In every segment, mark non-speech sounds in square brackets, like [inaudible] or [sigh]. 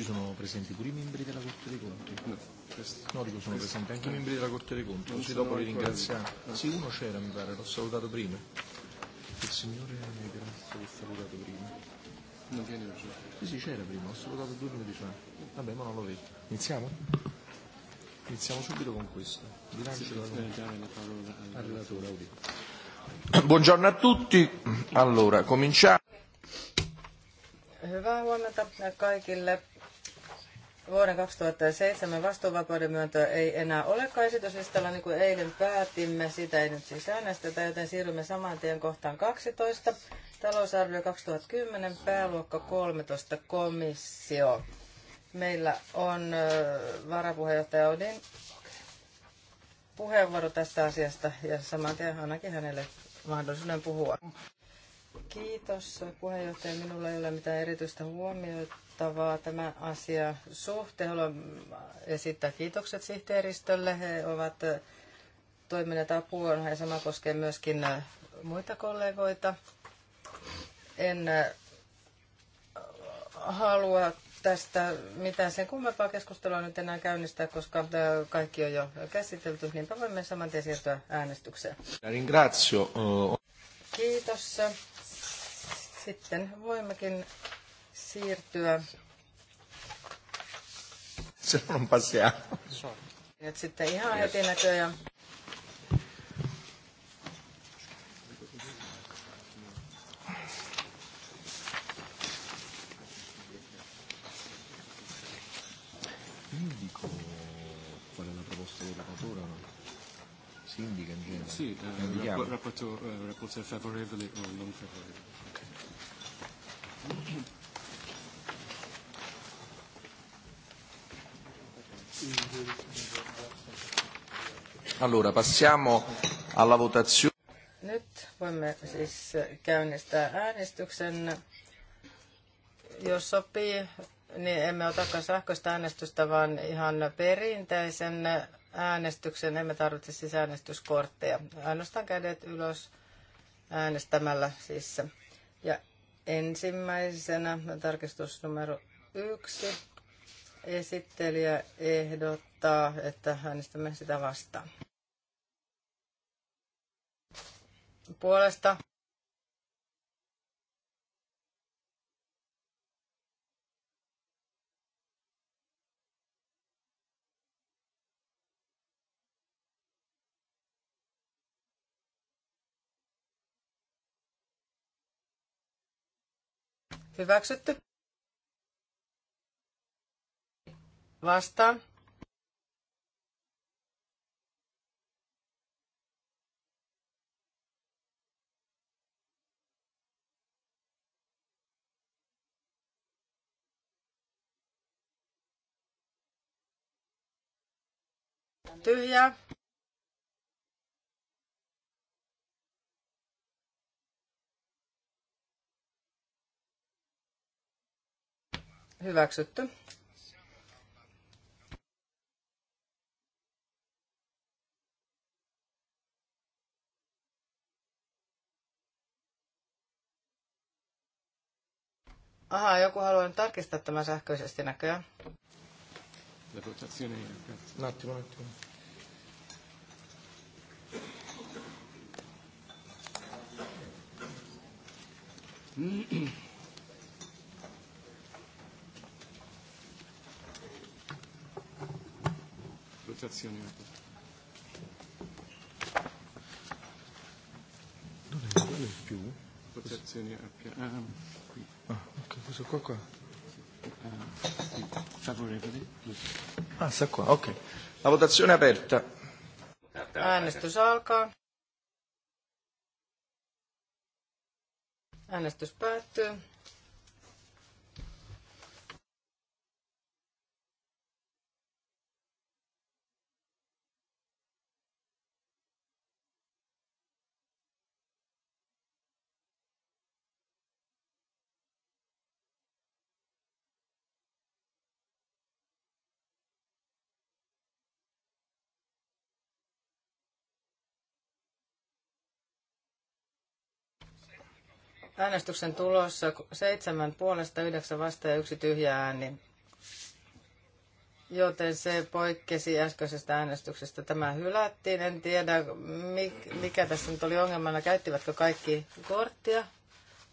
Ci sono presenti pure i membri della Corte dei Conti? No, no dico sono presenti anche i membri della Corte dei Conti, così dopo li ringraziamo. Sì, uno c'era mi pare, l'ho salutato prima. Il signore Grasso l'ho salutato prima. Non viene oggi? Sì, sì, c'era prima, l'ho salutato due minuti fa. Vabbè, ma non lo vedo. Iniziamo? Iniziamo subito con questo. Bilancio la... al relatore Audi. Buongiorno a tutti. Allora, cominciamo. Hyvää huomenta kaikille vuoden 2007 vastuuvapauden myöntöä ei enää olekaan esityslistalla, niin kuin eilen päätimme. Sitä ei nyt siis äänestetä, joten siirrymme saman tien kohtaan 12. Talousarvio 2010, pääluokka 13, komissio. Meillä on varapuheenjohtaja Odin puheenvuoro tästä asiasta ja saman tien ainakin hänelle mahdollisuuden puhua. Kiitos puheenjohtaja. Minulla ei ole mitään erityistä huomiota kiinnostavaa tämä asia suhte. Haluan esittää kiitokset sihteeristölle. He ovat toimineet apuun ja sama koskee myöskin äh, muita kollegoita. En äh, halua tästä mitään sen kummempaa keskustelua nyt enää käynnistää, koska äh, kaikki on jo käsitelty, niinpä voimme saman tien siirtyä äänestykseen. Uh, Kiitos. Sitten voimmekin siirtyä. Se on pasia. Nyt sitten ihan yes. heti näköjään. Sì, eh, rapporto, rapporto eh, favorevole o non favorevole. Allora, passiamo alla votazione. Nyt voimme siis käynnistää äänestyksen. Jos sopii, niin emme otakaan sähköistä äänestystä, vaan ihan perinteisen äänestyksen. Emme tarvitse siis äänestyskortteja. Ainoastaan kädet ylös äänestämällä siis. Ja ensimmäisenä tarkistus numero yksi Esittelijä ehdottaa, että äänestämme sitä vastaan. Puolesta. Hyväksytty. vastaan. Tyhjää. Hyväksytty. Ahaa, joku haluaa nyt tarkistaa tämän sähköisesti näköjään. La votazione Un attimo, un attimo. Votazione. Non è più. Votazione. Ah. Ah, questo qua eh, Favorevole. Ah, qua, ok. La votazione è aperta. Äänestys alkaa. Äänestys päättyy. Äänestyksen tulossa seitsemän puolesta, yhdeksän vasta ja yksi tyhjä ääni. Joten se poikkesi äskeisestä äänestyksestä. Tämä hylättiin. En tiedä, mikä tässä nyt oli ongelmana. Käyttivätkö kaikki korttia?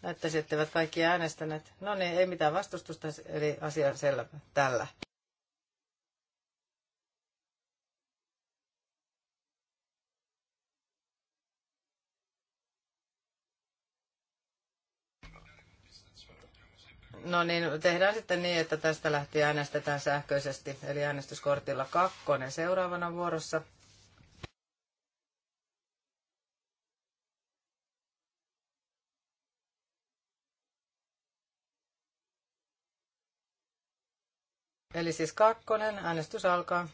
Näyttäisi, etteivät kaikki äänestäneet. No niin, ei mitään vastustusta, eli asia selvä tällä. No niin, tehdään sitten niin, että tästä lähtien äänestetään sähköisesti, eli äänestyskortilla kakkonen seuraavana vuorossa. Eli siis kakkonen, äänestys alkaa.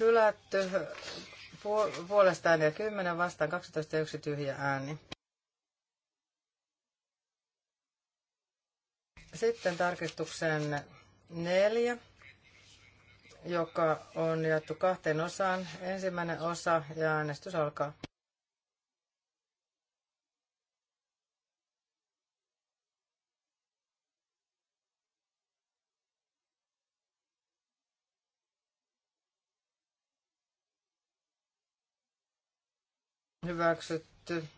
hylätty puolestaan ja 10 vastaan 12 ja 1 tyhjä ääni. Sitten tarkistuksen neljä, joka on jaettu kahteen osaan. Ensimmäinen osa ja äänestys alkaa. hyväksytty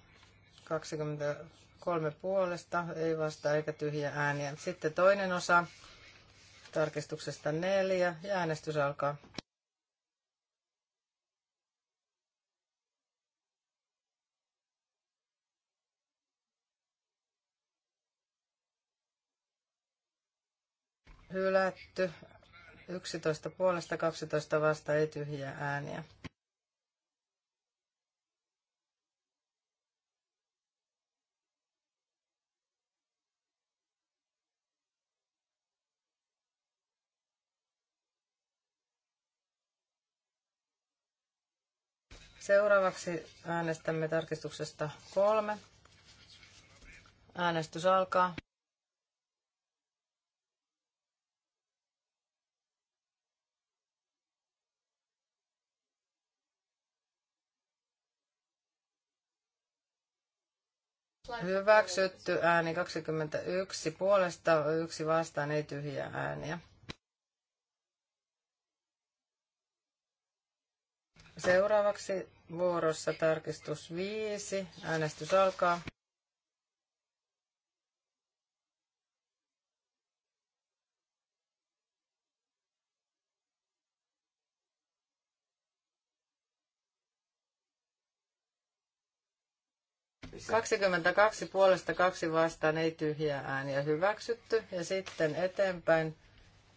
23 puolesta, ei vasta eikä tyhjä ääniä. Sitten toinen osa tarkistuksesta neljä ja äänestys alkaa. Hylätty. 11 puolesta 12 vasta ei tyhjiä ääniä. Seuraavaksi äänestämme tarkistuksesta kolme. Äänestys alkaa. Hyväksytty ääni 21 puolesta, yksi vastaan, ei tyhjiä ääniä. Seuraavaksi vuorossa tarkistus 5. Äänestys alkaa. Kaksikymmentäkaksi puolesta kaksi vastaan ei tyhjää ääniä hyväksytty. Ja sitten eteenpäin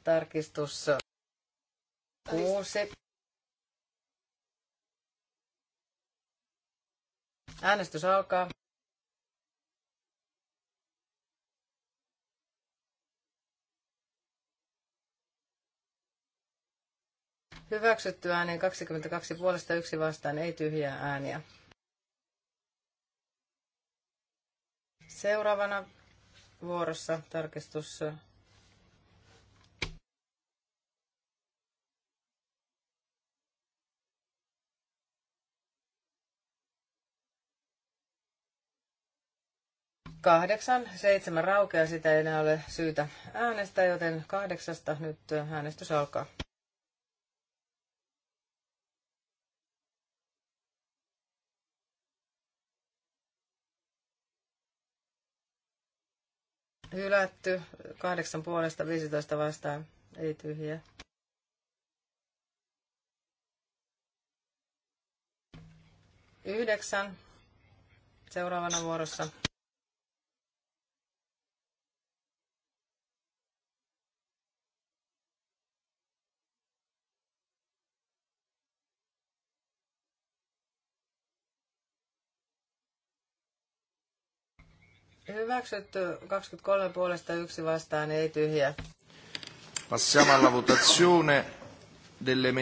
tarkistus kuusi Äänestys alkaa. Hyväksytty ääneen 22 puolesta yksi vastaan, ei tyhjiä ääniä. Seuraavana vuorossa tarkistus Kahdeksan, seitsemän raukea, sitä ei enää ole syytä äänestää, joten kahdeksasta nyt äänestys alkaa. Hylätty, kahdeksan puolesta, 15 vastaan, ei tyhjä Yhdeksän, seuraavana vuorossa Hyväksytty 23 puolesta yksi vastaan, ei tyhjä. Passiamo alla votazione delle...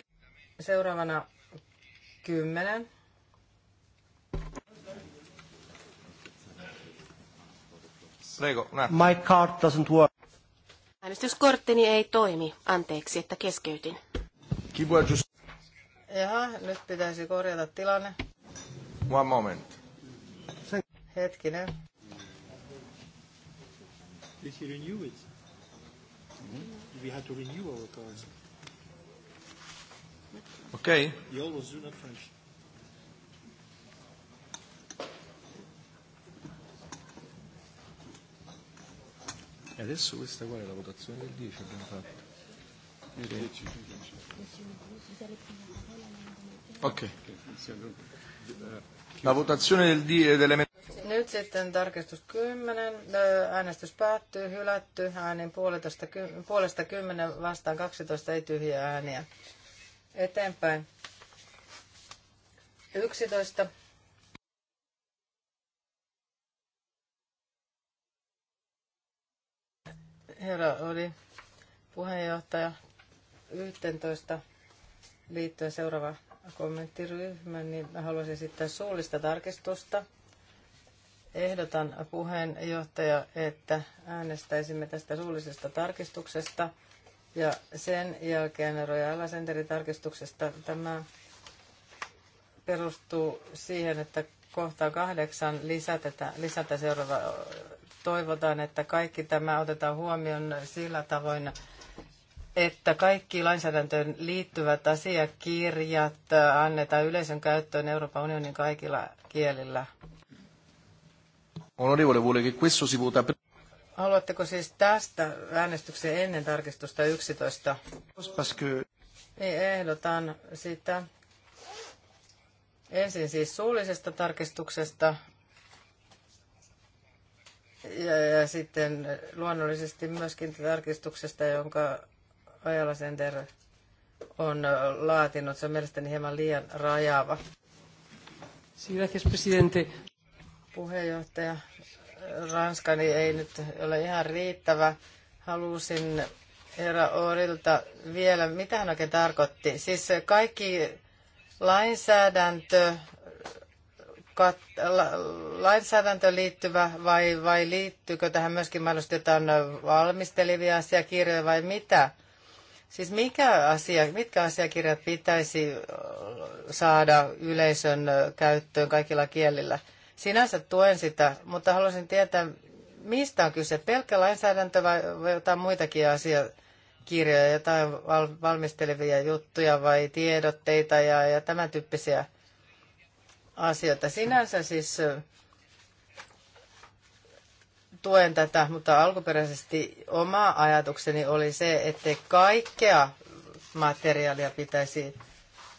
Seuraavana 10. Prego, My card doesn't work. Äänestyskorttini ei toimi. Anteeksi, että keskeytin. Jaha, nyt pitäisi korjata tilanne. One moment. Hetkinen. Did he renew it? Mm-hmm. We had to renew our card. Okay. You always do not French. E adesso questa qua è la votazione del 10 abbiamo fatto. Ok. La votazione del, 10 dell'emendamento. Nyt sitten tarkistus 10. Äänestys päättyy, hylätty. Äänin puolesta, puolesta 10 vastaan 12, ei tyhjiä ääniä. Eteenpäin. 11. Herra oli puheenjohtaja 11 liittyen seuraava kommenttiryhmä, niin haluaisin esittää suullista tarkistusta. Ehdotan puheenjohtaja, että äänestäisimme tästä suullisesta tarkistuksesta ja sen jälkeen Royal Assenterin tarkistuksesta. Tämä perustuu siihen, että kohta kahdeksan lisätä, lisätä seuraava. Toivotaan, että kaikki tämä otetaan huomioon sillä tavoin, että kaikki lainsäädäntöön liittyvät asiakirjat annetaan yleisön käyttöön Euroopan unionin kaikilla kielillä. Onorevole, vuole che questo si vota Haluatteko siis tästä äänestyksen ennen tarkistusta 11? Niin ehdotan sitä. Ensin siis suullisesta tarkistuksesta ja, ja sitten luonnollisesti myöskin tarkistuksesta, jonka Ajala Center on laatinut. Se on mielestäni hieman liian rajaava. Sí, gracias, presidente puheenjohtaja. Ranskani niin ei nyt ole ihan riittävä. Halusin herra Orilta vielä, mitä hän oikein tarkoitti. Siis kaikki lainsäädäntö, kat, la, lainsäädäntö liittyvä vai, vai liittyykö tähän myöskin mahdollisesti jotain valmistelivia asiakirjoja vai mitä? Siis mikä asia, mitkä asiakirjat pitäisi saada yleisön käyttöön kaikilla kielillä? Sinänsä tuen sitä, mutta haluaisin tietää, mistä on kyse. Pelkkä lainsäädäntö vai jotain muitakin asiakirjoja, jotain valmistelevia juttuja vai tiedotteita ja, ja tämän tyyppisiä asioita. Sinänsä siis tuen tätä, mutta alkuperäisesti oma ajatukseni oli se, ettei kaikkea materiaalia pitäisi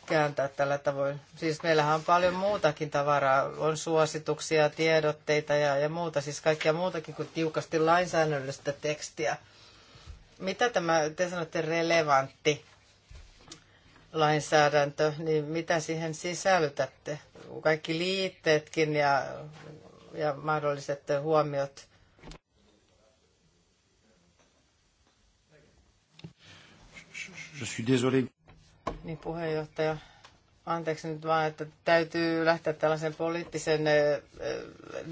kääntää tällä tavoin. Siis meillähän on paljon muutakin tavaraa, on suosituksia, tiedotteita ja, ja muuta, siis kaikkia muutakin kuin tiukasti lainsäädännöllistä tekstiä. Mitä tämä, te sanotte relevantti lainsäädäntö, niin mitä siihen sisällytätte? Kaikki liitteetkin ja, ja mahdolliset huomiot. Je suis désolé niin puheenjohtaja, anteeksi nyt vaan, että täytyy lähteä tällaisen poliittisen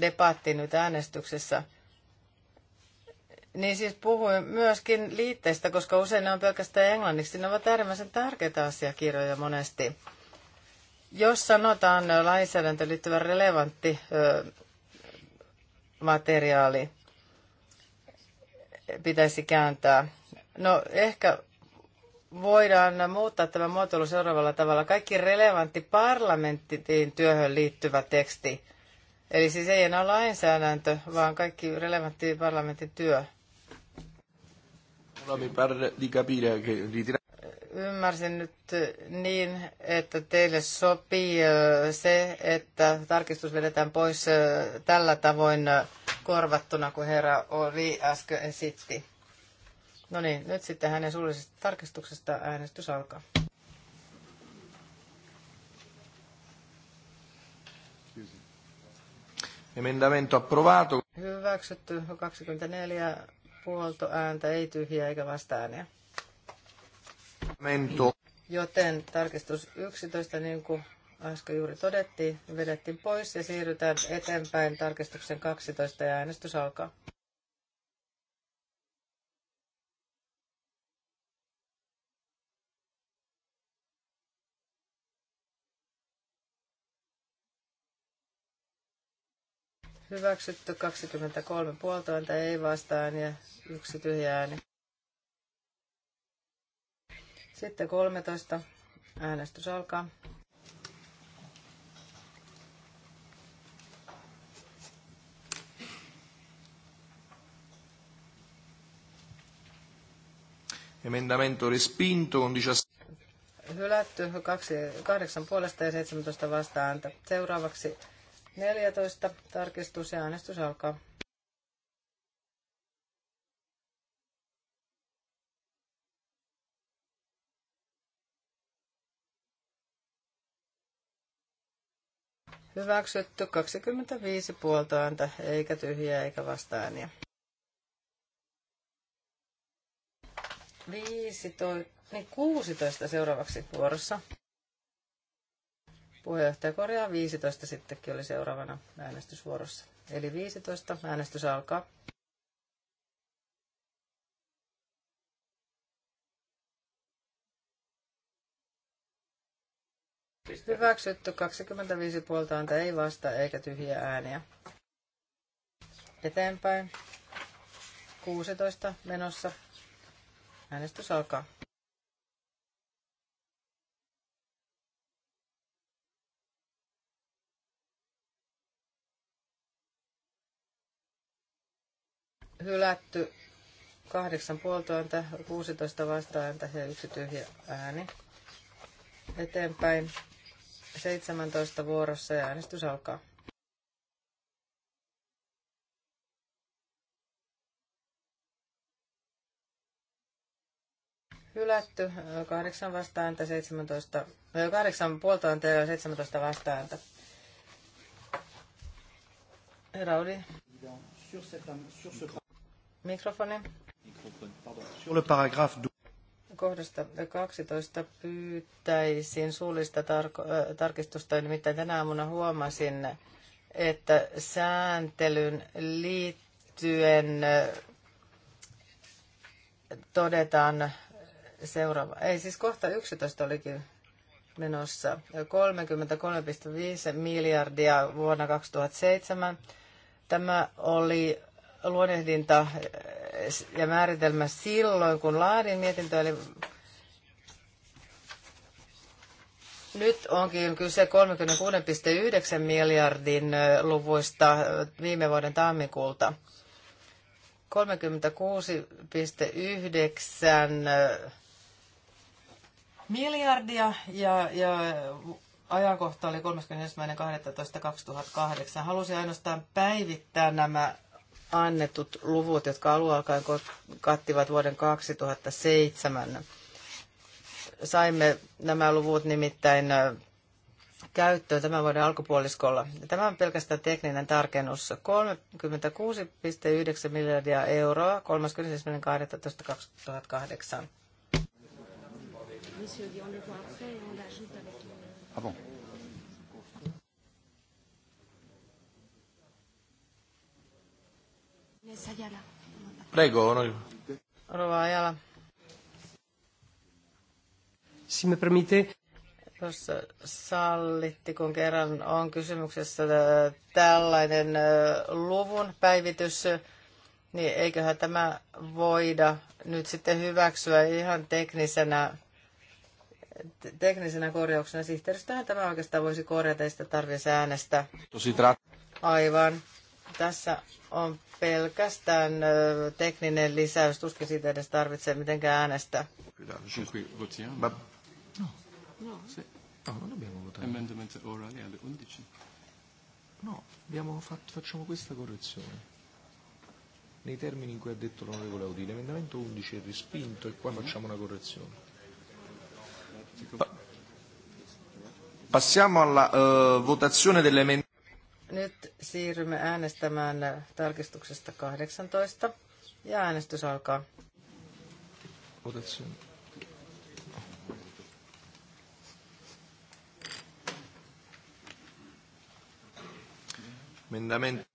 debattiin nyt äänestyksessä. Niin siis puhuin myöskin liitteistä, koska usein ne on pelkästään englanniksi. Ne ovat äärimmäisen tärkeitä asiakirjoja monesti. Jos sanotaan lainsäädäntö liittyvä relevantti materiaali, pitäisi kääntää. No ehkä voidaan muuttaa tämä muotoilu seuraavalla tavalla. Kaikki relevantti parlamenttiin työhön liittyvä teksti. Eli siis ei enää lainsäädäntö, vaan kaikki relevantti parlamentin työ. Ymmärsin nyt niin, että teille sopii äh, se, että tarkistus vedetään pois äh, tällä tavoin äh, korvattuna, kuin herra Oli äsken esitti. No niin, nyt sitten hänen suullisesta tarkistuksesta äänestys alkaa. Emendamento approvato. Hyväksytty 24 puolto ääntä, ei tyhjiä eikä vasta ääniä. Mento. Joten tarkistus 11, niin kuin äsken juuri todettiin, vedettiin pois ja siirrytään eteenpäin tarkistuksen 12 ja äänestys alkaa. hyväksytty 23 puoltointa ei vastaan ja yksi tyhjä ääni. Sitten 13. Äänestys alkaa. Emendamento respinto con 17. Hylätty 2, 8 puolesta ja 17 vastaan. Seuraavaksi 14. Tarkistus ja äänestys alkaa. Hyväksytty 25 puolta ääntä, eikä tyhjiä eikä vastaääniä. 15, niin 16 seuraavaksi vuorossa. Puheenjohtaja korjaa 15 sittenkin oli seuraavana äänestysvuorossa. Eli 15 äänestys alkaa. Hyväksytty 25 puolta ääntä, ei vasta eikä tyhjiä ääniä. Eteenpäin. 16 menossa. Äänestys alkaa. hylätty kahdeksan puoltoääntä, 16 vastaääntä ja yksi tyhjä ääni. Eteenpäin 17 vuorossa ja äänestys alkaa. Hylätty 8 vastaanta, 17, 8 puoltoääntä ja 17 vastaanta. Rauli. Sur cette, sur ce... Mikrofoni. Sur le paragraphe kohdasta 12 pyytäisin suullista tarko- tarkistusta. Nimittäin tänä aamuna huomasin, että sääntelyn liittyen todetaan seuraava. Ei, siis kohta 11 olikin menossa. 33,5 miljardia vuonna 2007. Tämä oli luonnehdinta äh, ja määritelmä silloin, kun laadin mietintöä, eli Nyt onkin kyse 36,9 miljardin äh, luvuista äh, viime vuoden tammikuulta. 36,9 miljardia ja, ja ajankohta oli 31.12.2008. Halusin ainoastaan päivittää nämä annetut luvut, jotka aluealkaen kattivat vuoden 2007. Saimme nämä luvut nimittäin käyttöön tämän vuoden alkupuoliskolla. Tämä on pelkästään tekninen tarkennus. 36,9 miljardia euroa 31.12.2008. Ah bon. Prego, onorevole. Rova Ajala. Si me permite. Jos sallitti, kun kerran on kysymyksessä äh, tällainen äh, luvun päivitys, niin eiköhän tämä voida nyt sitten hyväksyä ihan teknisenä, teknisenä korjauksena. Sihteeristöhän tämä oikeastaan voisi korjata, ei sitä tarvitse äänestää. Aivan. Tässä on pelkästään tekninen lisäys, tuskin siitä edes tarvitsee mitenkään äänestää. no. 11. Siis- no. No. Ah, no, no, abbiamo fatto, facciamo questa correzione. Nei termini in cui ha detto l'onorevole Audi, l'emendamento 11 è respinto e qua mm-hmm. facciamo una correzione. Pa- passiamo alla uh, votazione dell'emendamento. Nyt siirrymme äänestämään tarkistuksesta 18 ja äänestys alkaa. Otat sen. Mennään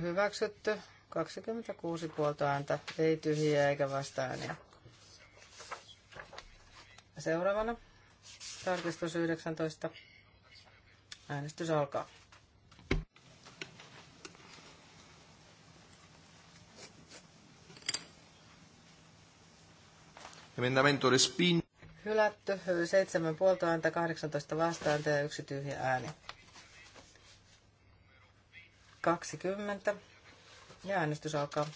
Hyväksytty. 26 puolta ääntä. Ei tyhjiä eikä vastaääniä. Seuraavana tarkistus 19. Äänestys alkaa. Emendamento respin. Hylätty, 7 puolta ääntä, 18 vastaanta ja yksi tyhjä ääni. 20. Ja äänestys alkaa.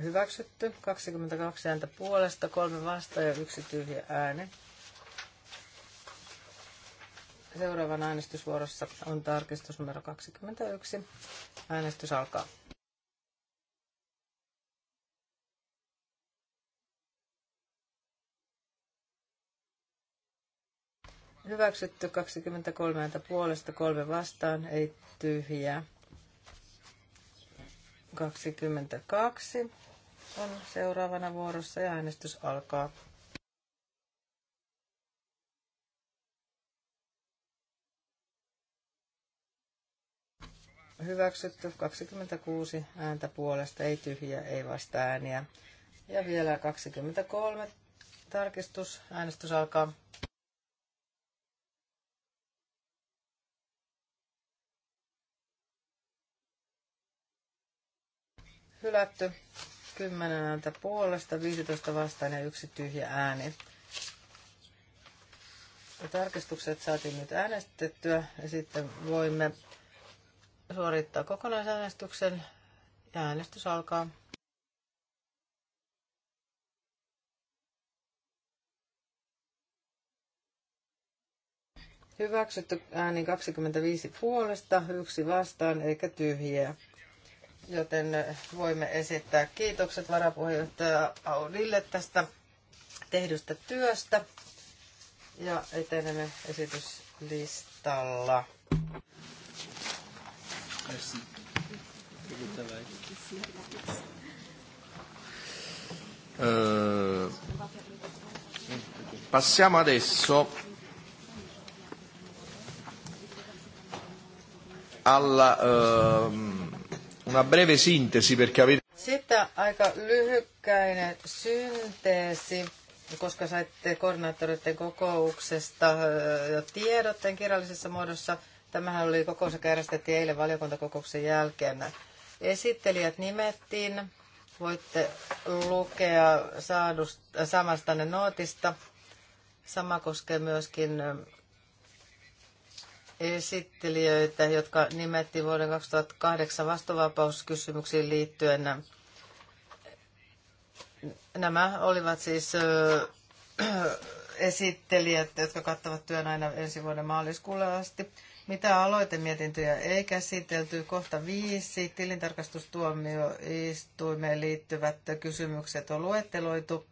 Hyväksytty. 22 ääntä puolesta, kolme vasta ja yksi tyhjä ääni. Seuraavan äänestysvuorossa on tarkistus numero 21. Äänestys alkaa. Hyväksytty 23 puolesta, kolme vastaan, ei tyhjää. 22 on seuraavana vuorossa ja äänestys alkaa. hyväksytty 26 ääntä puolesta, ei tyhjiä, ei vasta ääniä. Ja vielä 23 tarkistus, äänestys alkaa. Hylätty 10 ääntä puolesta, 15 vastaan ja yksi tyhjä ääni. Ja tarkistukset saatiin nyt äänestettyä ja sitten voimme suorittaa kokonaisäänestyksen ja äänestys alkaa. Hyväksytty ääni 25 puolesta, yksi vastaan eikä tyhjiä. Joten eh, voimme esittää kiitokset varapuheenjohtaja Audille tästä tehdystä työstä. Ja etenemme esityslistalla. Merci. Eh, passiamo adesso alla uh, una breve sintesi perché avete... Sitten aika lyhykkäinen synteesi, koska saitte koordinaattoreiden kokouksesta jo tiedot kirjallisessa muodossa – Tämähän oli kokous, joka järjestettiin eilen valiokuntakokouksen jälkeen. Esittelijät nimettiin. Voitte lukea saadusta, samasta ne nootista. Sama koskee myöskin esittelijöitä, jotka nimettiin vuoden 2008 vastuvapauskysymyksiin liittyen. Nämä olivat siis esittelijät, jotka kattavat työn aina ensi vuoden maaliskuulle asti. Mitä aloitemietintöjä ei käsitelty? Kohta viisi. Tilintarkastustuomioistuimeen liittyvät kysymykset on luetteloitu.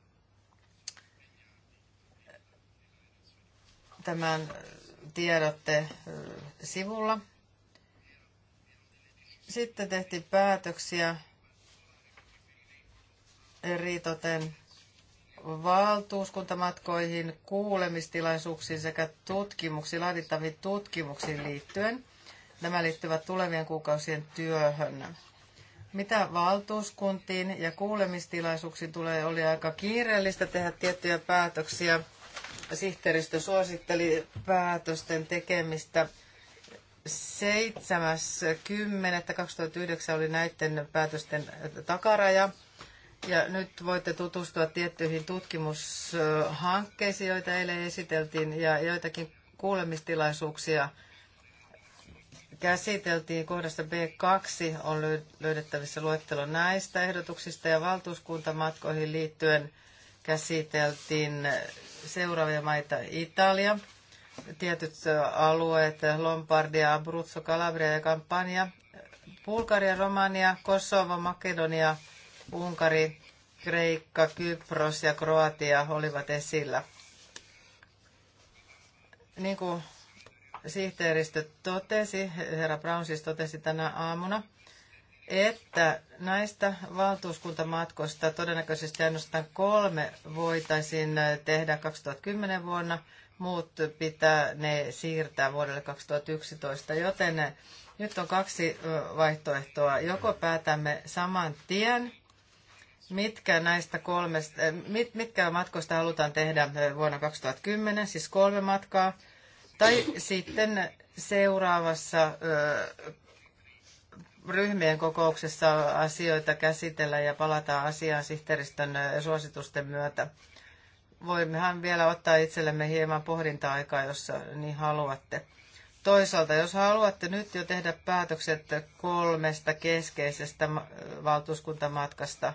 Tämän tiedotte sivulla. Sitten tehtiin päätöksiä eritoten valtuuskuntamatkoihin, kuulemistilaisuuksiin sekä tutkimuksiin, laadittaviin tutkimuksiin liittyen. Nämä liittyvät tulevien kuukausien työhön. Mitä valtuuskuntiin ja kuulemistilaisuuksiin tulee, oli aika kiireellistä tehdä tiettyjä päätöksiä. Sihteeristö suositteli päätösten tekemistä 7.10.2009 oli näiden päätösten takaraja. Ja nyt voitte tutustua tiettyihin tutkimushankkeisiin, joita eilen esiteltiin, ja joitakin kuulemistilaisuuksia käsiteltiin. Kohdassa B2 on löydettävissä luettelo näistä ehdotuksista, ja valtuuskuntamatkoihin liittyen käsiteltiin seuraavia maita Italia, tietyt alueet, Lombardia, Abruzzo, Calabria ja Campania, Bulgaria, Romania, Kosovo, Makedonia – Unkari, Kreikka, Kypros ja Kroatia olivat esillä. Niin kuin sihteeristö totesi, herra Brown siis totesi tänä aamuna, että näistä valtuuskuntamatkoista todennäköisesti ainoastaan kolme voitaisiin tehdä 2010 vuonna, muut pitää ne siirtää vuodelle 2011, joten nyt on kaksi vaihtoehtoa. Joko päätämme saman tien Mitkä näistä kolmesta, eh, mit, mitkä matkoista halutaan tehdä eh, vuonna 2010, siis kolme matkaa, tai sitten seuraavassa ö, eh, ryhmien kokouksessa asioita käsitellä ja palata asiaan sihteeristön suositusten myötä. Voimmehan vielä ottaa itsellemme hieman pohdinta-aikaa, jos niin haluatte. Toisaalta, jos haluatte nyt jo tehdä päätökset kolmesta keskeisestä valtuuskuntamatkasta,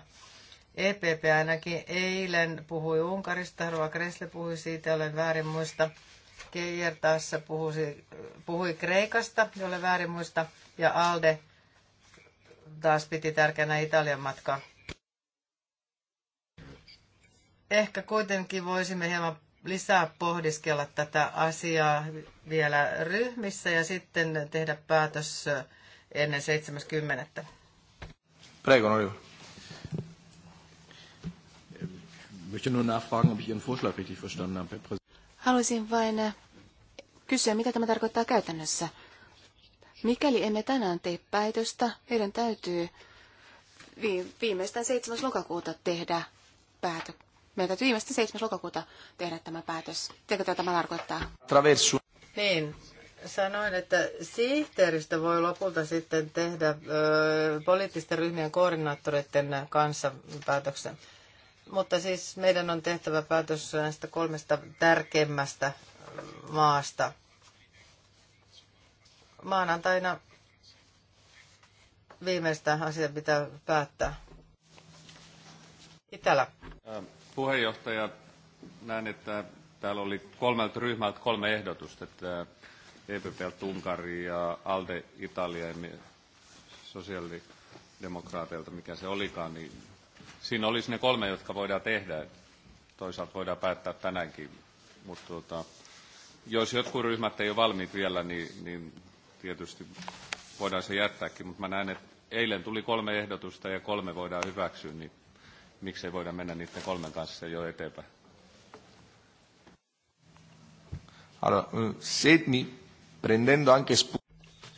EPP ainakin eilen puhui Unkarista, Rova Kresle puhui siitä, olen väärin muista. Keijer taas puhui, puhui Kreikasta, jolle väärin muista, ja Alde taas piti tärkeänä Italian matkaa. Ehkä kuitenkin voisimme hieman lisää pohdiskella tätä asiaa vielä ryhmissä ja sitten tehdä päätös ennen 70. Prego, no Haluaisin vain äh, kysyä, mitä tämä tarkoittaa käytännössä. Mikäli emme tänään tee päätöstä, heidän täytyy viimeistään 7. lokakuuta tehdä päätö. Meidän täytyy viimeistään 7. lokakuuta tehdä tämä päätös. Tiedätkö, tämä tarkoittaa? Traversu. Niin, sanoin, että sihteeristä voi lopulta sitten tehdä ö, poliittisten ryhmien koordinaattoreiden kanssa päätöksen. Mutta siis meidän on tehtävä päätös näistä kolmesta tärkeimmästä maasta. Maanantaina viimeistä asia pitää päättää. Itälä. Puheenjohtaja, näen, että täällä oli kolmelta ryhmältä kolme ehdotusta, että EPP Unkari ja ALDE Italia ja sosiaalidemokraateilta, mikä se olikaan, niin siinä olisi ne kolme, jotka voidaan tehdä. Toisaalta voidaan päättää tänäänkin, mutta tuota, jos jotkut ryhmät ei ole valmiit vielä, niin, niin tietysti voidaan se jättääkin, mutta mä näen, että eilen tuli kolme ehdotusta ja kolme voidaan hyväksyä, niin miksei voida mennä niiden kolmen kanssa jo eteenpäin. Allora, mm, se prendendo anche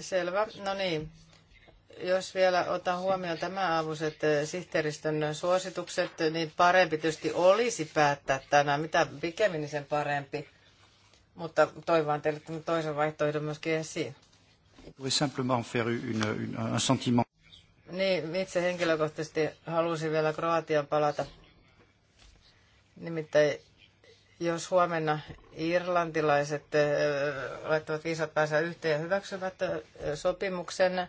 Selvä, no niin jos vielä otan huomioon tämä aamuiset eh, sihteeristön suositukset, niin parempi tietysti olisi päättää tänään. Mitä pikemmin niin sen parempi. Mutta toivon teille tämän toisen vaihtoehdon myöskin esiin. Niin, itse henkilökohtaisesti halusin vielä Kroatian palata. Nimittäin jos huomenna irlantilaiset eh, laittavat viisat päänsä yhteen ja hyväksyvät eh, sopimuksen,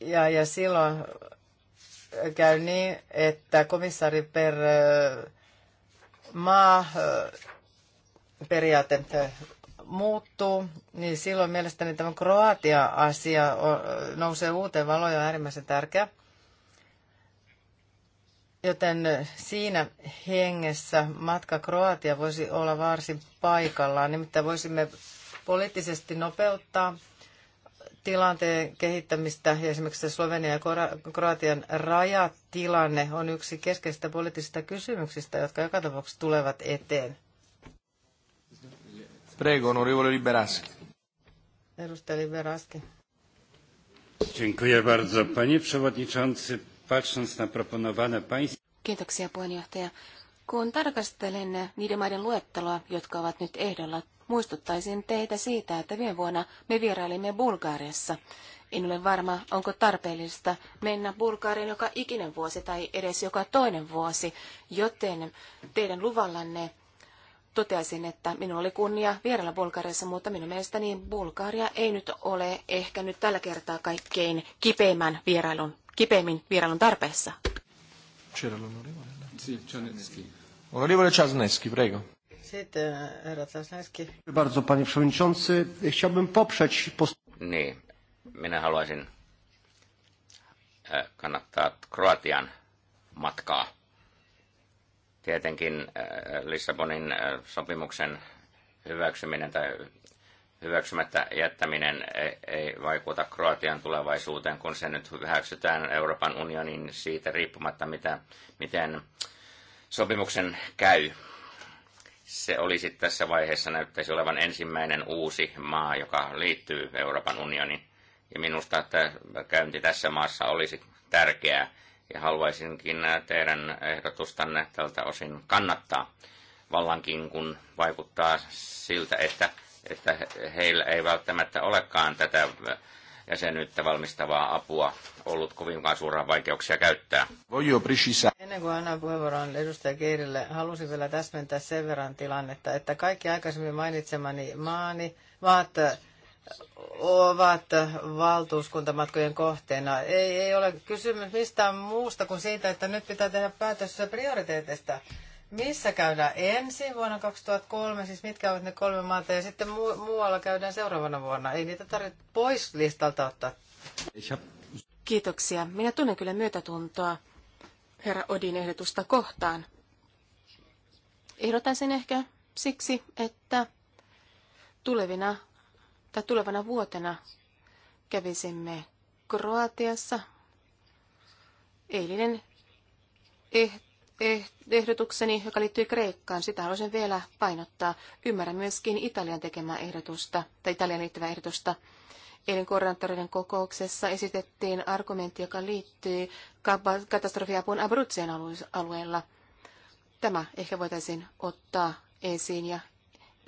ja, ja silloin käy niin, että komissaari per maa periaate muuttuu, niin silloin mielestäni tämä Kroatia-asia nousee uuteen valoon ja on äärimmäisen tärkeä. Joten siinä hengessä matka Kroatia voisi olla varsin paikallaan. Nimittäin voisimme poliittisesti nopeuttaa tilanteen kehittämistä ja esimerkiksi Slovenian ja Kroatian rajatilanne on yksi keskeisistä poliittisista kysymyksistä, jotka joka tapauksessa tulevat eteen. Prego, onorevole Liberaski. Edustaja Liberaski. Dziękuję bardzo, panie przewodniczący. Patrząc na proponowane państwa... Kiitoksia, puheenjohtaja. Kun tarkastelen niiden maiden luetteloa, jotka ovat nyt ehdolla muistuttaisin teitä siitä, että viime vuonna me vierailimme Bulgariassa. En ole varma, onko tarpeellista mennä Bulgaariin joka ikinen vuosi tai edes joka toinen vuosi, joten teidän luvallanne toteaisin, että minulla oli kunnia vierailla Bulgariassa, mutta minun mielestäni Bulgaria ei nyt ole ehkä nyt tällä kertaa kaikkein kipeimmän vierailun, kipeimmin vierailun tarpeessa. Onorevole Czarneski, prego. Eh, bardzo, panie przewodniczący. Chciałbym poprzeć... Niin, minä haluaisin eh, kannattaa Kroatian matkaa. Tietenkin eh, Lissabonin sopimuksen hyväksyminen tai hyväksymättä jättäminen ei vaikuta Kroatian tulevaisuuteen, kun se nyt hyväksytään Euroopan unionin siitä riippumatta, mitä, miten sopimuksen käy se olisi tässä vaiheessa näyttäisi olevan ensimmäinen uusi maa, joka liittyy Euroopan unioniin. Ja minusta että käynti tässä maassa olisi tärkeää. Ja haluaisinkin äh, teidän ehdotustanne tältä osin kannattaa. Vallankin kun vaikuttaa siltä, että, että heillä ei välttämättä olekaan tätä jäsenyyttä valmistavaa apua ollut kovinkaan suuraa vaikeuksia käyttää. Ennen kuin annan puheenvuoron edustaja Keirille, halusin vielä täsmentää sen verran tilannetta, että kaikki aikaisemmin mainitsemani maani, maat ovat valtuuskuntamatkojen kohteena. Ei, ei ole kysymys mistään muusta kuin siitä, että nyt pitää tehdä päätös prioriteeteista missä käydään ensin vuonna 2003, siis mitkä ovat ne kolme maata, ja sitten mu- muualla käydään seuraavana vuonna. Ei niitä tarvitse pois listalta ottaa. Kiitoksia. Minä tunnen kyllä myötätuntoa herra Odin ehdotusta kohtaan. Ehdotan sen ehkä siksi, että tulevina tai tulevana vuotena kävisimme Kroatiassa. Eilinen ehto Eh, ehdotukseni, joka liittyy Kreikkaan, sitä haluaisin vielä painottaa. Ymmärrän myöskin Italian tekemää ehdotusta, tai Italian liittyvää ehdotusta. Eilen koordinaattoreiden kokouksessa esitettiin argumentti, joka liittyy katastrofiapuun Abruzzien alueella. Tämä ehkä voitaisiin ottaa esiin, ja,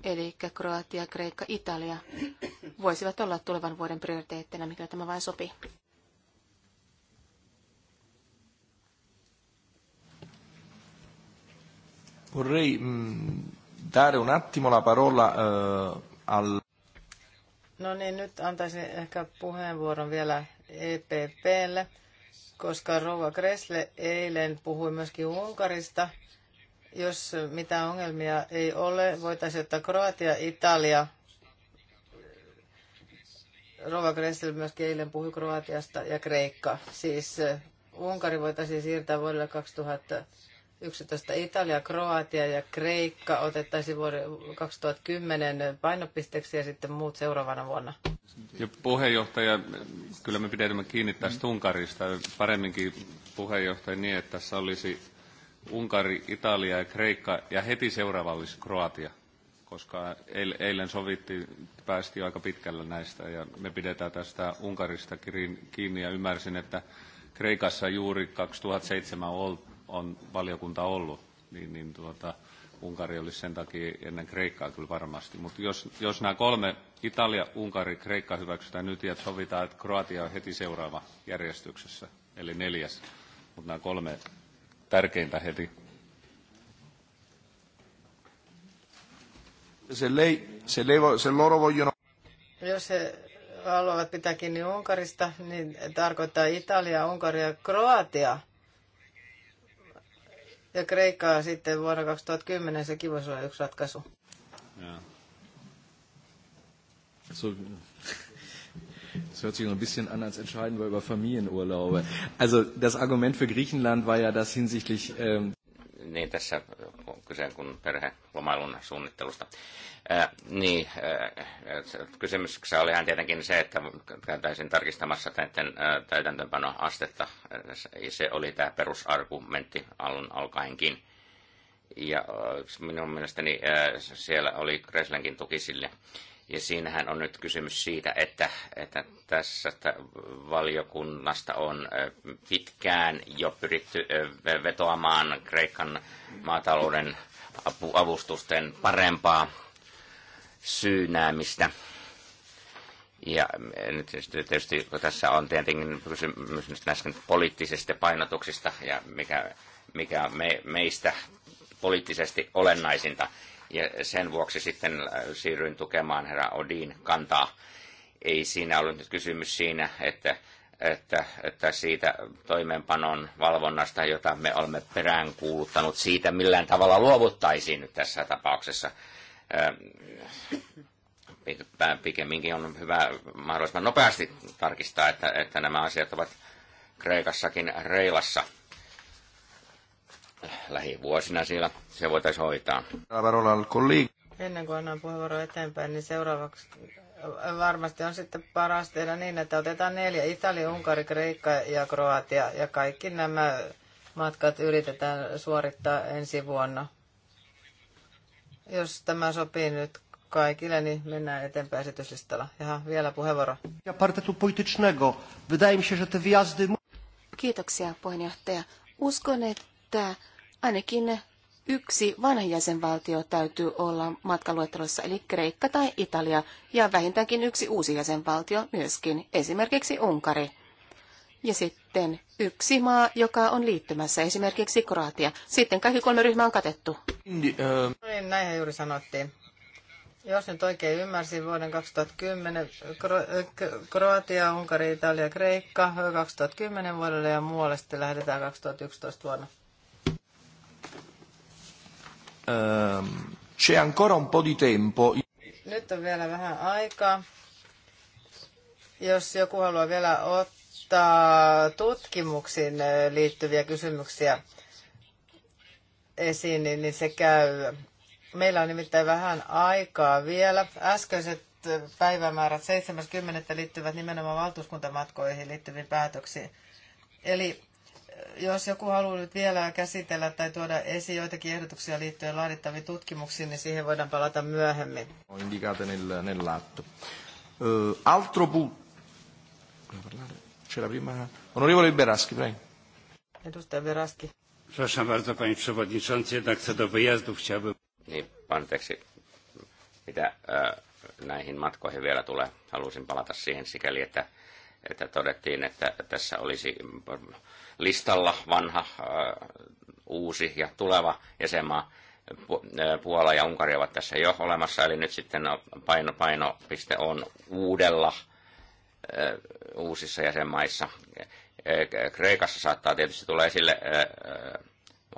eli Kroatia, Kreikka, Italia voisivat olla tulevan vuoden prioriteettina, mikä tämä vain sopii. Vorrei mh, mm, dare un attimo la parola uh, al... No niin, nyt antaisin ehkä puheenvuoron vielä EPPlle, koska Rouva Kresle eilen puhui myöskin Unkarista. Jos mitään ongelmia ei ole, voitaisiin ottaa Kroatia, Italia. Rova Kresle myöskin eilen puhui Kroatiasta ja Kreikka. Siis eh, Unkari voitaisiin siirtää vuodelle 2000 11 Italia, Kroatia ja Kreikka otettaisiin vuoden 2010 painopisteeksi ja sitten muut seuraavana vuonna. Ja puheenjohtaja, kyllä me pidetään kiinni tästä Unkarista. Paremminkin puheenjohtaja niin, että tässä olisi Unkari, Italia ja Kreikka ja heti seuraava olisi Kroatia, koska eilen sovittiin, päästiin aika pitkällä näistä ja me pidetään tästä Unkarista kiinni ja ymmärsin, että Kreikassa juuri 2007 oltiin on valiokunta ollut, niin, niin tuota, Unkari olisi sen takia ennen Kreikkaa kyllä varmasti. Mutta jos, jos nämä kolme, Italia, Unkari, Kreikka hyväksytään nyt ja sovitaan, että Kroatia on heti seuraava järjestyksessä, eli neljäs. Mutta nämä kolme tärkeintä heti. Se lei, se lei, se loro vogliono... Jos he haluavat pitääkin kiinni Unkarista, niin tarkoittaa Italia, Unkaria ja Kroatia – ja Kreikkaa sitten vuonna 2010 se voisi olla yksi ratkaisu. So, Das hört sich noch ein bisschen an, als entscheiden wir über Familienurlaube. Also das Argument für Griechenland war ja das hinsichtlich. Ähm niin tässä kyse kun lomailun suunnittelusta. Ää, niin, ää, kysymyksessä hän tietenkin se, että käytäisin tarkistamassa näiden ää, täytäntöönpanoastetta. Se oli tämä perusargumentti alun alkaenkin. Ja minun mielestäni siellä oli Kreslenkin tuki sille. Ja siinähän on nyt kysymys siitä, että, että tässä valiokunnasta on pitkään jo pyritty vetoamaan Kreikan maatalouden avustusten parempaa syynäämistä. Ja mm, nyt tietysti kun tässä on tietenkin kysymys näistä poliittisista painotuksista ja mikä, mikä me, meistä poliittisesti olennaisinta. Ja sen vuoksi sitten äh, siirryin tukemaan herra Odin kantaa. Ei siinä ollut nyt kysymys siinä, että, että, että siitä toimeenpanon valvonnasta, jota me olemme peräänkuuluttanut, siitä millään tavalla luovuttaisiin nyt tässä tapauksessa ähm, pikemminkin on hyvä mahdollisimman nopeasti tarkistaa, että, että nämä asiat ovat Kreikassakin reilassa lähivuosina siellä se voitaisiin hoitaa. Ennen kuin annan puheenvuoro eteenpäin, niin seuraavaksi varmasti on sitten paras tehdä niin, että otetaan neljä, Italia, Unkari, Kreikka ja Kroatia ja kaikki nämä matkat yritetään suorittaa ensi vuonna. Jos tämä sopii nyt kaikille, niin mennään eteenpäin esityslistalla. Jaha, vielä puheenvuoro. Ja te Kiitoksia, puheenjohtaja. Uskon, että ainakin yksi vanha jäsenvaltio täytyy olla matkaluettelossa, eli Kreikka tai Italia, ja vähintäänkin yksi uusi jäsenvaltio myöskin, esimerkiksi Unkari. Ja sitten yksi maa, joka on liittymässä, esimerkiksi Kroatia. Sitten kaikki kolme ryhmää on katettu. No niin, näinhän juuri sanottiin. Jos nyt oikein ymmärsin, vuoden 2010 Kro- Kroatia, Unkari, Italia, Kreikka 2010 vuodelle ja muualle sitten lähdetään 2011 vuonna. Ehm, c'è ancora un po' di tempo. Nyt on vielä vähän aikaa. Jos joku haluaa vielä ottaa tutkimuksiin eh, liittyviä kysymyksiä esiin, niin, niin se käy. Meillä on nimittäin vähän aikaa vielä. Äskeiset päivämäärät 70. liittyvät nimenomaan valtuuskuntamatkoihin liittyviin päätöksiin. Eli jos joku haluaa nyt vielä käsitellä tai tuoda esiin joitakin ehdotuksia liittyen laadittaviin tutkimuksiin, niin siihen voidaan palata myöhemmin. Indicate nel, nell'atto. Uh, eh, altro pu... C'era prima... Onorevole Beraski, prego. Edustaja Beraski. Proszę bardzo, panie przewodniczący, jednak co do wyjazdów chciałbym... Niin, anteeksi, mitä e, näihin matkoihin vielä tulee. Halusin palata siihen sikäli, että, että todettiin, että tässä olisi listalla vanha, äh, uusi ja tuleva jäsenmaa. Äh, Puola ja Unkari ovat tässä jo olemassa, eli nyt sitten paino, painopiste on uudella äh, uusissa jäsenmaissa. Kreikassa saattaa tietysti tulla esille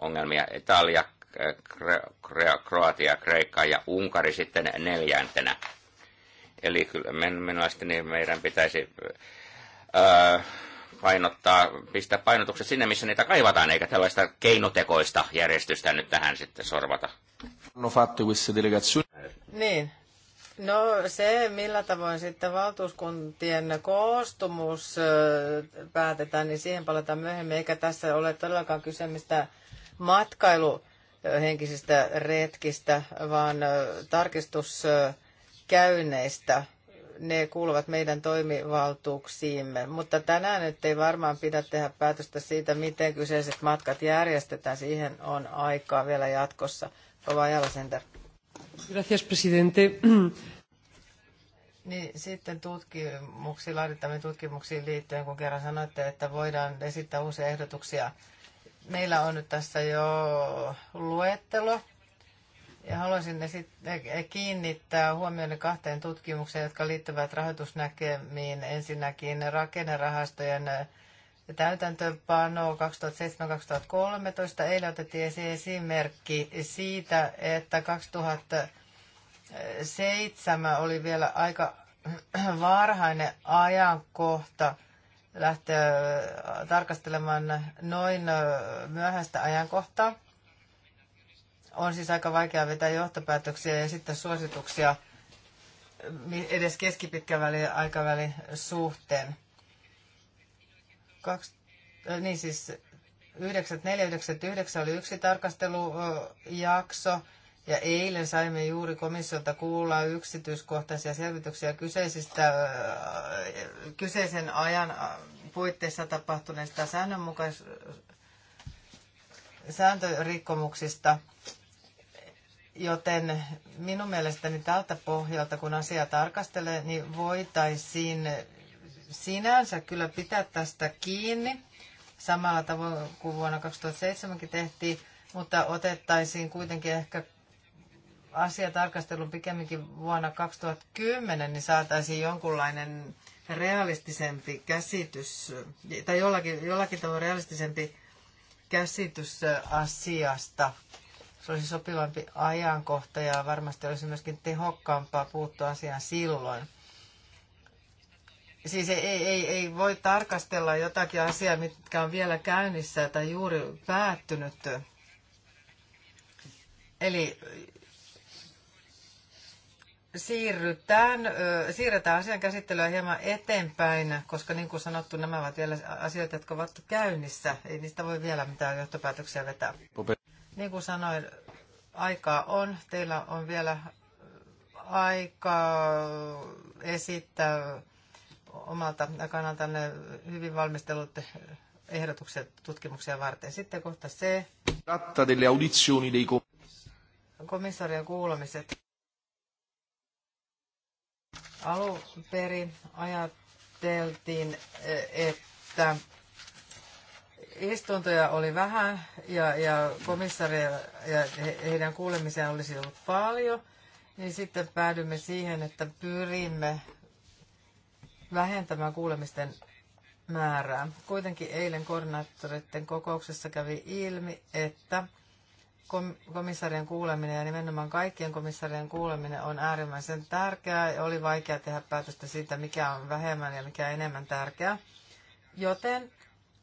ongelmia Italia, Kroatia, Kreikka ja Unkari sitten neljäntenä. Eli kyllä minun mielestäni meidän pitäisi painottaa, pistää painotukset sinne, missä niitä kaivataan, eikä tällaista keinotekoista järjestystä nyt tähän sitten sorvata. No fatto queste delegazioni. Niin. No se, millä tavoin sitten valtuuskuntien koostumus päätetään, niin siihen palataan myöhemmin, eikä tässä ole todellakaan kyse mistä matkailuhenkisistä retkistä, vaan tarkistuskäynneistä – ne kuuluvat meidän toimivaltuuksiimme. Mutta tänään nyt ei varmaan pidä tehdä päätöstä siitä, miten kyseiset matkat järjestetään. Siihen on aikaa vielä jatkossa. Rova Jalasenter. Gracias, presidente. Niin, sitten tutkimuksiin, laadittaviin tutkimuksiin liittyen, kun kerran sanoitte, että voidaan esittää uusia ehdotuksia. Meillä on nyt tässä jo luettelo ja haluaisin sitten kiinnittää huomioon kahteen tutkimukseen, jotka liittyvät rahoitusnäkemiin. Ensinnäkin rakennerahastojen täytäntöpano 2007-2013. Eilen otettiin esimerkki siitä, että 2007 oli vielä aika [clears throat] varhainen ajankohta lähteä tarkastelemaan noin myöhäistä ajankohtaa – on siis aika vaikea vetää johtopäätöksiä ja sitten suosituksia edes keskipitkän aikavälin suhteen. Kaks, niin siis 94-99 oli yksi tarkastelujakso, ja eilen saimme juuri komissiolta kuulla yksityiskohtaisia selvityksiä kyseisistä, kyseisen ajan puitteissa tapahtuneista säännönmukaisista sääntörikkomuksista – Joten minun mielestäni tältä pohjalta, kun asiaa tarkastelee, niin voitaisiin sinänsä kyllä pitää tästä kiinni samalla tavoin kuin vuonna 2007 tehtiin, mutta otettaisiin kuitenkin ehkä asia tarkastelun pikemminkin vuonna 2010, niin saataisiin jonkunlainen realistisempi käsitys, tai jollakin, jollakin tavalla realistisempi käsitys asiasta se olisi sopivampi ajankohta ja varmasti olisi myöskin tehokkaampaa puuttua asiaan silloin. Siis ei, ei, ei voi tarkastella jotakin asiaa, mitkä on vielä käynnissä tai juuri päättynyt. Eli siirrytään, siirretään asian käsittelyä hieman eteenpäin, koska niin kuin sanottu, nämä ovat vielä asioita, jotka ovat käynnissä. Ei niistä voi vielä mitään johtopäätöksiä vetää. Niin kuin sanoin, aikaa on. Teillä on vielä äh, aikaa esittää omalta kannaltanne hyvin valmistelut ehdotukset tutkimuksia varten. Sitten kohta se. Tratta delle audizioni dei komissarien kuulemiset. Alun perin ajateltiin, e, että istuntoja oli vähän ja, ja komissaria ja heidän kuulemisiaan olisi ollut paljon, niin sitten päädymme siihen, että pyrimme vähentämään kuulemisten määrää. Kuitenkin eilen koordinaattoreiden kokouksessa kävi ilmi, että komissarien kuuleminen ja nimenomaan kaikkien komissarien kuuleminen on äärimmäisen tärkeää ja oli vaikea tehdä päätöstä siitä, mikä on vähemmän ja mikä enemmän tärkeää. Joten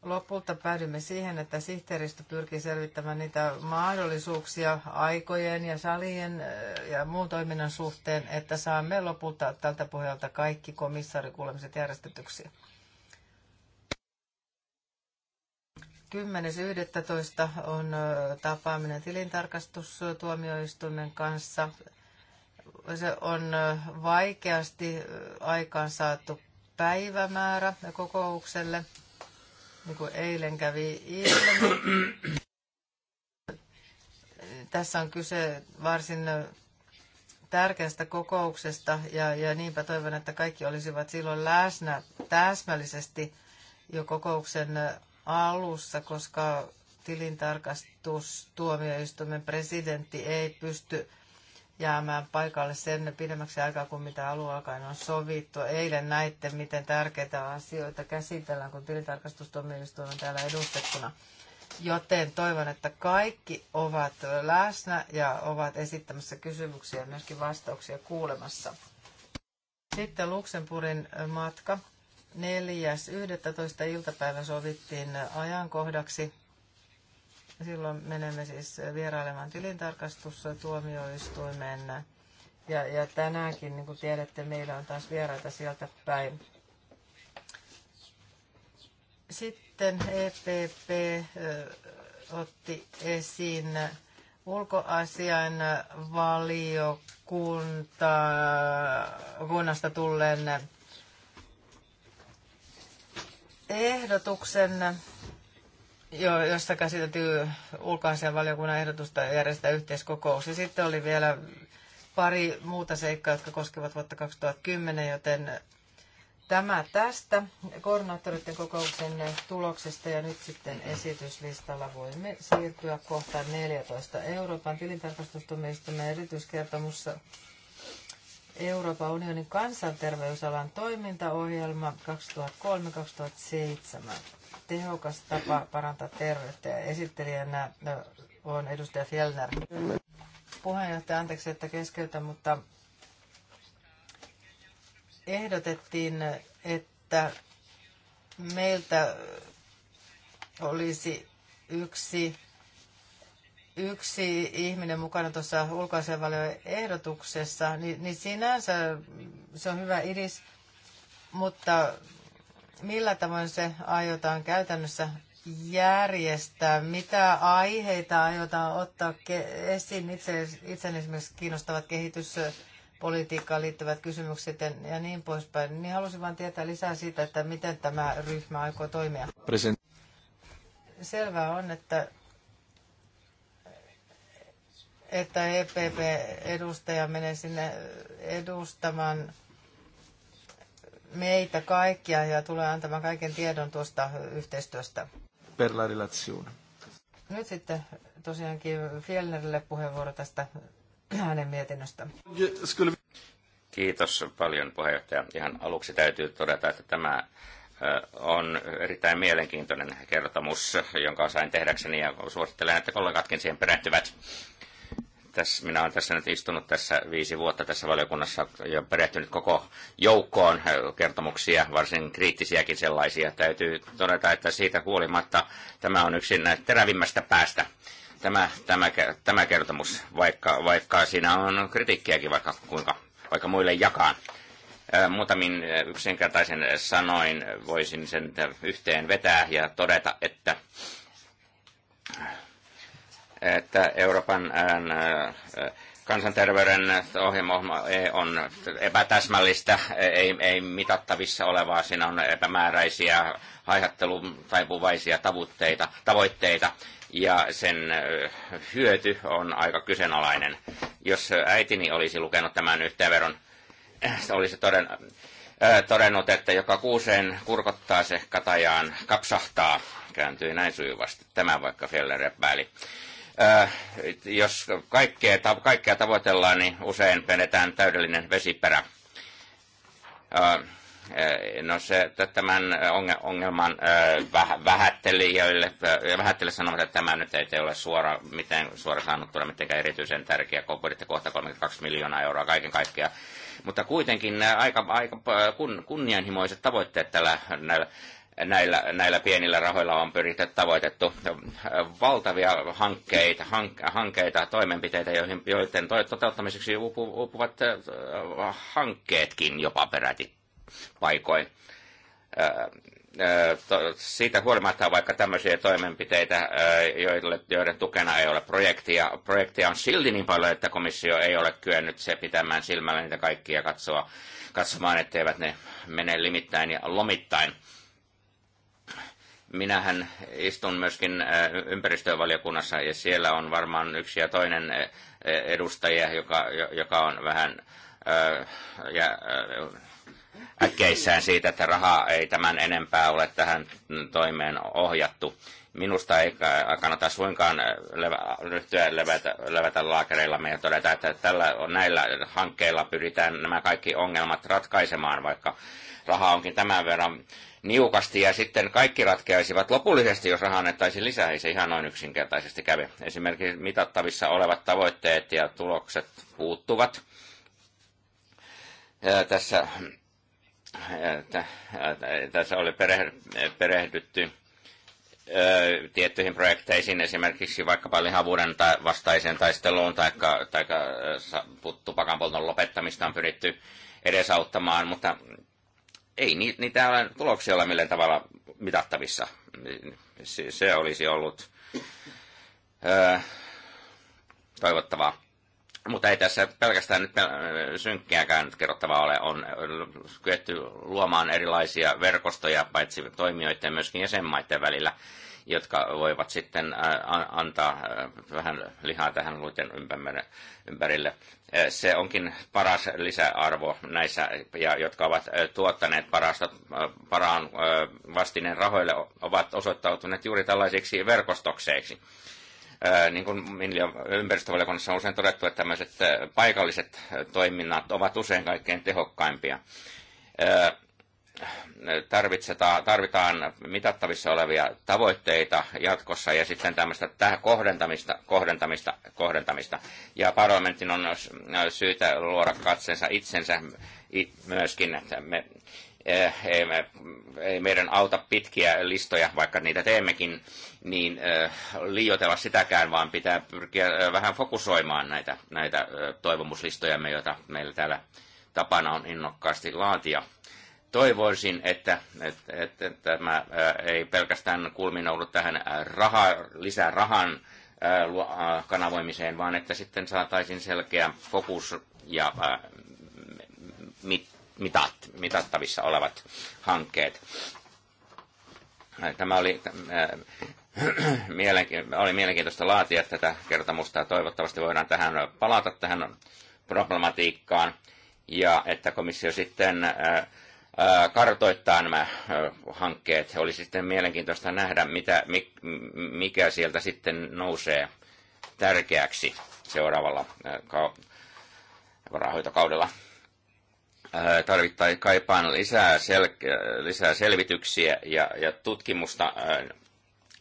lopulta päädymme siihen, että sihteeristö pyrkii selvittämään niitä mahdollisuuksia aikojen ja salien äh, ja muun toiminnan suhteen, että saamme lopulta tältä pohjalta kaikki komissaarikuulemiset järjestetyksi. 10.11. on äh, tapaaminen tilintarkastustuomioistuimen kanssa. Se on äh, vaikeasti aikaansaatu päivämäärä kokoukselle – niin kuin eilen kävi ilmi, [clears throat] tässä on kyse varsin tärkeästä kokouksesta ja, ja niinpä toivon, että kaikki olisivat silloin läsnä täsmällisesti jo kokouksen alussa, koska tilintarkastustuomioistuimen presidentti ei pysty jäämään paikalle sen pidemmäksi aikaa kuin mitä alueelkaan on sovittu. Eilen näitte, miten tärkeitä asioita käsitellään, kun tilintarkastustuomioistuin on täällä edustettuna. Joten toivon, että kaikki ovat läsnä ja ovat esittämässä kysymyksiä ja myöskin vastauksia kuulemassa. Sitten Luxemburgin matka. 4.11. iltapäivä sovittiin ajankohdaksi Silloin menemme siis vierailemaan tilintarkastustuomioistuimen. Ja, ja tänäänkin, niin kuin tiedätte, meillä on taas vieraita sieltä päin. Sitten EPP otti esiin ulkoasian valiokunnasta tulleen ehdotuksen jo, jossa ulkoasian valiokunnan ehdotusta järjestää yhteiskokous. Ja sitten oli vielä pari muuta seikkaa, jotka koskevat vuotta 2010, joten tämä tästä koordinaattoreiden kokouksen tuloksesta ja nyt sitten esityslistalla voimme siirtyä kohtaan 14. Euroopan tilintarkastustuomioistuimen erityiskertomussa. Euroopan unionin kansanterveysalan toimintaohjelma 2003-2007 tehokas tapa parantaa terveyttä. Esittelijänä on edustaja Fjellner. Puheenjohtaja, anteeksi, että keskeytän, mutta ehdotettiin, että meiltä olisi yksi, yksi ihminen mukana tuossa ulkoasevalioiden ehdotuksessa, niin, niin sinänsä se on hyvä idis, mutta millä tavoin se aiotaan käytännössä järjestää? Mitä aiheita aiotaan ottaa esiin? Itse, itse esimerkiksi kiinnostavat kehityspolitiikkaan liittyvät kysymykset ja niin poispäin. Niin halusin vain tietää lisää siitä, että miten tämä ryhmä aikoo toimia. Present. Selvää on, että että EPP-edustaja menee sinne edustamaan meitä kaikkia ja tulee antamaan kaiken tiedon tuosta yhteistyöstä. Per la relazione. Nyt sitten tosiaankin Fjellnerille puheenvuoro tästä hänen mietinnöstä. Kiitos paljon puheenjohtaja. Ihan aluksi täytyy todeta, että tämä on erittäin mielenkiintoinen kertomus, jonka sain tehdäkseni ja suosittelen, että kollegatkin siihen perehtyvät tässä, minä olen tässä nyt istunut tässä viisi vuotta tässä valiokunnassa ja perehtynyt koko joukkoon kertomuksia, varsin kriittisiäkin sellaisia. Täytyy todeta, että siitä huolimatta tämä on yksi näistä terävimmästä päästä tämä, tämä, tämä kertomus, vaikka, vaikka siinä on kritiikkiäkin vaikka, kuinka, vaikka muille jakaa. Muutamin yksinkertaisen sanoin voisin sen yhteen vetää ja todeta, että että Euroopan kansanterveyden ohjelma e on epätäsmällistä, ei, ei mitattavissa olevaa, siinä on epämääräisiä haihattelun taipuvaisia tavoitteita, tavoitteita ja sen hyöty on aika kyseenalainen. Jos äitini olisi lukenut tämän yhteenveron, äh, se olisi toden, äh, todennut, että joka kuuseen kurkottaa se katajaan kapsahtaa, kääntyy näin sujuvasti. Tämä vaikka Feller epäili. Äh, jos kaikkea, kaikkea tavoitellaan, niin usein penetään täydellinen vesiperä. Äh, äh, no se, tämän ongelman vähättelijöille, vähättelijät sanovat, että tämä nyt ei ole suora, miten, suora tulla mitenkään erityisen tärkeä, kun kohta 32 miljoonaa euroa kaiken kaikkiaan. Mutta kuitenkin aika, aika kun, kunnianhimoiset tavoitteet tällä näillä näillä, näillä pienillä rahoilla on pyritty tavoitettu valtavia hankkeita, hankkeita toimenpiteitä, joihin, joiden toteuttamiseksi uupuvat hankkeetkin jopa peräti paikoin. Siitä huolimatta, vaikka tämmöisiä toimenpiteitä, joille, joiden tukena ei ole projektia, projektia on silti niin paljon, että komissio ei ole kyennyt se pitämään silmällä niitä kaikkia katsoa, katsomaan, etteivät ne mene limittäin ja lomittain Minähän istun myöskin ympäristövaliokunnassa ja siellä on varmaan yksi ja toinen edustaja, joka, joka on vähän ja, äkkeissään siitä, että rahaa ei tämän enempää ole tähän toimeen ohjattu. Minusta ei kannata suinkaan levä, ryhtyä levätä, levätä laakereilla ja todeta, että tällä, näillä hankkeilla pyritään nämä kaikki ongelmat ratkaisemaan, vaikka rahaa onkin tämän verran niukasti ja sitten kaikki ratkeaisivat lopullisesti, jos rahaa annettaisiin lisää. Ei se ihan noin yksinkertaisesti kävi. Esimerkiksi mitattavissa olevat tavoitteet ja tulokset puuttuvat. Ja tässä, tässä oli perehdytty tiettyihin projekteisiin, esimerkiksi vaikkapa lihavuuden tai vastaiseen taisteluun tai tupakanpolton lopettamista on pyritty edesauttamaan, mutta ei niitä ole tuloksia ole millään tavalla mitattavissa. Se olisi ollut öö, toivottavaa. Mutta ei tässä pelkästään nyt synkkiäkään nyt kerrottavaa ole. On kyetty luomaan erilaisia verkostoja paitsi toimijoiden myöskin jäsenmaiden välillä jotka voivat sitten antaa vähän lihaa tähän luiden ympärille. Se onkin paras lisäarvo näissä, ja jotka ovat tuottaneet parasta, paraan vastineen rahoille, ovat osoittautuneet juuri tällaisiksi verkostokseiksi niin kuin ympäristövaliokunnassa on usein todettu, että tämmöiset paikalliset toiminnat ovat usein kaikkein tehokkaimpia tarvitaan mitattavissa olevia tavoitteita jatkossa ja sitten tämmöistä kohdentamista, kohdentamista, kohdentamista. Ja parlamentin on syytä luoda katseensa itsensä myöskin, että me, eh, ei, me, ei meidän auta pitkiä listoja, vaikka niitä teemmekin, niin eh, liioitella sitäkään, vaan pitää pyrkiä eh, vähän fokusoimaan näitä, näitä toivomuslistojamme, joita meillä täällä tapana on innokkaasti laatia – toivoisin, että, että, että tämä äh, ei pelkästään kulminoudu tähän äh, raha, lisää rahan äh, kanavoimiseen, vaan että sitten saataisiin selkeä fokus ja mit, mitat, mitattavissa olevat hankkeet. Tämä oli, oli mielenkiintoista laatia tätä kertomusta. Toivottavasti voidaan tähän palata tähän problematiikkaan ja että komissio sitten ää, kartoittaa nämä hankkeet. Olisi sitten mielenkiintoista nähdä, mitä, mikä sieltä sitten nousee tärkeäksi seuraavalla rahoitokaudella. Tarvittaisiin kaipaan lisää, sel- lisää selvityksiä ja, ja tutkimusta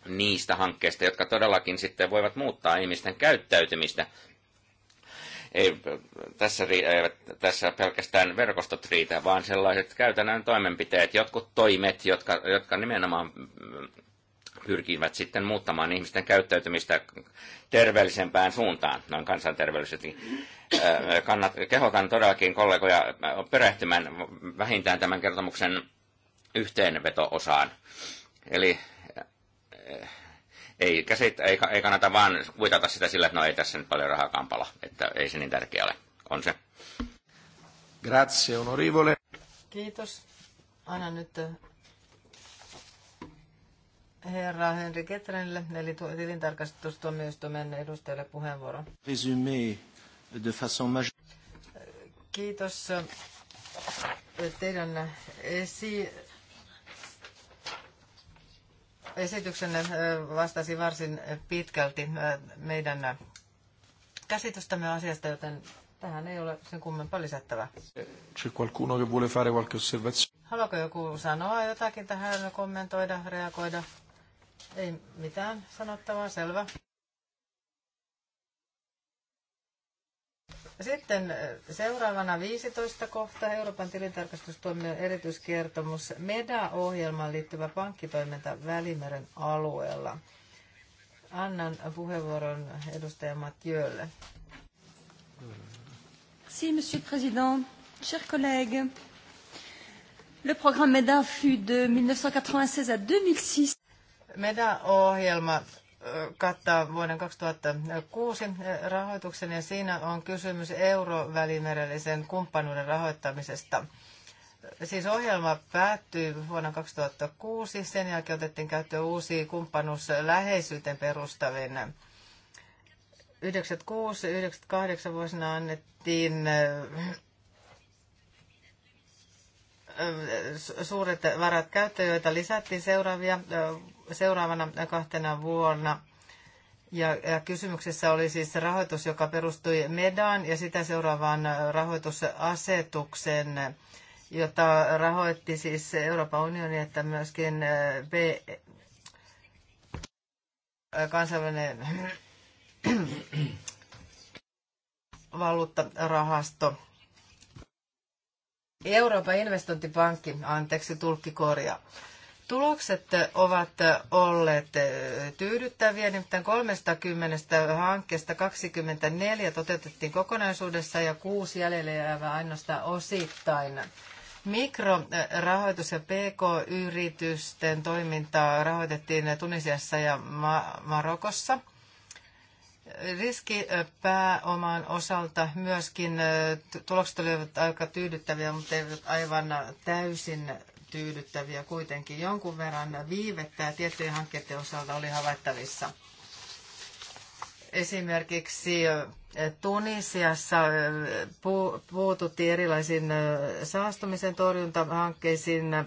niistä hankkeista, jotka todellakin sitten voivat muuttaa ihmisten käyttäytymistä ei, tässä, eivät, tässä pelkästään verkostot riitä, vaan sellaiset käytännön toimenpiteet, jotkut toimet, jotka, jotka nimenomaan pyrkivät sitten muuttamaan ihmisten käyttäytymistä terveellisempään suuntaan, noin kansanterveellisesti. Äh, kannat, kehotan todellakin kollegoja äh, perehtymään vähintään tämän kertomuksen yhteenveto-osaan. Eli äh, ei, käsit, ei, ei kannata vaan kuitata sitä sillä, että no ei tässä nyt paljon rahaa kampala, että ei se niin tärkeä ole. On se. Grazie, onorevole. Kiitos. Anna nyt äh, herra Henri Ketrenille, eli tilintarkastustuomioistuimen edustajalle puheenvuoro. Resumé de façon maj. Kiitos äh, teidän esi esityksenne vastasi varsin pitkälti meidän käsitystämme asiasta, joten tähän ei ole sen kummempaa lisättävää. C'è qualcuno che vuole fare qualche osservazione? Haluaako joku sanoa jotakin tähän, kommentoida, reagoida? Ei mitään sanottavaa, selvä. Sitten äh, seuraavana 15 kohta Euroopan tilintarkastustoimen erityiskertomus MEDA-ohjelmaan liittyvä pankkitoiminta Välimeren alueella. Annan puheenvuoron edustaja Mathieulle. Si, monsieur le président, chers collègues. Le programme MEDA fut de 1996 à 2006. MEDA-ohjelma kattaa vuoden 2006 rahoituksen ja siinä on kysymys eurovälimerellisen kumppanuuden rahoittamisesta. Siis ohjelma päättyy vuonna 2006, sen jälkeen otettiin käyttöön uusi kumppanuus läheisyyteen perustavin. 96-98 vuosina annettiin äh, suuret varat käyttöön, joita lisättiin seuraavia äh, seuraavana kahtena vuonna. Ja, ja kysymyksessä oli siis rahoitus, joka perustui MEDAan ja sitä seuraavaan rahoitusasetuksen, jota rahoitti siis Euroopan unioni, että myöskin B, eh, eh, kansainvälinen [clears throat] valuuttarahasto. Euroopan investointipankki, anteeksi tulkkikorja. korjaa Tulokset ovat olleet tyydyttäviä, nimittäin 30 hankkeesta 24 toteutettiin kokonaisuudessa ja kuusi jäljellä jäävä ainoastaan osittain. Mikrorahoitus ja PK-yritysten toimintaa rahoitettiin Tunisiassa ja Marokossa. Riskipääoman osalta myöskin tulokset olivat aika tyydyttäviä, mutta eivät aivan täysin tyydyttäviä kuitenkin. Jonkun verran viivettä ja tiettyjen hankkeiden osalta oli havaittavissa. Esimerkiksi Tunisiassa puututtiin erilaisiin saastumisen torjuntahankkeisiin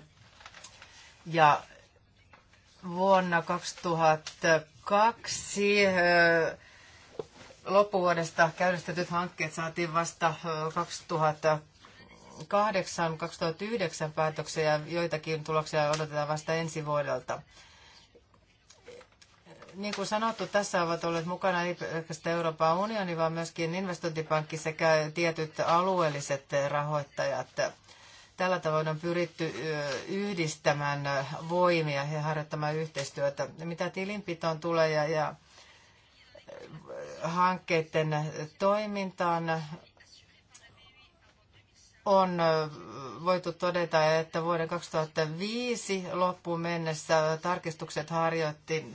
ja vuonna 2002 loppuvuodesta käynnistetyt hankkeet saatiin vasta 2000 2008-2009 päätöksiä ja joitakin tuloksia odotetaan vasta ensi vuodelta. Niin kuin sanottu, tässä ovat olleet mukana ei pelkästään Euroopan unioni, vaan myöskin investointipankki sekä tietyt alueelliset rahoittajat. Tällä tavoin on pyritty yhdistämään voimia ja harjoittamaan yhteistyötä. Mitä tilinpitoon tulee ja, ja hankkeiden toimintaan, on voitu todeta, että vuoden 2005 loppuun mennessä tarkistukset harjoitti,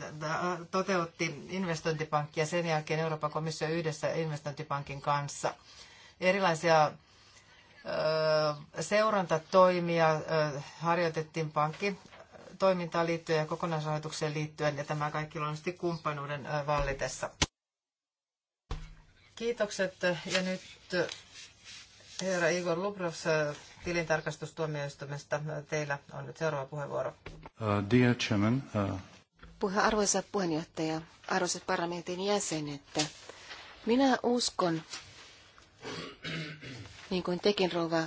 toteutti investointipankki ja sen jälkeen Euroopan komissio yhdessä investointipankin kanssa. Erilaisia seurantatoimia harjoitettiin pankki toimintaan liittyen ja kokonaisrahoitukseen liittyen ja tämä kaikki luonnollisesti kumppanuuden vallitessa. Kiitokset ja nyt Herra Igor Lubrovs äh, tilintarkastustuomioistumista, äh, teillä on nyt seuraava puheenvuoro. Uh, dear Chairman, uh... Puhe, arvoisa puheenjohtaja, arvoisat parlamentin jäsenet, minä uskon, niin kuin tekin rouva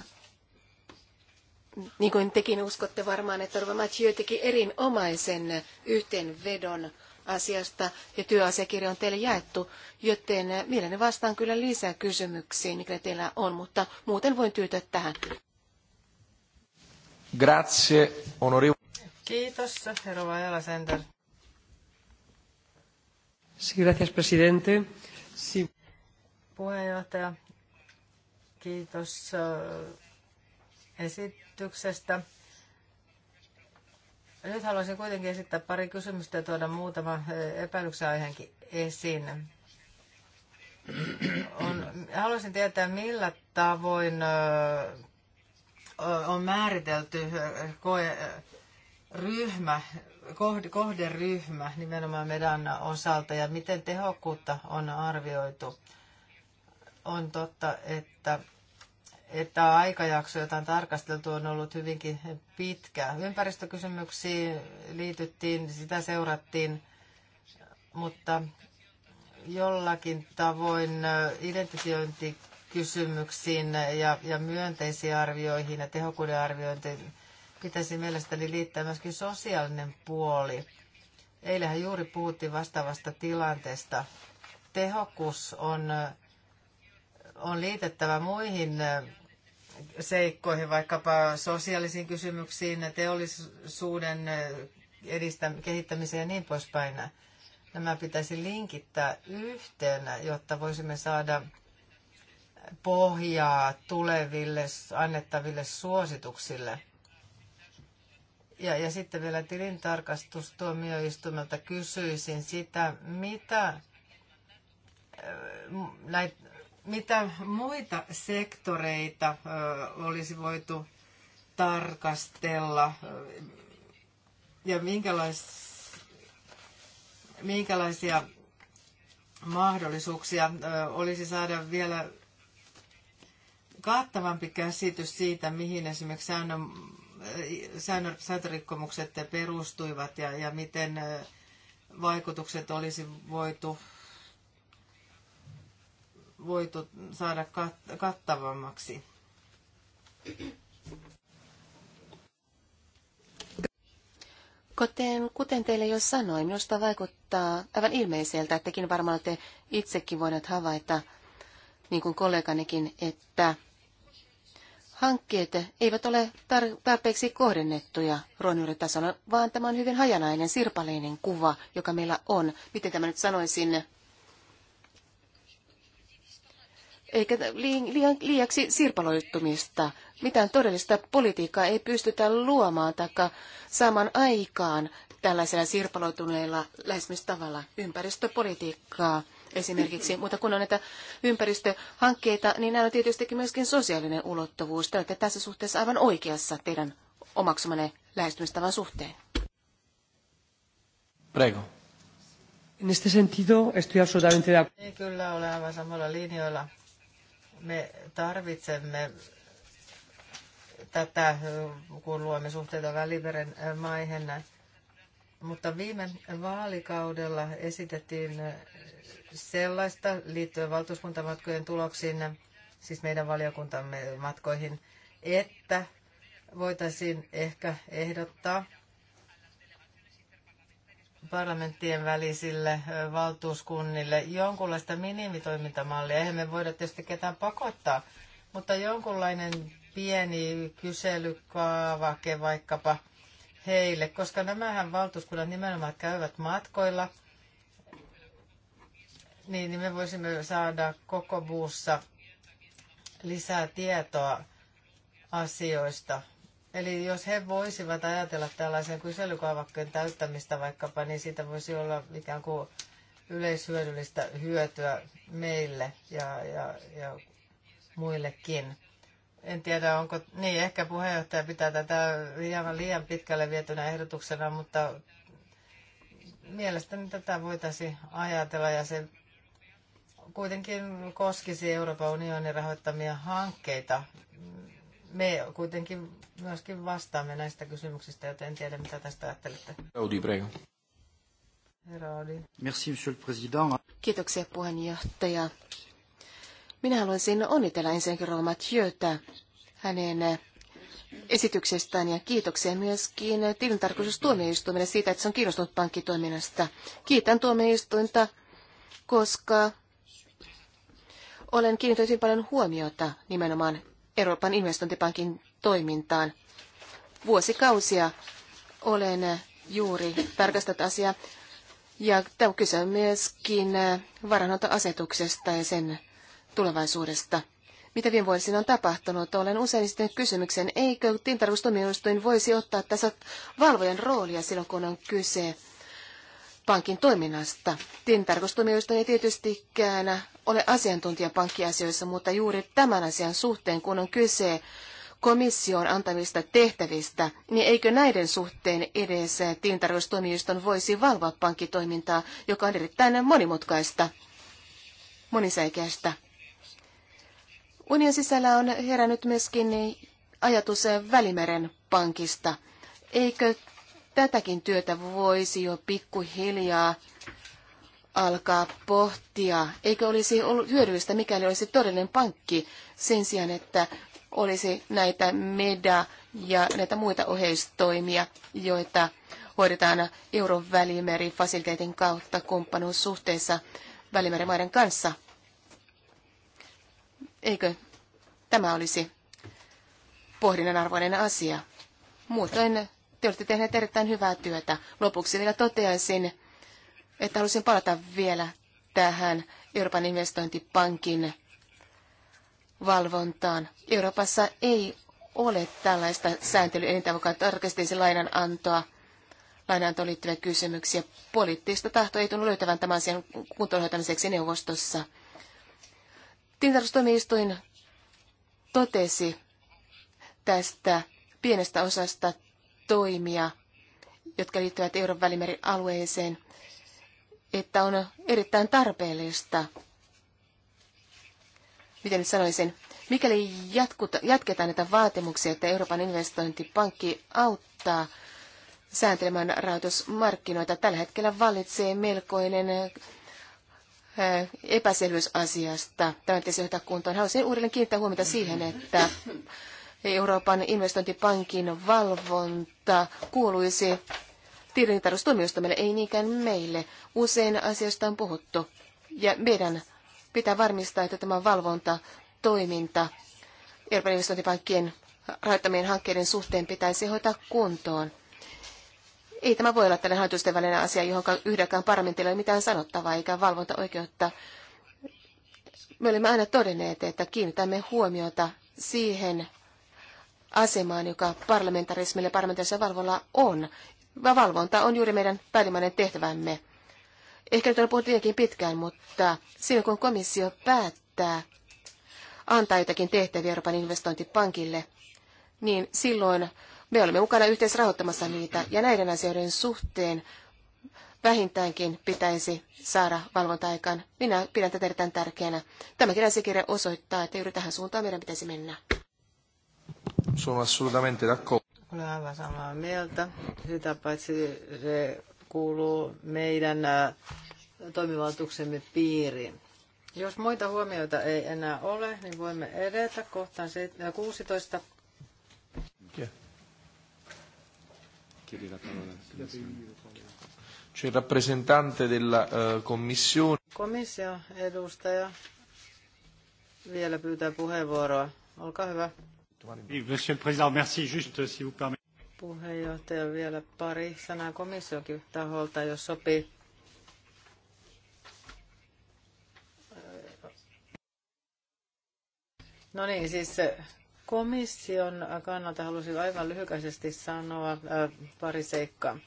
niin kuin tekin uskotte varmaan, että Rova Mathieu teki erinomaisen yhteenvedon asiasta ja työasiakirja on teille jaettu, joten mielelläni vastaan kyllä lisää kysymyksiin, mikä teillä on, mutta muuten voin tyytyä tähän. Grazie, onori... Kiitos, herra Vajala Center. Sí, gracias, presidente. Sí. Puheenjohtaja, kiitos esityksestä. Nyt haluaisin kuitenkin esittää pari kysymystä ja tuoda muutama eh, epäilyksen aiheenkin esiin. On, haluaisin tietää, millä tavoin eh, on määritelty eh, koe, ryhmä, kohderyhmä nimenomaan meidän osalta ja miten tehokkuutta on arvioitu. On totta, että että aikajakso, jota on tarkasteltu, on ollut hyvinkin pitkä. Ympäristökysymyksiin liityttiin, sitä seurattiin, mutta jollakin tavoin identifiointikysymyksiin ja, ja myönteisiin arvioihin ja tehokkuuden arviointiin pitäisi mielestäni liittää myöskin sosiaalinen puoli. Eilähän juuri puhuttiin vastaavasta tilanteesta. Tehokkuus on, on liitettävä muihin seikkoihin, vaikkapa sosiaalisiin kysymyksiin, teollisuuden edistä, kehittämiseen ja niin poispäin. Nämä pitäisi linkittää yhteen, jotta voisimme saada pohjaa tuleville annettaville suosituksille. Ja, ja sitten vielä tilintarkastustuomioistuimelta kysyisin sitä, mitä näitä mitä muita sektoreita olisi voitu tarkastella ja minkälais, minkälaisia mahdollisuuksia olisi saada vielä kattavampi käsitys siitä, mihin esimerkiksi säännön, säännön, sääntörikkomukset perustuivat ja, ja miten vaikutukset olisi voitu voitu saada kattavammaksi. Kuten, kuten teille jo sanoin, minusta vaikuttaa aivan ilmeiseltä, että tekin varmaan te itsekin voineet havaita, niin kuin kolleganikin, että hankkeet eivät ole tarpeeksi kohdennettuja ruohonjuuritasolla, vaan tämä on hyvin hajanainen, sirpaleinen kuva, joka meillä on. Miten tämä nyt sanoisin eikä liian, liiaksi sirpaloittumista. Mitään todellista politiikkaa ei pystytä luomaan tai saamaan aikaan tällaisella sirpaloituneella lähestymistavalla ympäristöpolitiikkaa esimerkiksi, mutta kun on näitä ympäristöhankkeita, niin nämä on tietystikin myöskin sosiaalinen ulottuvuus. Te olette tässä suhteessa aivan oikeassa teidän omaksumanne lähestymistavan suhteen. Prego. En este sentido estoy absolutamente de acuerdo. Kyllä olen aivan samalla linjoilla me tarvitsemme tätä, kun luomme suhteita Välimeren maihin. Mutta viime vaalikaudella esitettiin sellaista liittyen valtuuskuntamatkojen tuloksiin, siis meidän valiokuntamme matkoihin, että voitaisiin ehkä ehdottaa parlamenttien välisille valtuuskunnille jonkunlaista minimitoimintamallia. Eihän me voida tietysti ketään pakottaa, mutta jonkunlainen pieni kyselykaavake vaikkapa heille, koska nämähän valtuuskunnat nimenomaan käyvät matkoilla, niin me voisimme saada koko lisää tietoa asioista. Eli jos he voisivat ajatella tällaisen kyselykaavakkeen täyttämistä vaikkapa, niin siitä voisi olla ikään kuin yleishyödyllistä hyötyä meille ja, ja, ja muillekin. En tiedä, onko... Niin, ehkä puheenjohtaja pitää tätä hieman liian pitkälle vietynä ehdotuksena, mutta mielestäni tätä voitaisiin ajatella ja se kuitenkin koskisi Euroopan unionin rahoittamia hankkeita me kuitenkin myöskin vastaamme näistä kysymyksistä, joten en tiedä, mitä tästä ajattelette. Audi, prego. Herra Audi. Merci, monsieur le président. Kiitoksia, puheenjohtaja. Minä haluaisin onnitella ensinnäkin Roma Mathieuta hänen esityksestään ja kiitoksia myöskin tilintarkastustuomioistuimelle siitä, että se on kiinnostunut pankkitoiminnasta. Kiitän tuomioistuinta, koska olen kiinnittänyt paljon huomiota nimenomaan Euroopan investointipankin toimintaan. Vuosikausia olen juuri tarkastanut asiaa. Ja tämä kyse on myöskin varanhoitoasetuksesta ja sen tulevaisuudesta. Mitä viime vuosina on tapahtunut? Olen usein esittänyt kysymyksen, eikö tintarvustuomioistuin voisi ottaa tässä valvojan roolia silloin, kun on kyse pankin toiminnasta. Tintarkostumijoistoin ei tietystikään ole asiantuntija pankkiasioissa, mutta juuri tämän asian suhteen, kun on kyse komission antamista tehtävistä, niin eikö näiden suhteen edes tilintarkastustoimiston voisi valvoa pankkitoimintaa, joka on erittäin monimutkaista, monisäikeästä. Union sisällä on herännyt myöskin ajatus Välimeren pankista. Eikö tätäkin työtä voisi jo pikkuhiljaa alkaa pohtia. Eikö olisi ollut hyödyllistä, mikäli olisi todellinen pankki sen sijaan, että olisi näitä MEDA ja näitä muita oheistoimia, joita hoidetaan euron välimeri kautta kumppanuussuhteessa välimerimaiden kanssa. Eikö tämä olisi pohdinnan arvoinen asia? Muutoin te olette tehneet erittäin hyvää työtä. Lopuksi vielä toteaisin, että halusin palata vielä tähän Euroopan investointipankin valvontaan. Euroopassa ei ole tällaista sääntelyä enintään mukaan tarkastelisi lainanantoa, lainanantoon liittyviä kysymyksiä. Poliittista tahtoa ei tunnu löytävän tämän asian kuntoonhoitamiseksi neuvostossa. Tilintarkastustoimistuin totesi tästä pienestä osasta toimia, jotka liittyvät Euroopan välimerin alueeseen, että on erittäin tarpeellista, miten nyt sanoisin, mikäli jatkuta, jatketaan näitä vaatimuksia, että Euroopan investointipankki auttaa sääntelemään rahoitusmarkkinoita. Tällä hetkellä vallitsee melkoinen eh, epäselvyys asiasta. Tämä pitäisi johtaa kuntoon. Haluaisin uudelleen kiinnittää huomiota siihen, että Euroopan investointipankin valvonta kuuluisi tilintarkastustuomioistuimelle, ei niinkään meille. Usein asiasta on puhuttu ja meidän pitää varmistaa, että tämä valvonta, toiminta Euroopan investointipankkien rahoittamien hankkeiden suhteen pitäisi hoitaa kuntoon. Ei tämä voi olla tällainen hallitusten välinen asia, johon yhdelläkään parlamentilla ei ole mitään sanottavaa eikä valvontaoikeutta. Me olemme aina todenneet, että kiinnitämme huomiota siihen, asemaan, joka parlamentarismille parlamentaarisella valvolla on. Valvonta on juuri meidän päällimmäinen tehtävämme. Ehkä nyt on puhuttu pitkään, mutta silloin kun komissio päättää antaa jotakin tehtäviä Euroopan investointipankille, niin silloin me olemme mukana yhteisrahoittamassa niitä, ja näiden asioiden suhteen vähintäänkin pitäisi saada valvonta-aikaan. Minä pidän tätä erittäin tärkeänä. Tämä kirjasikirja osoittaa, että juuri tähän suuntaan meidän pitäisi mennä. Sono assolutamente d'accordo. Olen aivan samaa mieltä. Sitä paitsi se kuuluu meidän toimivaltuuksemme piiriin. Jos muita huomioita ei enää ole, niin voimme edetä kohtaan 16. C'è il rappresentante della uh, commissione. Komission edustaja vielä pyytää puheenvuoroa. Olkaa hyvä. Monsieur le Président, merci. Juste, si vous permettez. Puheenjohtaja, vielä pari sanaa komissionkin taholta, jos sopii. No niin, siis komission kannalta halusin aivan lyhykäisesti sanoa äh, pari seikkaa.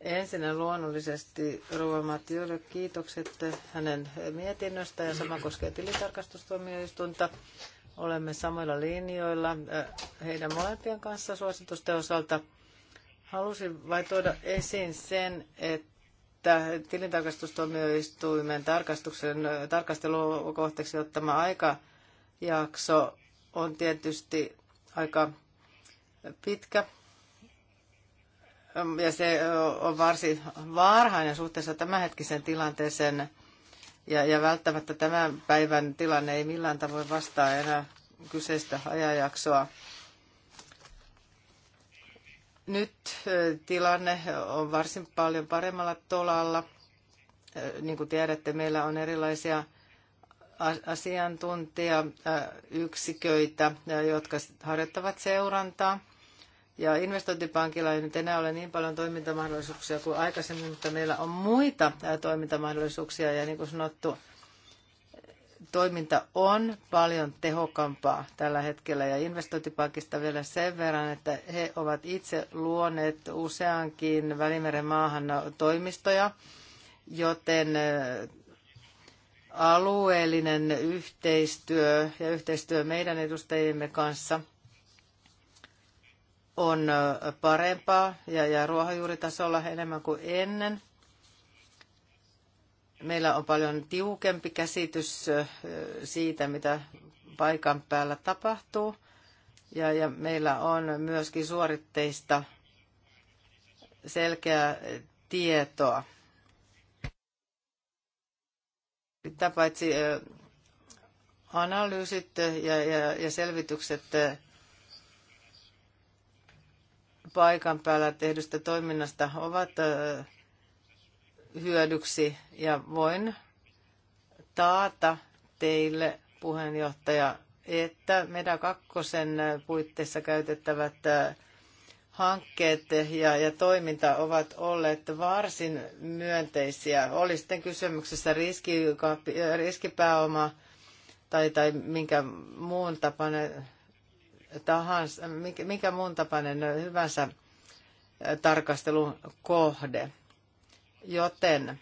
Ensin luonnollisesti Rova Matiolle kiitokset hänen mietinnöstä ja sama koskee tilintarkastustuomioistunta. Olemme samoilla linjoilla eh, heidän molempien kanssa suositusten osalta. Halusin vain tuoda esiin sen, että tilintarkastustuomioistuimen tarkastuksen eh, tarkastelukohteeksi ottama aikajakso on tietysti aika pitkä ja se eh, on varsin varhainen suhteessa tämänhetkisen tilanteeseen ja, ja välttämättä tämän päivän tilanne ei millään tavoin vastaa enää kyseistä ajanjaksoa. Nyt tilanne on varsin paljon paremmalla tolalla. Niin kuin tiedätte, meillä on erilaisia asiantuntijayksiköitä, jotka harjoittavat seurantaa. Ja investointipankilla ei nyt enää ole niin paljon toimintamahdollisuuksia kuin aikaisemmin, mutta meillä on muita toimintamahdollisuuksia ja niin kuin sanottu, toiminta on paljon tehokampaa tällä hetkellä ja investointipankista vielä sen verran, että he ovat itse luoneet useankin Välimeren maahan toimistoja, joten alueellinen yhteistyö ja yhteistyö meidän edustajiemme kanssa – on parempaa ja, ja ruohonjuuritasolla enemmän kuin ennen. Meillä on paljon tiukempi käsitys siitä, mitä paikan päällä tapahtuu. Ja, ja meillä on myöskin suoritteista selkeää tietoa. Sitä paitsi analyysit ja, ja, ja selvitykset paikan päällä tehdystä toiminnasta ovat hyödyksi ja voin taata teille puheenjohtaja, että meidän kakkosen puitteissa käytettävät hankkeet ja, ja toiminta ovat olleet varsin myönteisiä. Oli sitten kysymyksessä riski, riskipääoma tai, tai minkä muun tapainen tahansa, mikä muun tapainen hyvänsä tarkastelun kohde. Joten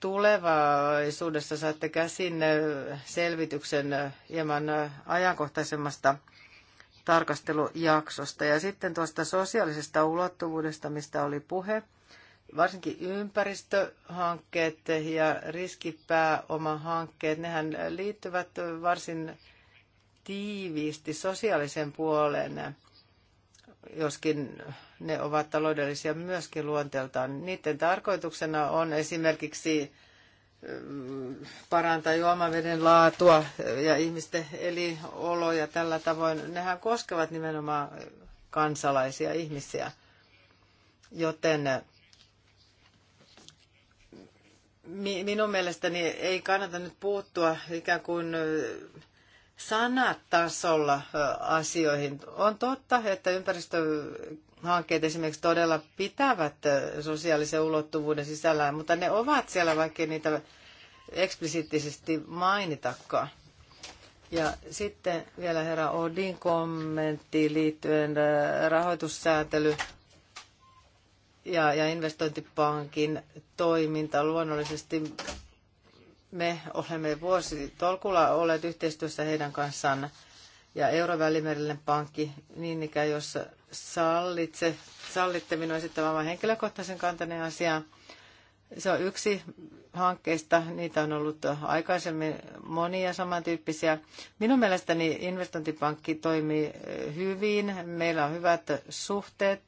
tulevaisuudessa saatte käsin selvityksen hieman ajankohtaisemmasta tarkastelujaksosta. Ja sitten tuosta sosiaalisesta ulottuvuudesta, mistä oli puhe, varsinkin ympäristöhankkeet ja riskipääomahankkeet, nehän liittyvät varsin tiiviisti sosiaalisen puolen, joskin ne ovat taloudellisia myöskin luonteeltaan. Niiden tarkoituksena on esimerkiksi mm, parantaa juomaveden laatua ja ihmisten elinoloja tällä tavoin. Nehän koskevat nimenomaan kansalaisia ihmisiä, joten minun mielestäni ei kannata nyt puuttua ikään kuin sanatasolla asioihin. On totta, että ympäristöhankkeet esimerkiksi todella pitävät sosiaalisen ulottuvuuden sisällään, mutta ne ovat siellä, vaikka niitä eksplisiittisesti mainitakaan. Ja sitten vielä herra Odin kommentti liittyen rahoitussäätely ja, ja investointipankin toiminta. Luonnollisesti me olemme vuositolkulla olleet yhteistyössä heidän kanssaan ja Eurovälimerellinen pankki, niin ikään jos sallitse, sallitte minun esittämään henkilökohtaisen kantani asiaan. Se on yksi hankkeista, niitä on ollut aikaisemmin monia samantyyppisiä. Minun mielestäni investointipankki toimii hyvin, meillä on hyvät suhteet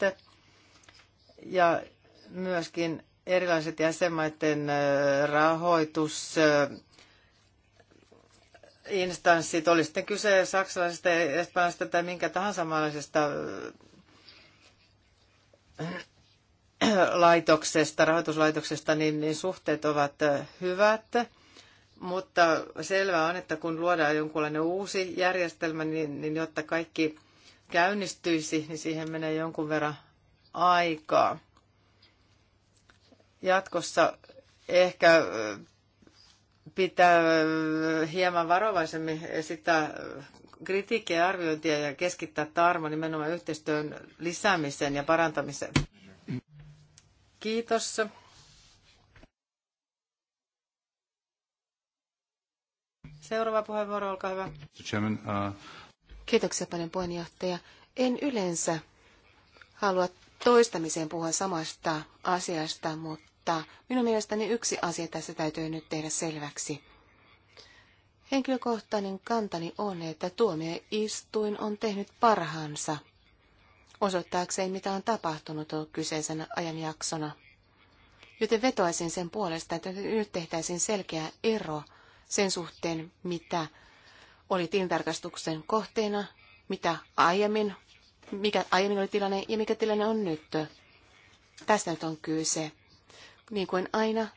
ja myöskin erilaiset jäsenmaiden rahoitusinstanssit, oli sitten kyse saksalaisesta, espanjasta tai minkä tahansa maalaisesta laitoksesta, rahoituslaitoksesta, niin, niin suhteet ovat hyvät. Mutta selvää on, että kun luodaan jonkunlainen uusi järjestelmä, niin, niin jotta kaikki käynnistyisi, niin siihen menee jonkun verran aikaa jatkossa ehkä pitää hieman varovaisemmin esittää kritiikkiä ja arviointia ja keskittää tarmo nimenomaan yhteistyön lisäämiseen ja parantamiseen. Kiitos. Seuraava puheenvuoro, olkaa hyvä. Uh, Kiitoksia paljon puheenjohtaja. En yleensä halua toistamiseen puhua samasta asiasta, mutta mutta minun mielestäni yksi asia tässä täytyy nyt tehdä selväksi. Henkilökohtainen kantani on, että tuomioistuin on tehnyt parhaansa osoittaakseen, mitä on tapahtunut kyseisen ajanjaksona. Joten vetoaisin sen puolesta, että nyt tehtäisiin selkeä ero sen suhteen, mitä oli tilintarkastuksen kohteena, mitä aiemmin, mikä aiemmin oli tilanne ja mikä tilanne on nyt. Tästä nyt on kyse. Niin kuin aina,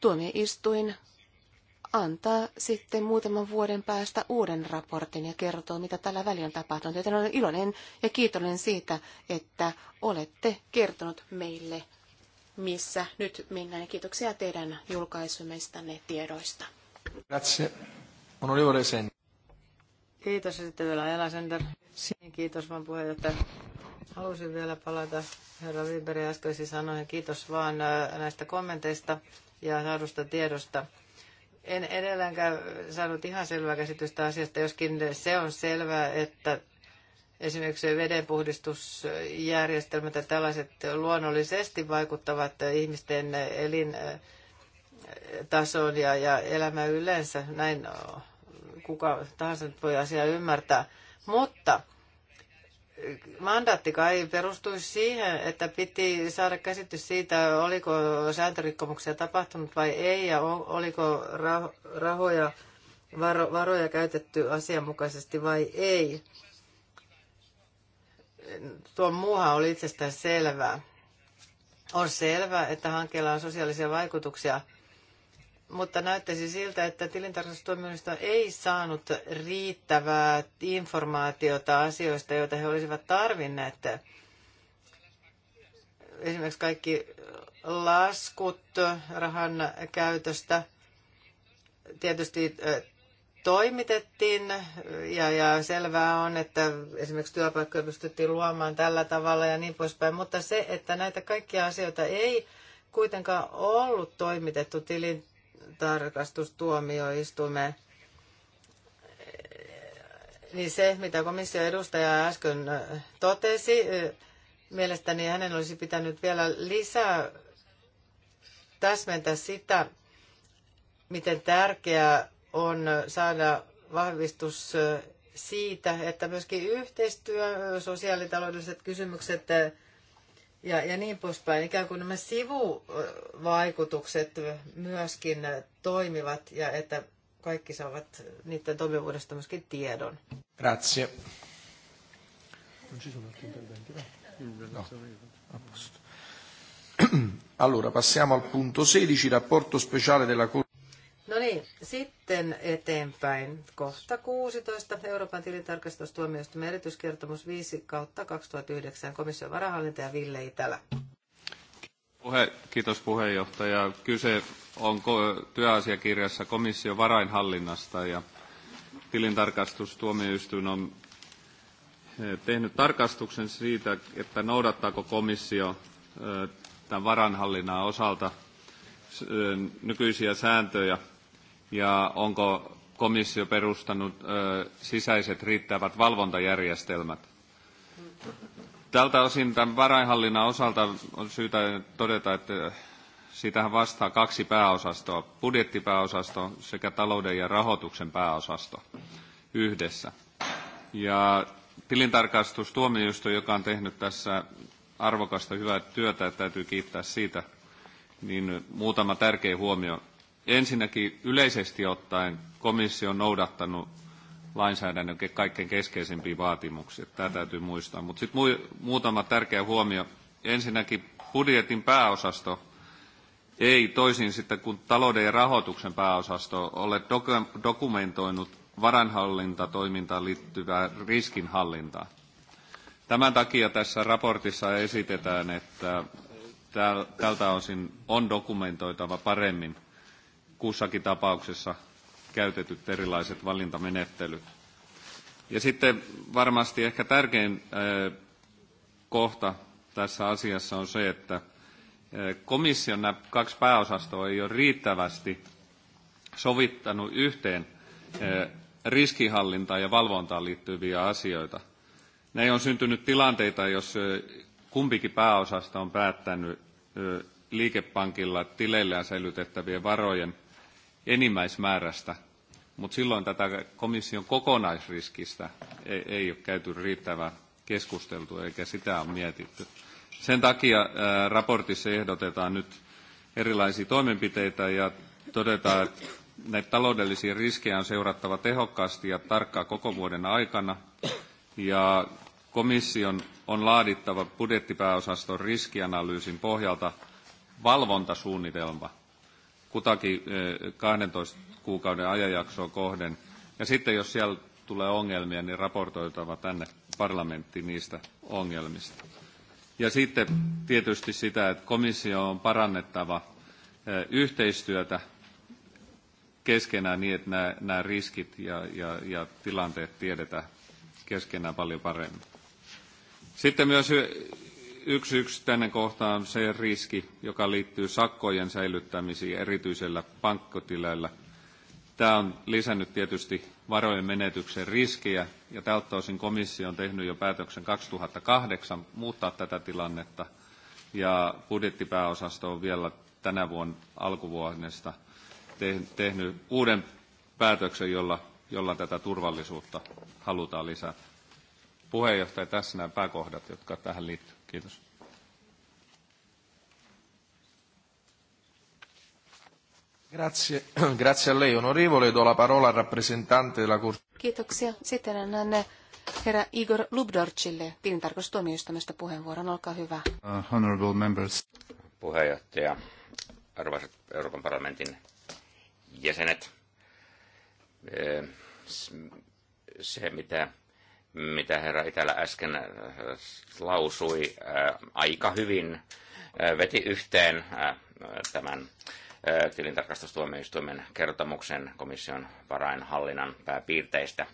tuomioistuin antaa sitten muutaman vuoden päästä uuden raportin ja kertoo, mitä tällä välillä on tapahtunut. Joten olen iloinen ja kiitollinen siitä, että olette kertonut meille, missä nyt mennään. kiitoksia teidän julkaisumistanne tiedoista. Grazie. Onorevole Sen. Kiitos ja sitten Ela Sender. Kiitos vaan puheenjohtaja. Halusin vielä palata herra Wiberin äskeisiin sanoihin. Kiitos vaan äh, näistä kommenteista ja saadusta tiedosta. En edelläänkään saanut ihan selvää käsitystä asiasta, joskin se on selvää, että esimerkiksi vedenpuhdistusjärjestelmät ja tällaiset luonnollisesti vaikuttavat ihmisten elintasoon äh, ja, ja elämä yleensä. Näin kuka tahansa voi asiaa ymmärtää. Mutta mandaatti kai perustui siihen, että piti saada käsitys siitä, oliko sääntörikkomuksia tapahtunut vai ei, ja oliko rahoja, varoja käytetty asianmukaisesti vai ei. Tuo muuhan oli itsestään selvää. On selvää, että hankkeella on sosiaalisia vaikutuksia – mutta näyttäisi siltä, että tilintarkastustuomioistuin ei saanut riittävää informaatiota asioista, joita he olisivat tarvinneet. Esimerkiksi kaikki laskut rahan käytöstä tietysti toimitettiin ja, ja selvää on, että esimerkiksi työpaikkoja pystyttiin luomaan tällä tavalla ja niin poispäin, mutta se, että näitä kaikkia asioita ei kuitenkaan ollut toimitettu tilin tarkastustuomioistuimeen. niin se, mitä komission edustaja äsken totesi, mielestäni hänen olisi pitänyt vielä lisää täsmentää sitä, miten tärkeää on saada vahvistus siitä, että myöskin yhteistyö, sosiaalitaloudelliset kysymykset ja, ja niin poispäin. Ikään kuin nämä sivuvaikutukset myöskin toimivat ja että kaikki saavat niiden toimivuudesta myöskin tiedon. Grazie. No. [clears throat] Allora, passiamo al punto 16, rapporto speciale della Corte. No niin, sitten eteenpäin. Kohta 16. Euroopan tilintarkastustuomioistuimen erityiskertomus 5 kautta 2009. Komission varahallintaja Ville Itälä. Puhe, kiitos puheenjohtaja. Kyse on työasiakirjassa komission varainhallinnasta ja tilintarkastustuomioistuin on eh, tehnyt tarkastuksen siitä, että noudattaako komissio eh, tämän varanhallinnan osalta eh, nykyisiä sääntöjä ja onko komissio perustanut ö, sisäiset riittävät valvontajärjestelmät. Tältä osin tämän varainhallinnan osalta on syytä todeta, että siitähän vastaa kaksi pääosastoa, budjettipääosasto sekä talouden ja rahoituksen pääosasto yhdessä. Ja tilintarkastustuomioistuin, joka on tehnyt tässä arvokasta hyvää työtä, täytyy kiittää siitä, niin muutama tärkeä huomio Ensinnäkin yleisesti ottaen komissio on noudattanut lainsäädännön kaikkein keskeisimpiä vaatimuksia. Tämä täytyy muistaa. Mutta sitten muutama tärkeä huomio. Ensinnäkin budjetin pääosasto ei toisin sitten kuin talouden ja rahoituksen pääosasto ole dokumentoinut varanhallintatoimintaan liittyvää riskinhallintaa. Tämän takia tässä raportissa esitetään, että tältä osin on dokumentoitava paremmin kussakin tapauksessa käytetyt erilaiset valintamenettelyt. Ja sitten varmasti ehkä tärkein äh, kohta tässä asiassa on se, että äh, komission nämä kaksi pääosastoa ei ole riittävästi sovittanut yhteen äh, riskihallintaan ja valvontaan liittyviä asioita. Näin on syntynyt tilanteita, jos kumpikin pääosasta on päättänyt liikepankilla tileillä säilytettävien varojen – enimmäismäärästä, mutta silloin tätä komission kokonaisriskistä e-, ei, ei ole käyty riittävää keskusteltua eikä sitä ole mietitty. Sen takia raportissa ehdotetaan nyt erilaisia toimenpiteitä ja todetaan, että näitä taloudellisia riskejä on seurattava tehokkaasti ja tarkkaa koko vuoden aikana. Ja komission on laadittava budjettipääosaston riskianalyysin pohjalta valvontasuunnitelma kutakin 12 kuukauden ajanjaksoa kohden. Ja sitten jos siellä tulee ongelmia, niin raportoitava tänne parlamenttiin niistä ongelmista. Ja sitten tietysti sitä, että komissio on parannettava yhteistyötä keskenään niin, että nämä, nämä riskit ja, ja, ja tilanteet tiedetään keskenään paljon paremmin. Sitten myös Yksi yksittäinen kohta on se riski, joka liittyy sakkojen säilyttämisiin erityisellä pankkotileillä. Tämä on lisännyt tietysti varojen menetyksen riskiä, ja tältä osin komissio on tehnyt jo päätöksen 2008 muuttaa tätä tilannetta, ja budjettipääosasto on vielä tänä vuonna alkuvuodesta tehnyt uuden päätöksen, jolla, jolla tätä turvallisuutta halutaan lisätä. Puheenjohtaja, tässä nämä pääkohdat, jotka tähän liittyvät. Kiitos. Grazie, [clears throat] grazie a lei onorevole, do la parola al rappresentante della Corte. Kiitoksia. Sitten annan eh, herra Igor Lubdorcille tilintarkastustuomioistuimesta puheenvuoron. Olkaa hyvä. Uh, honorable members. Puheenjohtaja, arvoisat Euroopan parlamentin jäsenet. Eh, se, mitä mitä herra Itälä äsken äh, lausui, äh, aika hyvin äh, veti yhteen tämän tilintarkastustuomioistuimen kertomuksen komission varainhallinnan pääpiirteistä.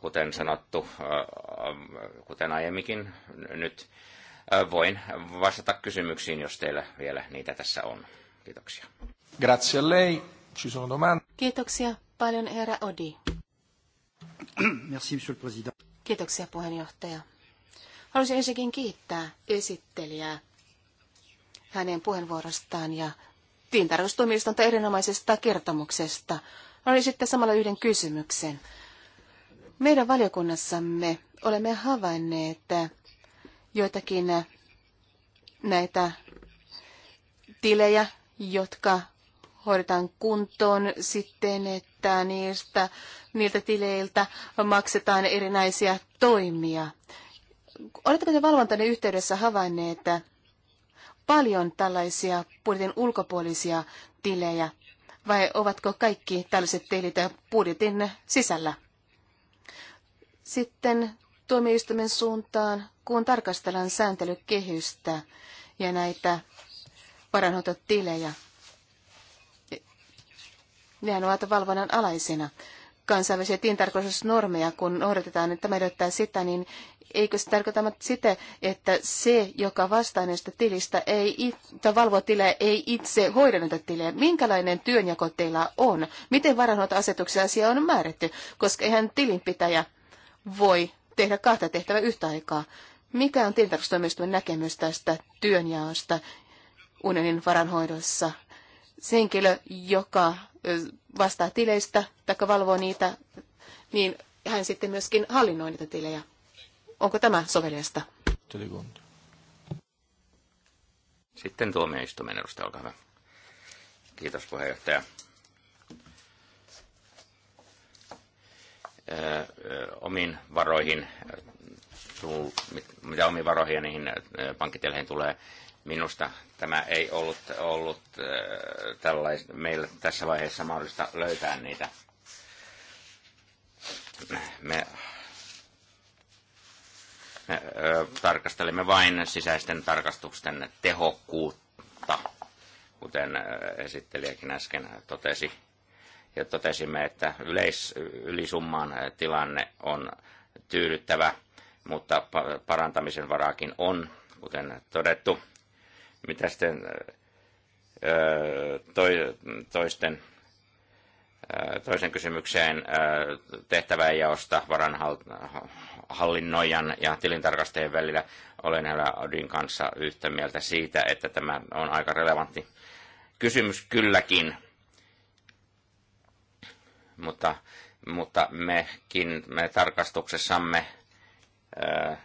Kuten sanottu, kuten aiemminkin nyt, voin vastata kysymyksiin, jos teillä vielä niitä tässä on. Kiitoksia. Grazie a lei. Ci sono domande. Kiitoksia paljon, herra Odi. [clears throat] Merci, monsieur le président. Kiitoksia puheenjohtaja. Haluaisin ensinnäkin kiittää esittelijää hänen puheenvuorostaan ja tiintarkastustoimistonta erinomaisesta kertomuksesta. Oli no niin, sitten samalla yhden kysymyksen. Meidän valiokunnassamme olemme havainneet joitakin näitä tilejä, jotka hoidetaan kuntoon sitten, mitä niistä, niiltä tileiltä maksetaan erinäisiä toimia. Oletteko te valvontanne yhteydessä havainneet paljon tällaisia budjetin ulkopuolisia tilejä, vai ovatko kaikki tällaiset tilit budjetin sisällä? Sitten tuomioistuimen suuntaan, kun tarkastellaan sääntelykehystä ja näitä varanhoitotilejä. Nehän ovat valvonnan alaisena. Kansainvälisiä tintarkoisuusnormeja, kun noudatetaan, että tämä edellyttää sitä, niin eikö se tarkoita sitä, että se, joka vastaa näistä tilistä, ei, itse, valvoo tilejä, ei itse hoida näitä tilejä? Minkälainen työnjako teillä on? Miten varanhoitoasetuksen asia on määrätty? Koska eihän tilinpitäjä voi tehdä kahta tehtävää yhtä aikaa. Mikä on tilintarkastustoimistojen näkemys tästä työnjaosta unionin varanhoidossa? henkilö, joka vastaa tileistä tai valvoo niitä, niin hän sitten myöskin hallinnoi niitä tilejä. Onko tämä sovellista? Sitten tuomioistuimen edustaja, olkaa hyvä. Kiitos puheenjohtaja. omiin varoihin, mitä omiin varoihin ja niihin pankkiteleihin tulee, Minusta tämä ei ollut, ollut äh, meillä tässä vaiheessa mahdollista löytää niitä. Me me äh, tarkastelemme vain sisäisten tarkastusten tehokkuutta, kuten äh, esittelijäkin äsken totesi. Ja totesimme, että yleis, ylisumman äh, tilanne on tyydyttävä, mutta parantamisen varaakin on, kuten todettu. Mitä sitten toisten, toisen kysymykseen tehtäväjaosta varanhallinnoijan ja tilintarkastajien välillä olen Hela Odin kanssa yhtä mieltä siitä, että tämä on aika relevantti kysymys kylläkin. Mutta, mutta mekin me tarkastuksessamme ää,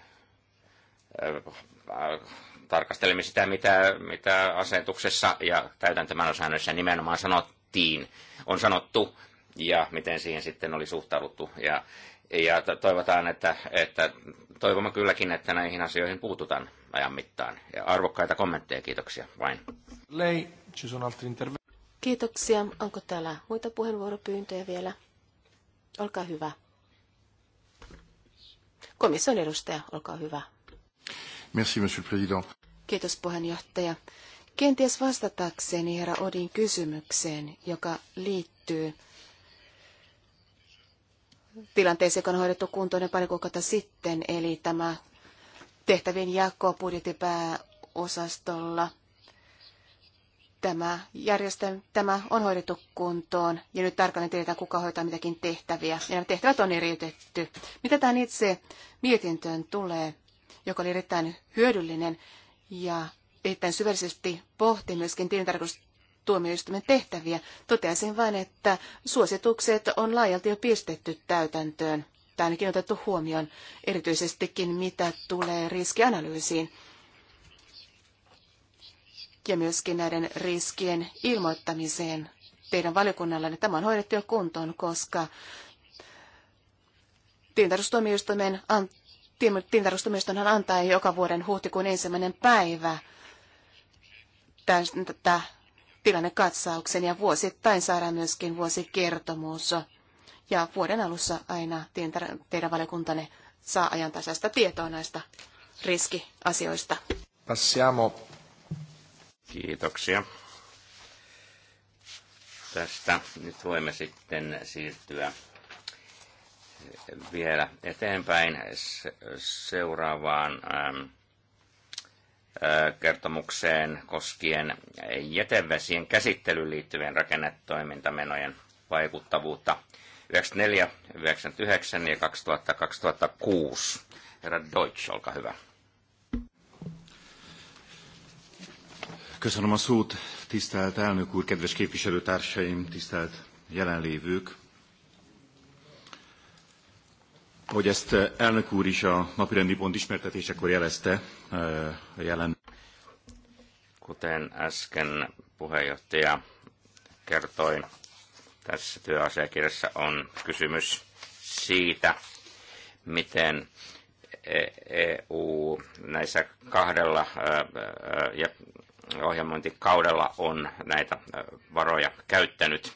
tarkastelemme sitä, mitä, mitä asetuksessa ja täytäntömänosäännöissä nimenomaan sanottiin, on sanottu ja miten siihen sitten oli suhtauduttu. Ja, ja toivotaan, että, että toivomme kylläkin, että näihin asioihin puututaan ajan mittaan. Ja arvokkaita kommentteja, kiitoksia vain. Lei, Kiitoksia. Onko täällä muita puheenvuoropyyntöjä vielä? Olkaa hyvä. Komission edustaja, olkaa hyvä. Merci, monsieur le président. Kiitos puheenjohtaja. Kenties vastatakseni herra Odin kysymykseen, joka liittyy tilanteeseen, joka on hoidettu kuntoon pari kuukautta sitten, eli tämä tehtävien jako budjettipääosastolla. Tämä, järjestelmä, tämä on hoidettu kuntoon ja nyt tarkalleen tiedetään, kuka hoitaa mitäkin tehtäviä. Ja nämä tehtävät on eriytetty. Mitä tämä itse mietintöön tulee, joka oli erittäin hyödyllinen, ja erittäin syvällisesti pohti myöskin tilintarkastustuomioistuimen tehtäviä. Toteaisin vain, että suositukset on laajalti jo pistetty täytäntöön tai ainakin otettu huomioon, erityisestikin mitä tulee riskianalyysiin ja myöskin näiden riskien ilmoittamiseen teidän valiokunnallanne. Tämä on hoidettu jo kuntoon, koska tilintarkastustuomioistuimen tilintarkastusmiestonhan antaa joka vuoden huhtikuun ensimmäinen päivä tätä tilannekatsauksen ja vuosittain saadaan myöskin vuosikertomus. Ja vuoden alussa aina teidän valiokuntanne saa ajantasaista tietoa näistä riskiasioista. Passiamo. Kiitoksia tästä. Nyt voimme sitten siirtyä vielä eteenpäin seuraavaan ähm, äh, kertomukseen koskien jätevesien käsittelyyn liittyvien rakennetoimintamenojen vaikuttavuutta 1994, 1999 ja 2000, 2006. Herra Deutsch, olkaa hyvä. Köszönöm a szót, tisztelt elnök úr, kedves képviselőtársaim, tisztelt jelenlévők. Ahogy ezt eh, elnök úr is a napirendi pont ismertetésekor jelezte, eh, a jelen... Kuten äsken puheenjohtaja kertoi, tässä työasiakirjassa on kysymys siitä, miten EU e näissä kahdella eh, ohjelmointikaudella on näitä varoja käyttänyt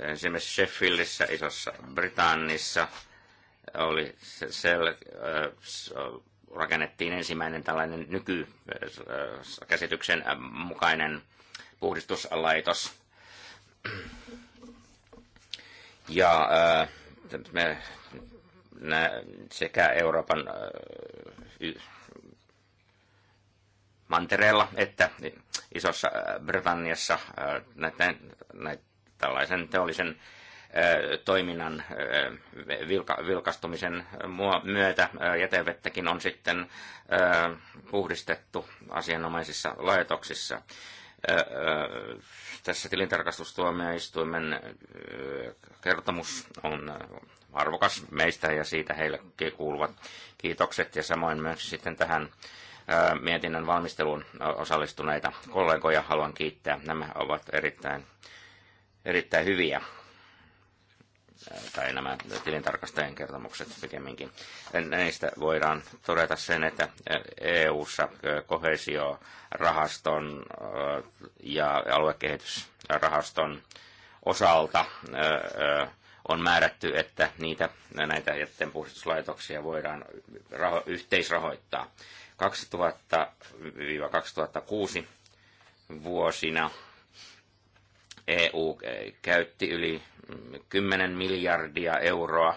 Esimerkiksi Sheffieldissä, Isossa Britannissa, oli sel, rakennettiin ensimmäinen tällainen nykykäsityksen mukainen puhdistuslaitos. Ja me, nä, sekä Euroopan mantereella että Isossa Britanniassa näiden, näiden tällaisen teollisen toiminnan vilka, vilkastumisen myötä jätevettäkin on sitten puhdistettu asianomaisissa laitoksissa. Tässä tilintarkastustuomioistuimen kertomus on arvokas meistä ja siitä heille kuuluvat kiitokset ja samoin myös sitten tähän mietinnön valmisteluun osallistuneita kollegoja haluan kiittää. Nämä ovat erittäin erittäin hyviä tai nämä tilintarkastajien kertomukset pikemminkin. Näistä voidaan todeta sen, että EU-ssa kohesiorahaston ja aluekehitysrahaston osalta on määrätty, että niitä, näitä jätteenpuhdistuslaitoksia voidaan raho- yhteisrahoittaa. 2000-2006 vuosina EU eh, käytti yli 10 mm, miljardia euroa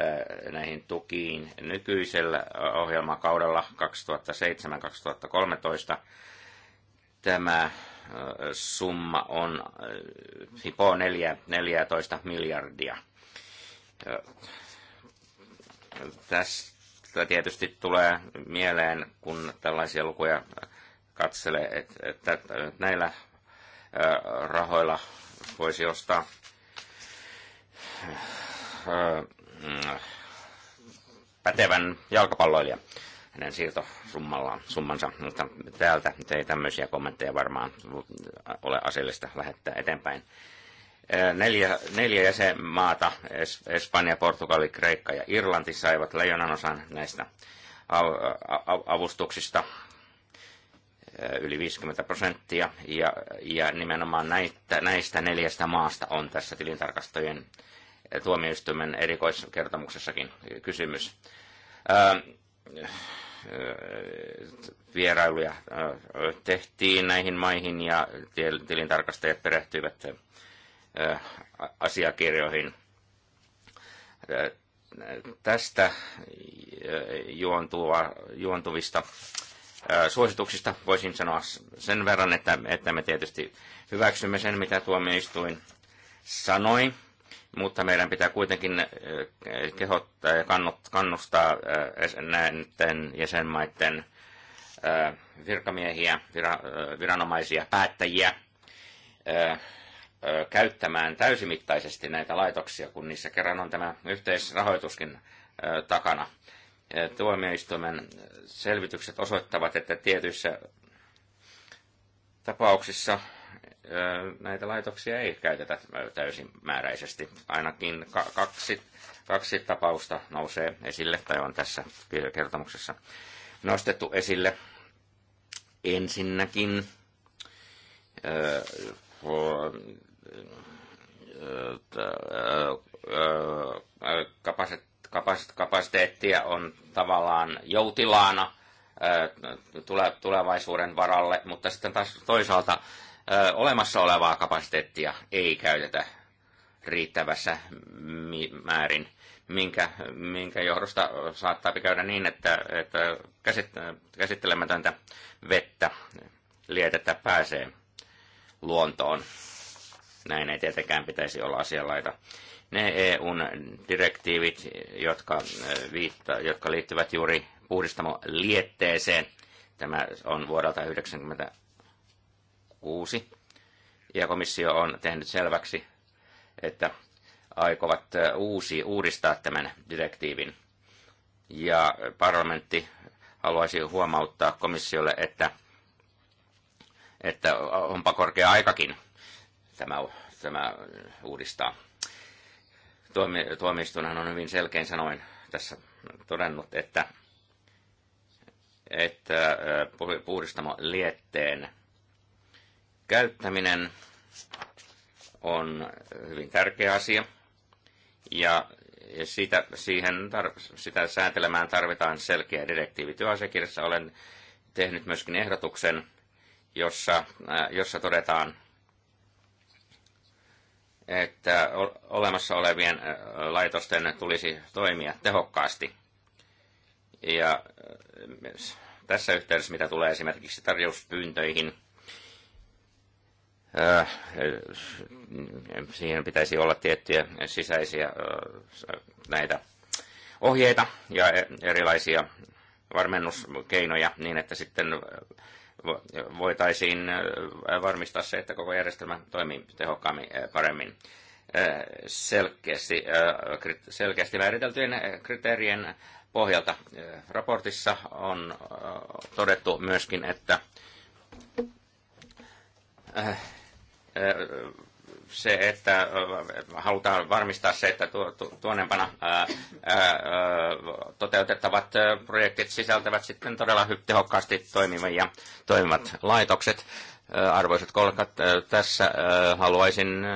eh, näihin tukiin nykyisellä eh, ohjelmakaudella 2007-2013. Tämä summa on hipoo 14 miljardia. Tästä tietysti tulee mieleen, kun tällaisia lukuja katselee, että, että näillä rahoilla voisi ostaa pätevän jalkapalloilijan hänen siirtosummallaan, summansa, mutta täältä ei tämmöisiä kommentteja varmaan ole asiallista lähettää eteenpäin. Neljä, neljä jäsenmaata, Espanja, Portugali, Kreikka ja Irlanti saivat leijonanosan näistä avustuksista yli 50 prosenttia, ja, ja nimenomaan näitä, näistä neljästä maasta on tässä tilintarkastajien tuomioistuimen erikoiskertomuksessakin kysymys. Ää, vierailuja tehtiin näihin maihin ja tilintarkastajat perehtyivät asiakirjoihin. Tästä juontuva, juontuvista suosituksista voisin sanoa sen verran, että, että me tietysti hyväksymme sen, mitä tuomioistuin sanoi, mutta meidän pitää kuitenkin kehottaa ja kannustaa näiden jäsenmaiden virkamiehiä, viranomaisia, päättäjiä käyttämään täysimittaisesti näitä laitoksia, kun niissä kerran on tämä yhteisrahoituskin takana Eh, tuomioistuimen selvitykset osoittavat, että tietyissä tapauksissa eh, näitä laitoksia ei käytetä täysin määräisesti. Ainakin kaksi, kaksi tapausta nousee esille, tai on tässä kertomuksessa nostettu esille. Ensinnäkin eh, kapasiteetti kapasiteettia on tavallaan joutilaana tulevaisuuden varalle, mutta sitten taas toisaalta olemassa olevaa kapasiteettia ei käytetä riittävässä määrin, minkä, minkä johdosta saattaa käydä niin, että, että käsittelemätöntä vettä lietettä pääsee luontoon. Näin ei tietenkään pitäisi olla asianlaita. Ne EUn direktiivit, jotka, äh, viitta, jotka liittyvät juuri puhdistamolietteeseen, lietteeseen, tämä on vuodelta 1996, ja komissio on tehnyt selväksi, että aikovat äh, uusi, uudistaa tämän direktiivin. Ja parlamentti haluaisi huomauttaa komissiolle, että, että onpa korkea aikakin tämä, tämä uudistaa. Tuomi, tuomioistuinhan on hyvin selkein sanoin tässä todennut, että, että puhdistamo lietteen käyttäminen on hyvin tärkeä asia. Ja ja sitä, siihen tar- sitä säätelemään tarvitaan selkeä direktiivi. Työasiakirjassa olen tehnyt myöskin ehdotuksen, jossa, jossa todetaan että olemassa olevien laitosten tulisi toimia tehokkaasti. Ja tässä yhteydessä, mitä tulee esimerkiksi tarjouspyyntöihin, siihen pitäisi olla tiettyjä sisäisiä näitä ohjeita ja e, erilaisia varmennuskeinoja niin, että sitten voitaisiin äh, varmistaa se, että koko järjestelmä toimii tehokkaammin äh, paremmin äh, selkeästi, selkeästi määriteltyjen kriteerien pohjalta. Raportissa on todettu myöskin, että se, että halutaan varmistaa se, että tuonempana toteutettavat projektit sisältävät sitten todella tehokkaasti toimivia, toimivat laitokset. Arvoisat kollegat, tässä haluaisin,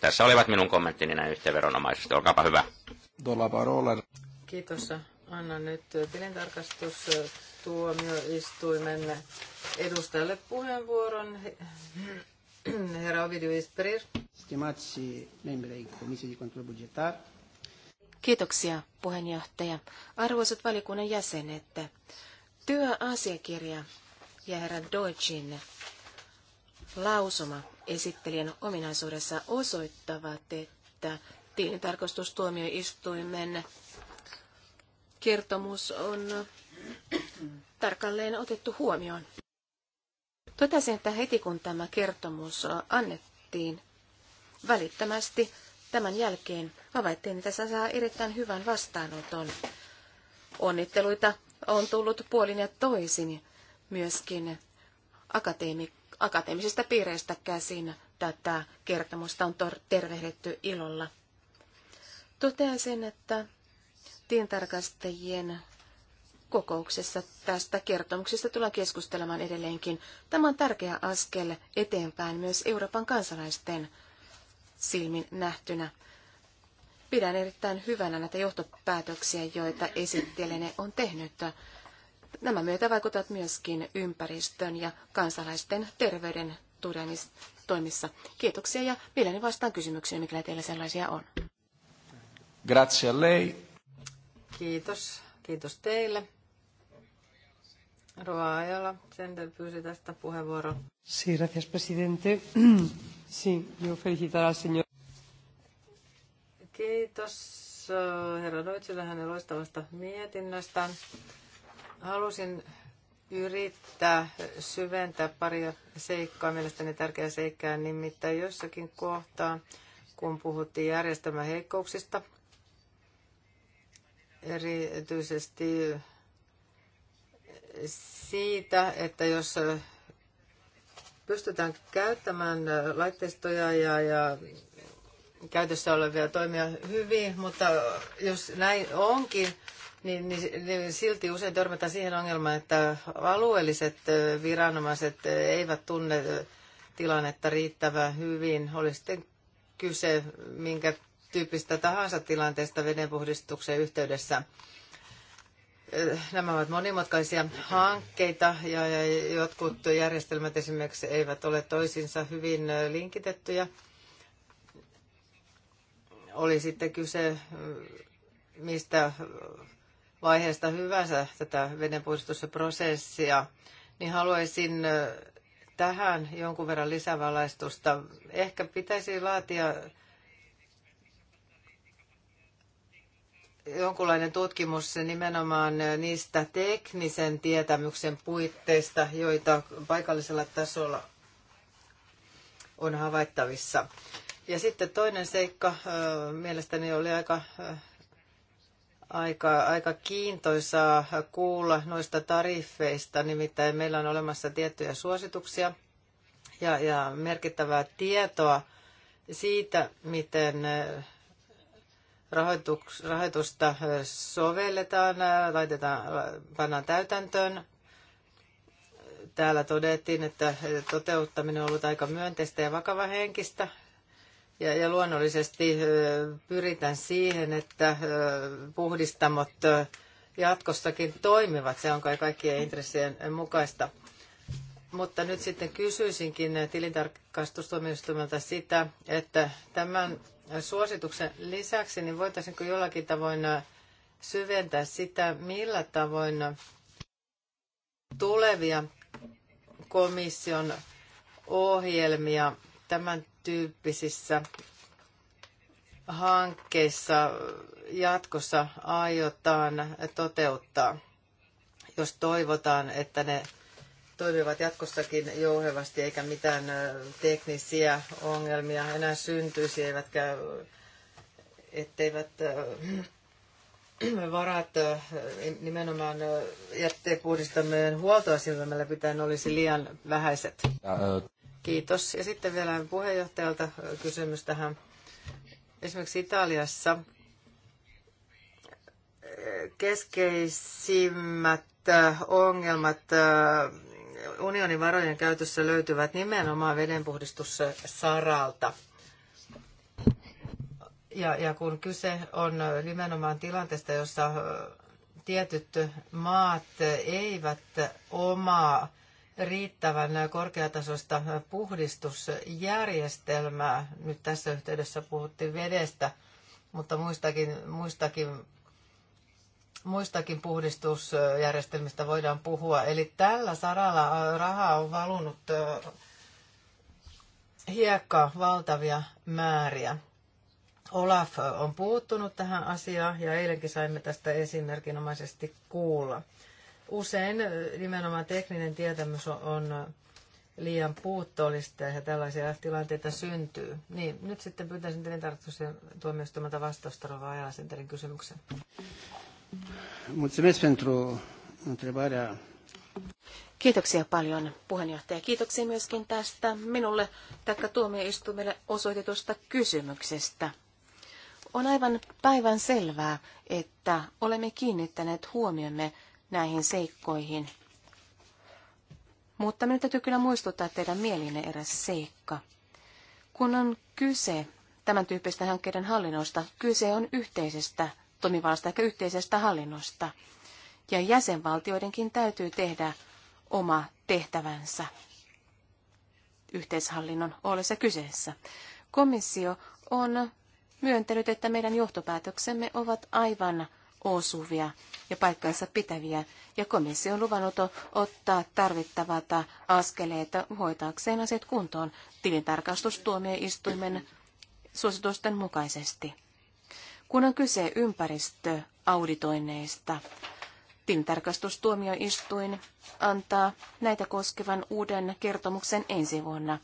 tässä olivat minun kommenttini näin yhteenveronomaisesti. Olkaapa hyvä. Kiitos. Annan nyt tilintarkastus tuomioistuimen edustajalle puheenvuoron. Herra [clears throat] Ovidiu Esprer. Stimați Comisiei de Control Bugetar. Kiitoksia, puheenjohtaja. Arvoisat valikunnan jäsenet, työasiakirja ja herra Deutschin lausuma esittelijän ominaisuudessa osoittavat, että tilintarkastustuomioistuimen kertomus on tarkalleen otettu huomioon. Totesin, että heti kun tämä kertomus annettiin välittömästi tämän jälkeen, havaittiin, että se saa erittäin hyvän vastaanoton. Onnitteluita on tullut puolin ja toisin myöskin akateemi, akateemisista piireistä käsin tätä kertomusta on tervehditty ilolla. Toteaisin, että tientarkastajien kokouksessa tästä kertomuksesta tullaan keskustelemaan edelleenkin. Tämä on tärkeä askel eteenpäin myös Euroopan kansalaisten silmin nähtynä. Pidän erittäin hyvänä näitä johtopäätöksiä, joita esittelijänne on tehnyt. Nämä myötä vaikuttavat myöskin ympäristön ja kansalaisten terveyden toimissa. Kiitoksia ja mielelläni vastaan kysymyksiin, mikä teillä sellaisia on. Grazie a lei. Kiitos. Kiitos teille. Rova Ajala, Sender pyysi tästä puheenvuoron. Sí, gracias, presidente. [clears throat] sí, yo felicitar al señor. Kiitos eh, herra Deutschille hänen loistavasta mietinnöstään. Halusin yrittää syventää paria seikkaa, mielestäni tärkeää seikkaa, nimittäin jossakin kohtaa, kun puhuttiin järjestelmän heikkouksista, erityisesti siitä, että jos pystytään käyttämään laitteistoja ja, ja käytössä olevia toimia hyvin, mutta jos näin onkin, niin, niin, niin silti usein törmätään siihen ongelmaan, että alueelliset viranomaiset eivät tunne tilannetta riittävän hyvin. Oli sitten kyse minkä tyyppistä tahansa tilanteesta vedenpuhdistuksen yhteydessä. Nämä ovat monimutkaisia hankkeita ja jotkut järjestelmät esimerkiksi eivät ole toisiinsa hyvin linkitettyjä. Oli sitten kyse mistä vaiheesta hyvänsä tätä vedenpuistusprosessia, niin haluaisin tähän jonkun verran lisävalaistusta. Ehkä pitäisi laatia jonkunlainen tutkimus nimenomaan niistä teknisen tietämyksen puitteista, joita paikallisella tasolla on havaittavissa. Ja sitten toinen seikka mielestäni oli aika, aika, aika kiintoisaa kuulla noista tariffeista, nimittäin meillä on olemassa tiettyjä suosituksia ja, ja merkittävää tietoa siitä, miten rahoitusta sovelletaan, laitetaan, pannaan täytäntöön. Täällä todettiin, että toteuttaminen on ollut aika myönteistä ja vakavahenkistä. Ja, ja luonnollisesti pyritään siihen, että puhdistamot jatkossakin toimivat. Se on kai kaikkien intressien mukaista. Mutta nyt sitten kysyisinkin tilintarkastustuomioistuimelta sitä, että tämän suosituksen lisäksi, niin voitaisiinko jollakin tavoin syventää sitä, millä tavoin tulevia komission ohjelmia tämän tyyppisissä hankkeissa jatkossa aiotaan toteuttaa, jos toivotaan, että ne toimivat jatkossakin jouhevasti eikä mitään teknisiä ongelmia enää syntyisi, eivätkä, etteivät [clears throat] varat nimenomaan jätteenpuhdistamien huoltoasemilla pitäen olisi liian vähäiset. Kiitos. Ja sitten vielä puheenjohtajalta kysymys tähän. Esimerkiksi Italiassa keskeisimmät ongelmat unionin varojen käytössä löytyvät nimenomaan saralta. Ja, ja kun kyse on nimenomaan tilanteesta, jossa tietyt maat eivät omaa riittävän korkeatasoista puhdistusjärjestelmää. Nyt tässä yhteydessä puhuttiin vedestä, mutta muistakin, muistakin muistakin puhdistusjärjestelmistä voidaan puhua. Eli tällä saralla rahaa on valunut hiekkaa valtavia määriä. Olaf on puuttunut tähän asiaan ja eilenkin saimme tästä esimerkinomaisesti kuulla. Usein nimenomaan tekninen tietämys on liian puuttolista, ja tällaisia tilanteita syntyy. Niin, nyt sitten pyytäisin tilintarkastuksen tuomioistuimelta vastausta Rova Ajalasenterin kysymykseen. Mulțumesc pentru întrebarea. Kiitoksia paljon puheenjohtaja. Kiitoksia myöskin tästä minulle taikka tuomioistuimelle osoitetusta kysymyksestä. On aivan päivän selvää, että olemme kiinnittäneet huomiomme näihin seikkoihin. Mutta minun täytyy kyllä muistuttaa teidän mielinne eräs seikka. Kun on kyse tämän tyyppisten hankkeiden hallinnosta, kyse on yhteisestä toimivallasta ehkä yhteisestä hallinnosta. Ja jäsenvaltioidenkin täytyy tehdä oma tehtävänsä yhteishallinnon ollessa kyseessä. Komissio on myöntänyt, että meidän johtopäätöksemme ovat aivan osuvia ja paikkansa pitäviä, ja komissio on luvannut ottaa tarvittavat askeleet hoitaakseen asiat kuntoon tilintarkastustuomioistuimen suositusten mukaisesti. Kun on kyse ympäristöauditoinneista, tilintarkastustuomioistuin antaa näitä koskevan uuden kertomuksen ensi vuonna.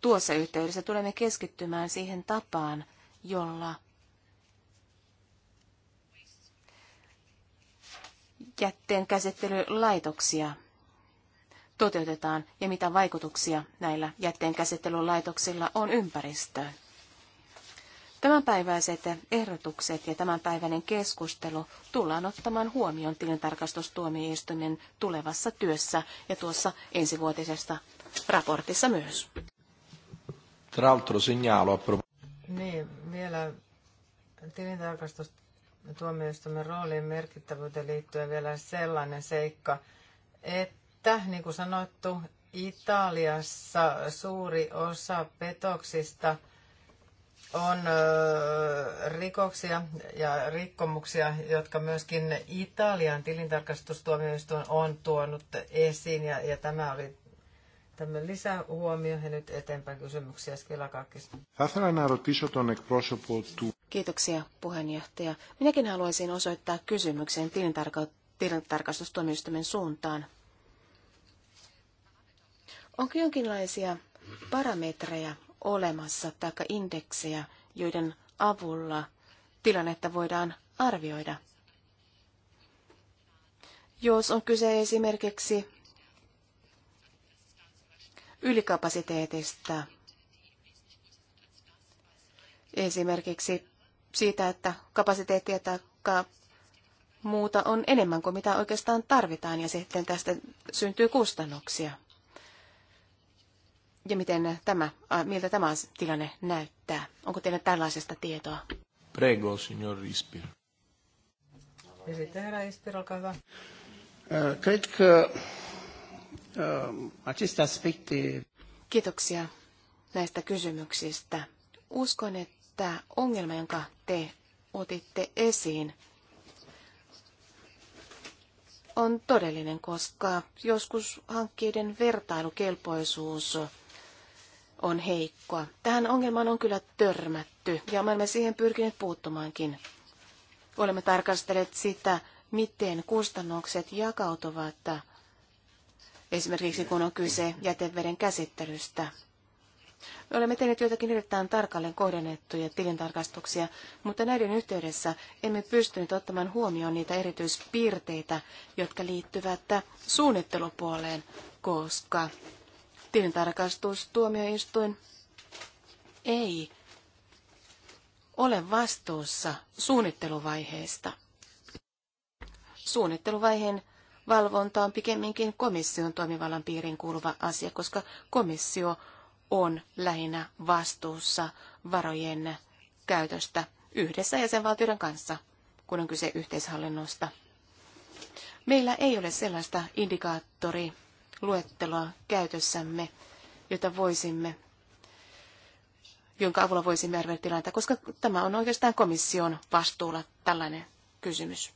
Tuossa yhteydessä tulemme keskittymään siihen tapaan, jolla jätteen käsittelylaitoksia toteutetaan ja mitä vaikutuksia näillä jätteen käsittelylaitoksilla on ympäristöön. Tämänpäiväiset ehdotukset ja tämänpäiväinen keskustelu tullaan ottamaan huomioon tilintarkastustuomioistuimen tulevassa työssä ja tuossa ensivuotisessa raportissa myös. Tra l'altro segnalo Niin, vielä tilintarkastustuomioistuimen roolin merkittävyyteen liittyen vielä sellainen seikka, että niin kuin sanottu, Italiassa suuri osa petoksista – on rikoksia ja rikkomuksia, jotka myöskin Italian tilintarkastustuomioistuin on tuonut esiin. Ja, ja tämä oli tämä lisähuomio ja nyt eteenpäin kysymyksiä Skelakakis. Kiitoksia puheenjohtaja. Minäkin haluaisin osoittaa kysymyksen tilintarkastustuomioistuimen suuntaan. Onko jonkinlaisia parametreja, olemassa taikka indeksejä, joiden avulla tilannetta voidaan arvioida. Jos on kyse esimerkiksi ylikapasiteetista, esimerkiksi siitä, että kapasiteettia tai muuta on enemmän kuin mitä oikeastaan tarvitaan ja sitten tästä syntyy kustannuksia ja miten tämä, äh, miltä tämä tilanne näyttää? Onko teillä tällaisesta tietoa? Prego, signor Ispir. Ja sitten herra Ispir, olkaa hyvä. Äh, cred că äh, aceste aspecte... Kiitoksia näistä kysymyksistä. Uskon, että ongelma, jonka te otitte esiin, on todellinen, koska joskus hankkeiden vertailukelpoisuus on heikkoa. Tähän ongelmaan on kyllä törmätty ja me olemme siihen pyrkineet puuttumaankin. Olemme tarkastelleet sitä, miten kustannukset jakautuvat esimerkiksi kun on kyse jäteveden käsittelystä. Me olemme tehneet joitakin erittäin tarkalleen kohdennettuja tilintarkastuksia, mutta näiden yhteydessä emme pystyneet ottamaan huomioon niitä erityispiirteitä, jotka liittyvät suunnittelupuoleen, koska tilintarkastustuomioistuin ei ole vastuussa suunnitteluvaiheesta. Suunnitteluvaiheen valvonta on pikemminkin komission toimivallan piirin kuuluva asia, koska komissio on lähinnä vastuussa varojen käytöstä yhdessä jäsenvaltioiden kanssa, kun on kyse yhteishallinnosta. Meillä ei ole sellaista indikaattoria, luetteloa käytössämme, jota voisimme, jonka avulla voisimme arvioida tilannetta, koska tämä on oikeastaan komission vastuulla tällainen kysymys.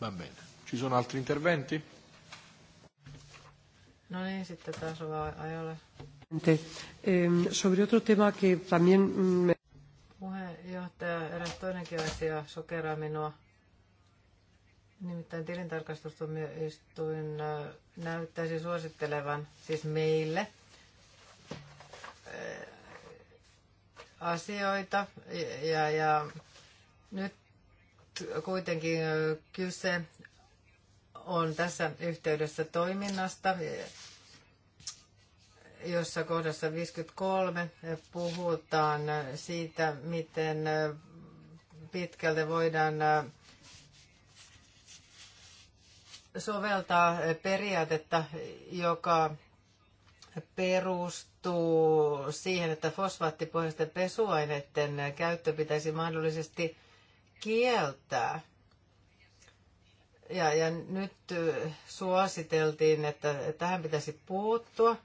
Va bene. Ci sono altri interventi? No niin, sitten taas ajalle. Ehm, sobre otro tema que también me... Puheenjohtaja, eräs toinenkin asia sokeraa minua. Nimittäin tilintarkastustuomioistuin näyttäisi suosittelevan siis meille asioita ja, ja nyt kuitenkin kyse on tässä yhteydessä toiminnasta, jossa kohdassa 53 puhutaan siitä, miten Pitkälle voidaan soveltaa periaatetta, joka perustuu siihen, että fosfaattipohjaisten pesuaineiden käyttö pitäisi mahdollisesti kieltää. Ja, ja nyt suositeltiin, että tähän pitäisi puuttua.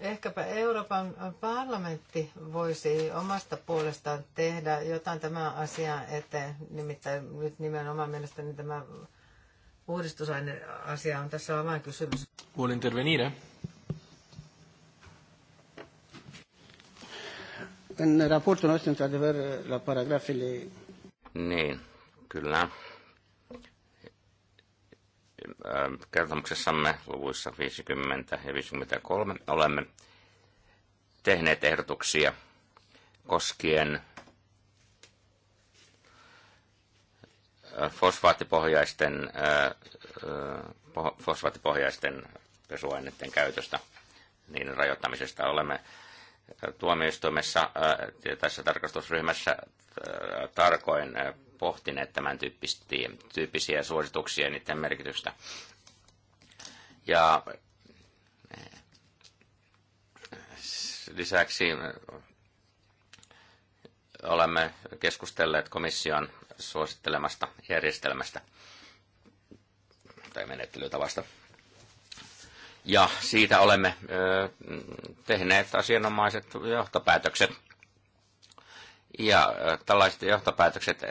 Ehkäpä Euroopan parlamentti voisi omasta puolestaan tehdä jotain tämän asian eteen. Nimittäin nyt nimenomaan mielestäni tämä Uudistusaineasia on tässä vain kysymys. Vuol intervenire? În raportul nostru, într la paragrafele... Niin, kyllä. Äh, kertomuksessamme luvuissa 50 ja 53 olemme tehneet ehdotuksia koskien fosfaattipohjaisten, fosfaattipohjaisten pesuaineiden käytöstä, niiden rajoittamisesta. Olemme tuomioistuimessa ja tässä tarkastusryhmässä tarkoin pohtineet tämän tyyppisiä, tyyppisiä suosituksia ja niiden merkitystä. Ja lisäksi olemme keskustelleet komission suosittelemasta järjestelmästä tai menettelytavasta. Ja siitä olemme ö, tehneet asianomaiset johtopäätökset. Ja tällaiset johtopäätökset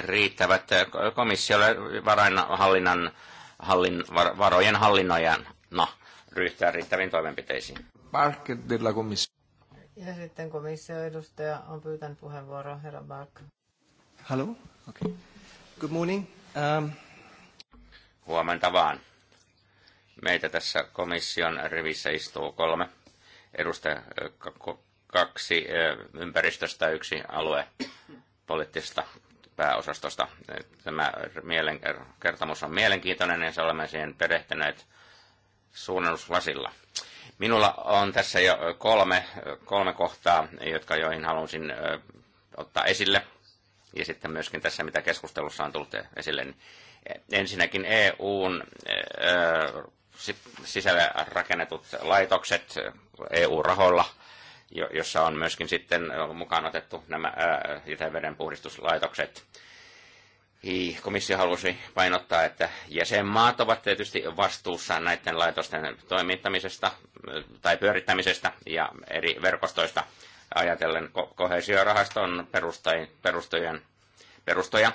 riittävät komissiolle varainhallinnan hallin, varojen hallinnojan no, ryhtyä riittäviin toimenpiteisiin. Ja sitten komissio edustaja on pyytänyt puheenvuoroa, herra Bark. Hello? Okay. Good morning. Um... Huomenta vaan. Meitä tässä komission rivissä istuu kolme edustajaa, kaksi ympäristöstä, yksi alue poliittisesta pääosastosta. Tämä kertomus on mielenkiintoinen ja niin se olemme siihen perehtyneet suunnannuslasilla. Minulla on tässä jo kolme, kolme kohtaa, jotka joihin halusin ottaa esille ja sitten myöskin tässä, mitä keskustelussa on tullut esille, niin ensinnäkin EUn äh, sisällä rakennetut laitokset EU-rahoilla, jossa on myöskin sitten mukaan otettu nämä äh, jäteveden puhdistuslaitokset. Komissio halusi painottaa, että jäsenmaat ovat tietysti vastuussa näiden laitosten toimittamisesta äh, tai pyörittämisestä ja eri verkostoista – ajatellen kohesiorahaston perustajien perustoja,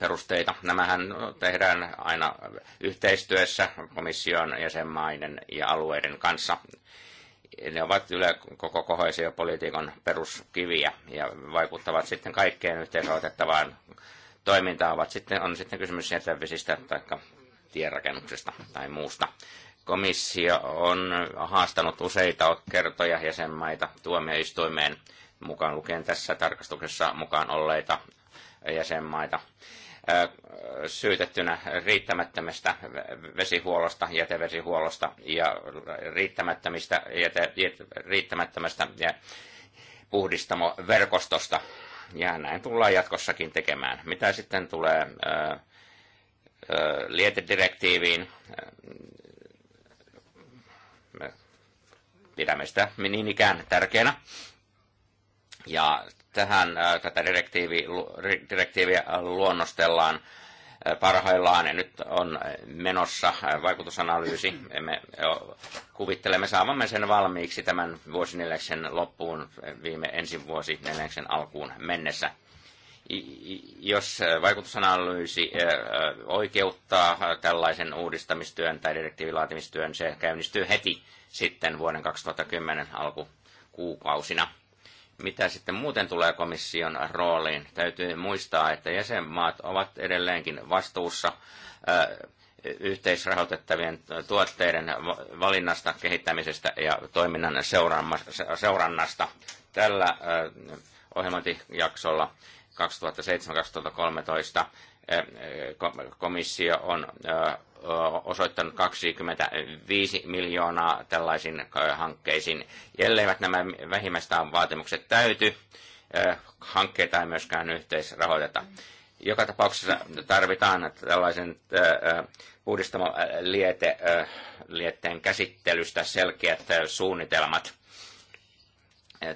perusteita. Nämähän tehdään aina yhteistyössä komission jäsenmaiden ja alueiden kanssa. Ne ovat yle koko kohesiopolitiikan peruskiviä ja vaikuttavat sitten kaikkeen yhteensoitettavaan toimintaan, ovat sitten, on sitten kysymys jätevisistä tai tienrakennuksesta tai muusta. Komissio on haastanut useita kertoja jäsenmaita tuomioistuimeen mukaan lukien tässä tarkastuksessa mukaan olleita jäsenmaita syytettynä riittämättömästä vesihuollosta, jätevesihuollosta ja riittämättömistä, jäte, riittämättömästä ja puhdistamoverkostosta. Ja näin tullaan jatkossakin tekemään. Mitä sitten tulee lietedirektiiviin, pidämme sitä niin ikään tärkeänä. Ja tähän äh, tätä direktiivi, direktiiviä luonnostellaan äh, parhaillaan ja nyt on menossa äh, vaikutusanalyysi. Me kuvittelemme saavamme sen valmiiksi tämän vuosineljäksen loppuun viime ensi vuosineljäksen alkuun mennessä jos äh, vaikutusanalyysi äh, äh, oikeuttaa tällaisen uudistamistyön tai direktiivilaatimistyön, se käynnistyy heti sitten vuoden 2010 alkukuukausina. Mitä sitten muuten tulee komission rooliin? Täytyy muistaa, että jäsenmaat ovat edelleenkin vastuussa yhteisrahoitettavien tuotteiden valinnasta, kehittämisestä ja toiminnan seurannasta. Tällä ohjelmointijaksolla 2007-2013 eh, eh, komissio on eh, osoittanut 25 miljoonaa tällaisiin hankkeisiin. Jelleivät nämä vähimmäistään vaatimukset täyty, hankkeita ei myöskään yhteisrahoiteta. Joka tapauksessa tarvitaan tällaisen puhdistamon lietteen käsittelystä selkeät suunnitelmat –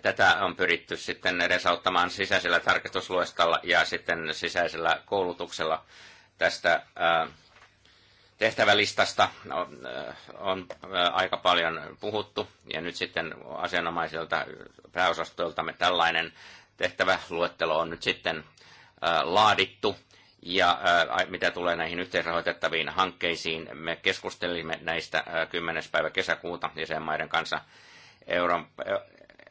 Tätä on pyritty sitten edesauttamaan sisäisellä tarkastusluestalla ja sitten sisäisellä koulutuksella tästä äh, tehtävälistasta on äh, äh, aika paljon puhuttu ja nyt sitten asianomaisilta pääosastoiltamme tällainen tehtäväluettelo on nyt sitten laadittu. Ja mitä tulee näihin yhteisrahoitettaviin hankkeisiin, me keskustelimme näistä 10. päivä kesäkuuta jäsenmaiden kanssa. Euro,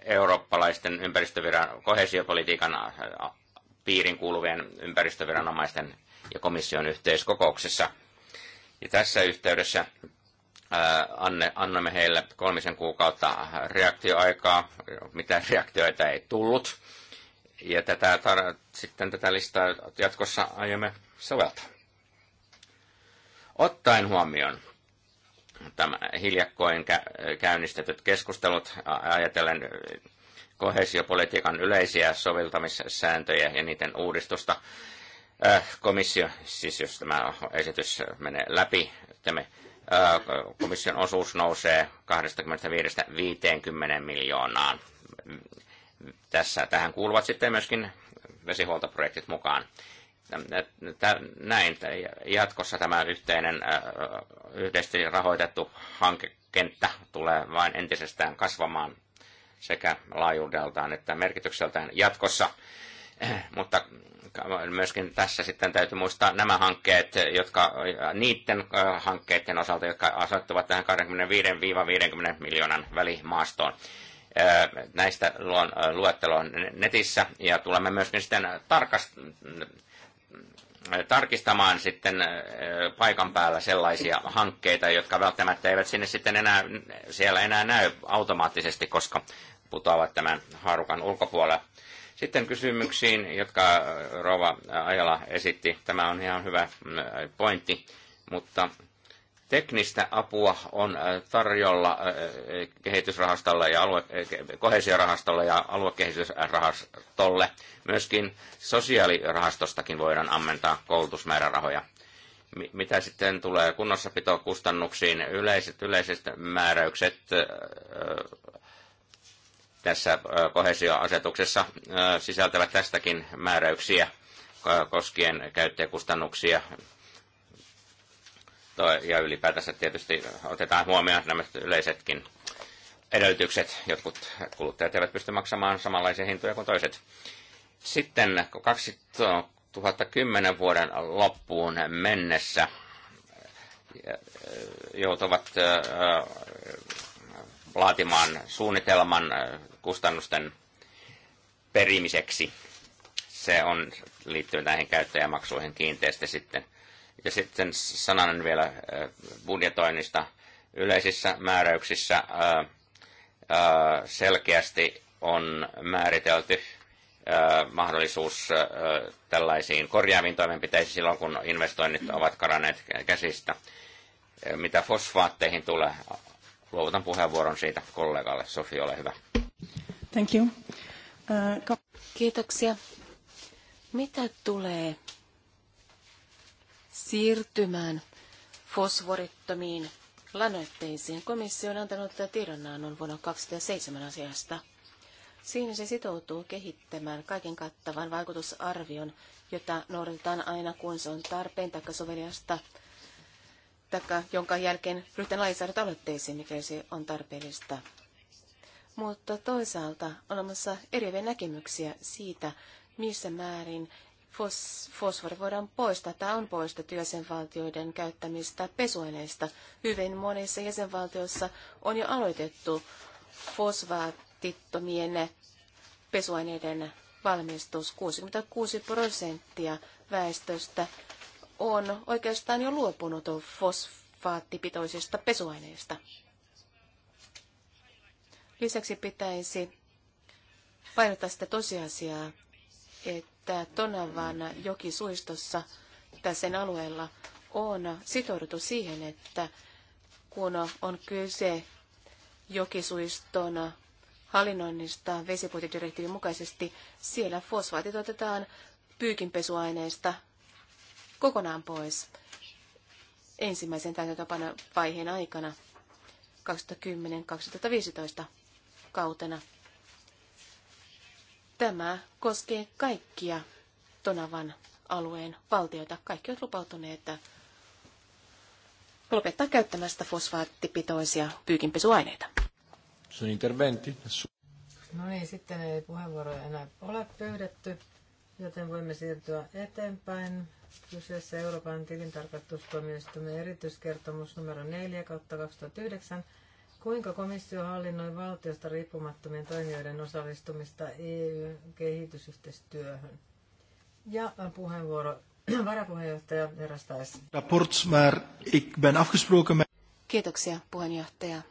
eurooppalaisten ympäristöviran, kohesiopolitiikan piirin kuuluvien ympäristöviranomaisten ja komission yhteiskokouksessa. Ja tässä yhteydessä anne, annamme heille kolmisen kuukautta reaktioaikaa, mitä reaktioita ei tullut. Ja tätä tar- sitten tätä listaa jatkossa aiomme soveltaa. Ottaen huomioon tämä hiljakkoin käynnistetyt keskustelut ajatellen kohesiopolitiikan yleisiä soveltamissääntöjä ja niiden uudistusta. Komissio, siis jos tämä esitys menee läpi, tämä komission osuus nousee 25-50 miljoonaan. Tässä, tähän kuuluvat sitten myöskin vesihuoltoprojektit mukaan näin jatkossa tämä yhteinen yhdessä rahoitettu hankekenttä tulee vain entisestään kasvamaan sekä laajuudeltaan että merkitykseltään jatkossa. [clears throat] Mutta myöskin tässä sitten täytyy muistaa nämä hankkeet, jotka, niiden hankkeiden osalta, jotka asettuvat tähän 25-50 miljoonan välimaastoon näistä luon on netissä ja tulemme myöskin sitten tarkast- tarkistamaan sitten äh, paikan päällä sellaisia hankkeita, jotka välttämättä eivät sinne sitten enää, siellä enää näy automaattisesti, koska putoavat tämän haarukan ulkopuolella. Sitten kysymyksiin, jotka äh, Rova Ajala esitti. Tämä on ihan hyvä äh, pointti, mutta Teknistä apua on äh, tarjolla äh, kehitysrahastolle ja alue, äh, kohesiorahastolle ja aluekehitysrahastolle. Myöskin sosiaalirahastostakin voidaan ammentaa koulutusmäärärahoja mitä sitten tulee kunnossapitokustannuksiin, yleiset, yleiset määräykset tässä kohesioasetuksessa sisältävät tästäkin määräyksiä koskien käyttäjäkustannuksia, ja ylipäätänsä tietysti otetaan huomioon nämä yleisetkin edellytykset. Jotkut kuluttajat eivät pysty maksamaan samanlaisia hintoja kuin toiset. Sitten 2010 vuoden loppuun mennessä joutuvat laatimaan suunnitelman kustannusten perimiseksi. Se on liittyy näihin käyttäjämaksuihin kiinteästi sitten – ja sitten sananen vielä äh, budjetoinnista. Yleisissä määräyksissä äh, äh, selkeästi on määritelty mahdollisuus tällaisiin korjaaviin toimenpiteisiin silloin, kun investoinnit ovat karanneet käsistä. Mitä fosfaatteihin tulee, luovutan puheenvuoron siitä kollegalle. Sofi, ole hyvä. Thank you. Kiitoksia. Mitä tulee siirtymään fosforittomiin lanoitteisiin. Komissio on antanut tiedonannon vuonna 2007 asiasta. Siinä se sitoutuu kehittämään kaiken kattavan vaikutusarvion, jota noudatetaan aina, kun se on tarpeen tai soveliasta, taikka jonka jälkeen ryhtyy lainsäädäntöaloitteisiin, mikäli se on tarpeellista. Mutta toisaalta on olemassa eriäviä näkemyksiä siitä, missä määrin fos, fosfori voidaan poistaa tai on poistettu jäsenvaltioiden käyttämistä pesuaineista. Hyvin monissa jäsenvaltioissa on jo aloitettu fosfaatittomien pesuaineiden valmistus. 66 prosenttia väestöstä on oikeastaan jo luopunut fosfaattipitoisista pesuaineista. Lisäksi pitäisi painottaa sitä tosiasiaa, että että Tonavan jokisuistossa tai sen alueella on sitouduttu siihen, että kun on kyse jokisuiston hallinnoinnista vesipuitedirektiivin mukaisesti, siellä fosfaatit otetaan pyykinpesuaineista kokonaan pois ensimmäisen vaiheen aikana 2010-2015 kautena. Tämä koskee kaikkia Tonavan alueen valtioita. Kaikki ovat lupautuneet lopettaa käyttämästä fosfaattipitoisia pyykinpesuaineita. Sun interventi. No niin, sitten ei puheenvuoroja enää ole pyydetty, joten voimme siirtyä eteenpäin. Kyseessä Euroopan tilintarkastustuomioistuimen erityiskertomus numero 4 kautta 2009 Kuinka komissio hallinnoi valtiosta riippumattomien toimijoiden osallistumista EU-kehitysyhteistyöhön? Ja äh, puheenvuoro [clears throat] varapuheenjohtaja Verastais. Rapport, ik ben Kiitoksia, puheenjohtaja.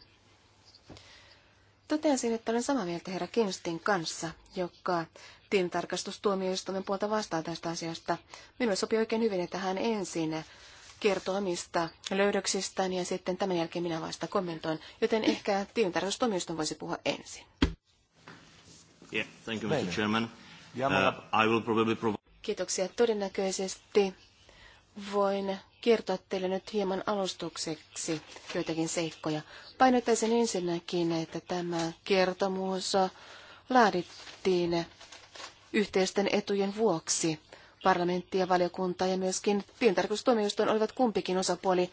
Toteasin, että olen samaa mieltä herra Kinstin kanssa, joka tilintarkastustuomioistuimen puolta vastaa tästä asiasta. Minulle sopii oikein hyvin, että hän ensin kertoo omista löydöksistään ja sitten tämän jälkeen minä vasta kommentoin, joten ehkä tilintarkastustuomioistuin voisi puhua ensin. Yeah, thank you, Mr. Chairman. Uh, I will probably provide... Kiitoksia. Todennäköisesti voin kertoa teille nyt hieman alustukseksi joitakin seikkoja. Painottaisin ensinnäkin, että tämä kertomus laadittiin yhteisten etujen vuoksi parlamentti ja valiokunta ja myöskin tilintarkastustuomioistuin olivat kumpikin osapuoli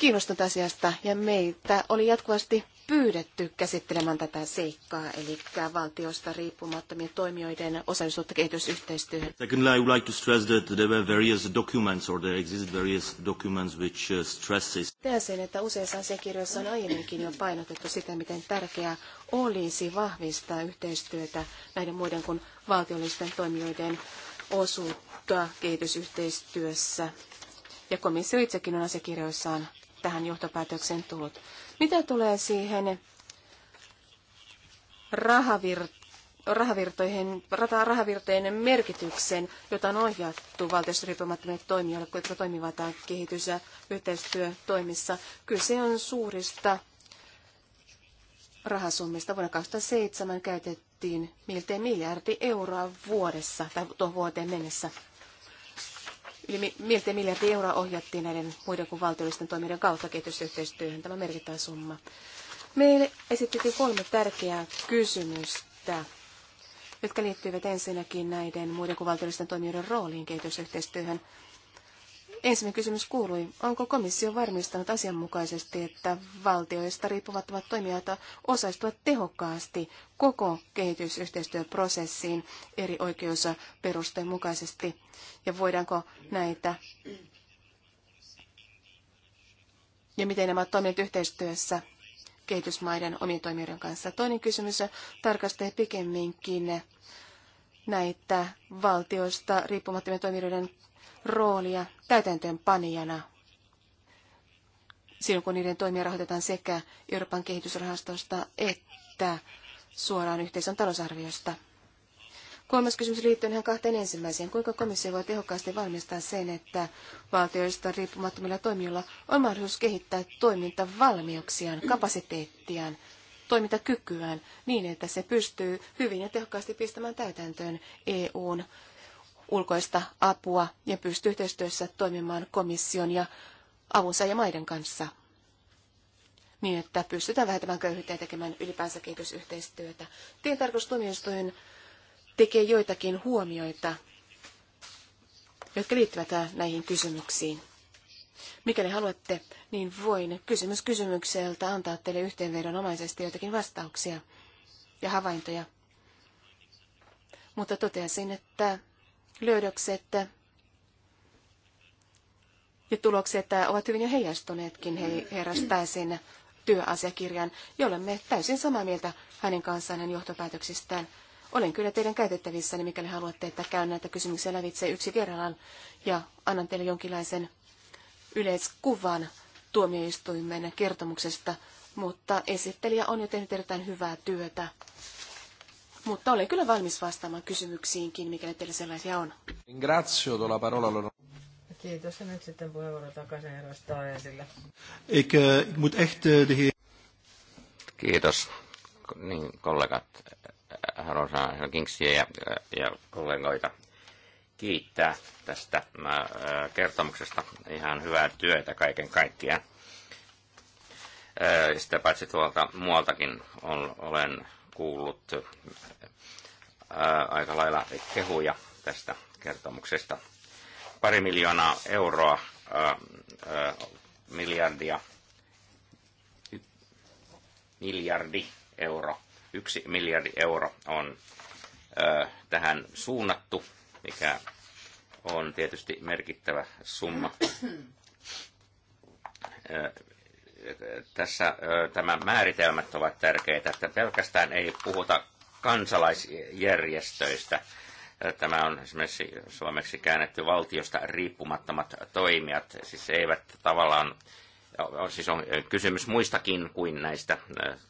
kiinnostunut asiasta ja meitä oli jatkuvasti pyydetty käsittelemään tätä seikkaa, eli valtiosta riippumattomien toimijoiden osallisuutta kehitysyhteistyöhön. Secondly, I would like to stress that there were various documents or there exist various documents which uh, stresses. Tehän että useissa asiakirjoissa on aiemminkin jo painotettu sitä, miten tärkeää olisi vahvistaa yhteistyötä näiden muiden kuin valtiollisten toimijoiden osuutta kehitysyhteistyössä. Ja komissio itsekin on asiakirjoissaan tähän johtopäätökseen tullut. Mitä tulee siihen rahavir, rahavirtoihin, rahavirtojen merkityksen, jota on ohjattu valtiosta riippumattomille toimijoille, jotka toimivat kehitys- ja yhteistyötoimissa? Kyse on suurista rahasummista. Vuonna 2007 käytettiin miltei miljardi euroa vuodessa tai tuohon vuoteen mennessä Yli miltei miljardi euroa ohjattiin näiden muiden kuin valtiollisten toimijoiden kautta kehitysyhteistyöhön. Tämä on merkittävä summa. Meille esitettiin kolme tärkeää kysymystä, jotka liittyvät ensinnäkin näiden muiden kuin valtiollisten toimijoiden rooliin kehitysyhteistyöhön. Ensimmäinen kysymys kuului, onko komissio varmistanut asianmukaisesti, että valtioista riippumattomat toimijat osaistuvat tehokkaasti koko kehitysyhteistyöprosessiin eri oikeusperusteen mukaisesti, ja voidaanko näitä ja miten nämä toimivat yhteistyössä kehitysmaiden omien toimijoiden kanssa. Toinen kysymys tarkastelee pikemminkin näitä valtioista riippumattomien toimijoiden roolia täytäntöönpanijana silloin, kun niiden toimia rahoitetaan sekä Euroopan kehitysrahastosta että suoraan yhteisön talousarviosta. Kolmas kysymys liittyy ihan kahteen ensimmäiseen. Kuinka komissio voi tehokkaasti varmistaa sen, että valtioista riippumattomilla toimijoilla on mahdollisuus kehittää toimintavalmiuksiaan, kapasiteettiaan, toimintakykyään niin, että se pystyy hyvin ja tehokkaasti pistämään täytäntöön EUn ulkoista apua ja pystyy yhteistyössä toimimaan komission ja avunsa ja maiden kanssa niin, että pystytään vähentämään köyhyyttä ja tekemään ylipäänsä kehitysyhteistyötä. Tilintarkastustuomioistuin tekee joitakin huomioita, jotka liittyvät näihin kysymyksiin. Mikäli haluatte, niin voin kysymys kysymykseltä antaa teille yhteenvedonomaisesti joitakin vastauksia ja havaintoja. Mutta toteaisin, että löydökset ja tulokset ovat hyvin jo heijastuneetkin herrastäisin työasiakirjan, jolle me täysin samaa mieltä hänen kanssaan hänen johtopäätöksistään. Olen kyllä teidän käytettävissäni, mikäli haluatte, että käyn näitä kysymyksiä lävitse yksi kerrallaan ja annan teille jonkinlaisen yleiskuvan tuomioistuimen kertomuksesta, mutta esittelijä on jo tehnyt erittäin hyvää työtä mutta olen kyllä valmis vastaamaan kysymyksiinkin, mikäli teillä sellaisia on. Ringrazio, do la parola Kiitos. Ja nyt sitten puheenvuoro takaisin edustaa esille. Ik, eh, ik echt eh, Kiitos. Niin, kollegat, haluan eh, sanoa Kingsia ja, ja kollegoita kiittää tästä kertomuksesta. Ihan hyvää työtä kaiken kaikkiaan. Sitä paitsi tuolta muualtakin olen kuullut aika lailla kehuja tästä kertomuksesta. Pari miljoonaa euroa, miljardia, miljardi euro, yksi miljardi euro on tähän suunnattu, mikä on tietysti merkittävä summa tässä tämä määritelmät ovat tärkeitä, että pelkästään ei puhuta kansalaisjärjestöistä. Tämä on esimerkiksi suomeksi käännetty valtiosta riippumattomat toimijat, siis eivät tavallaan, siis on kysymys muistakin kuin näistä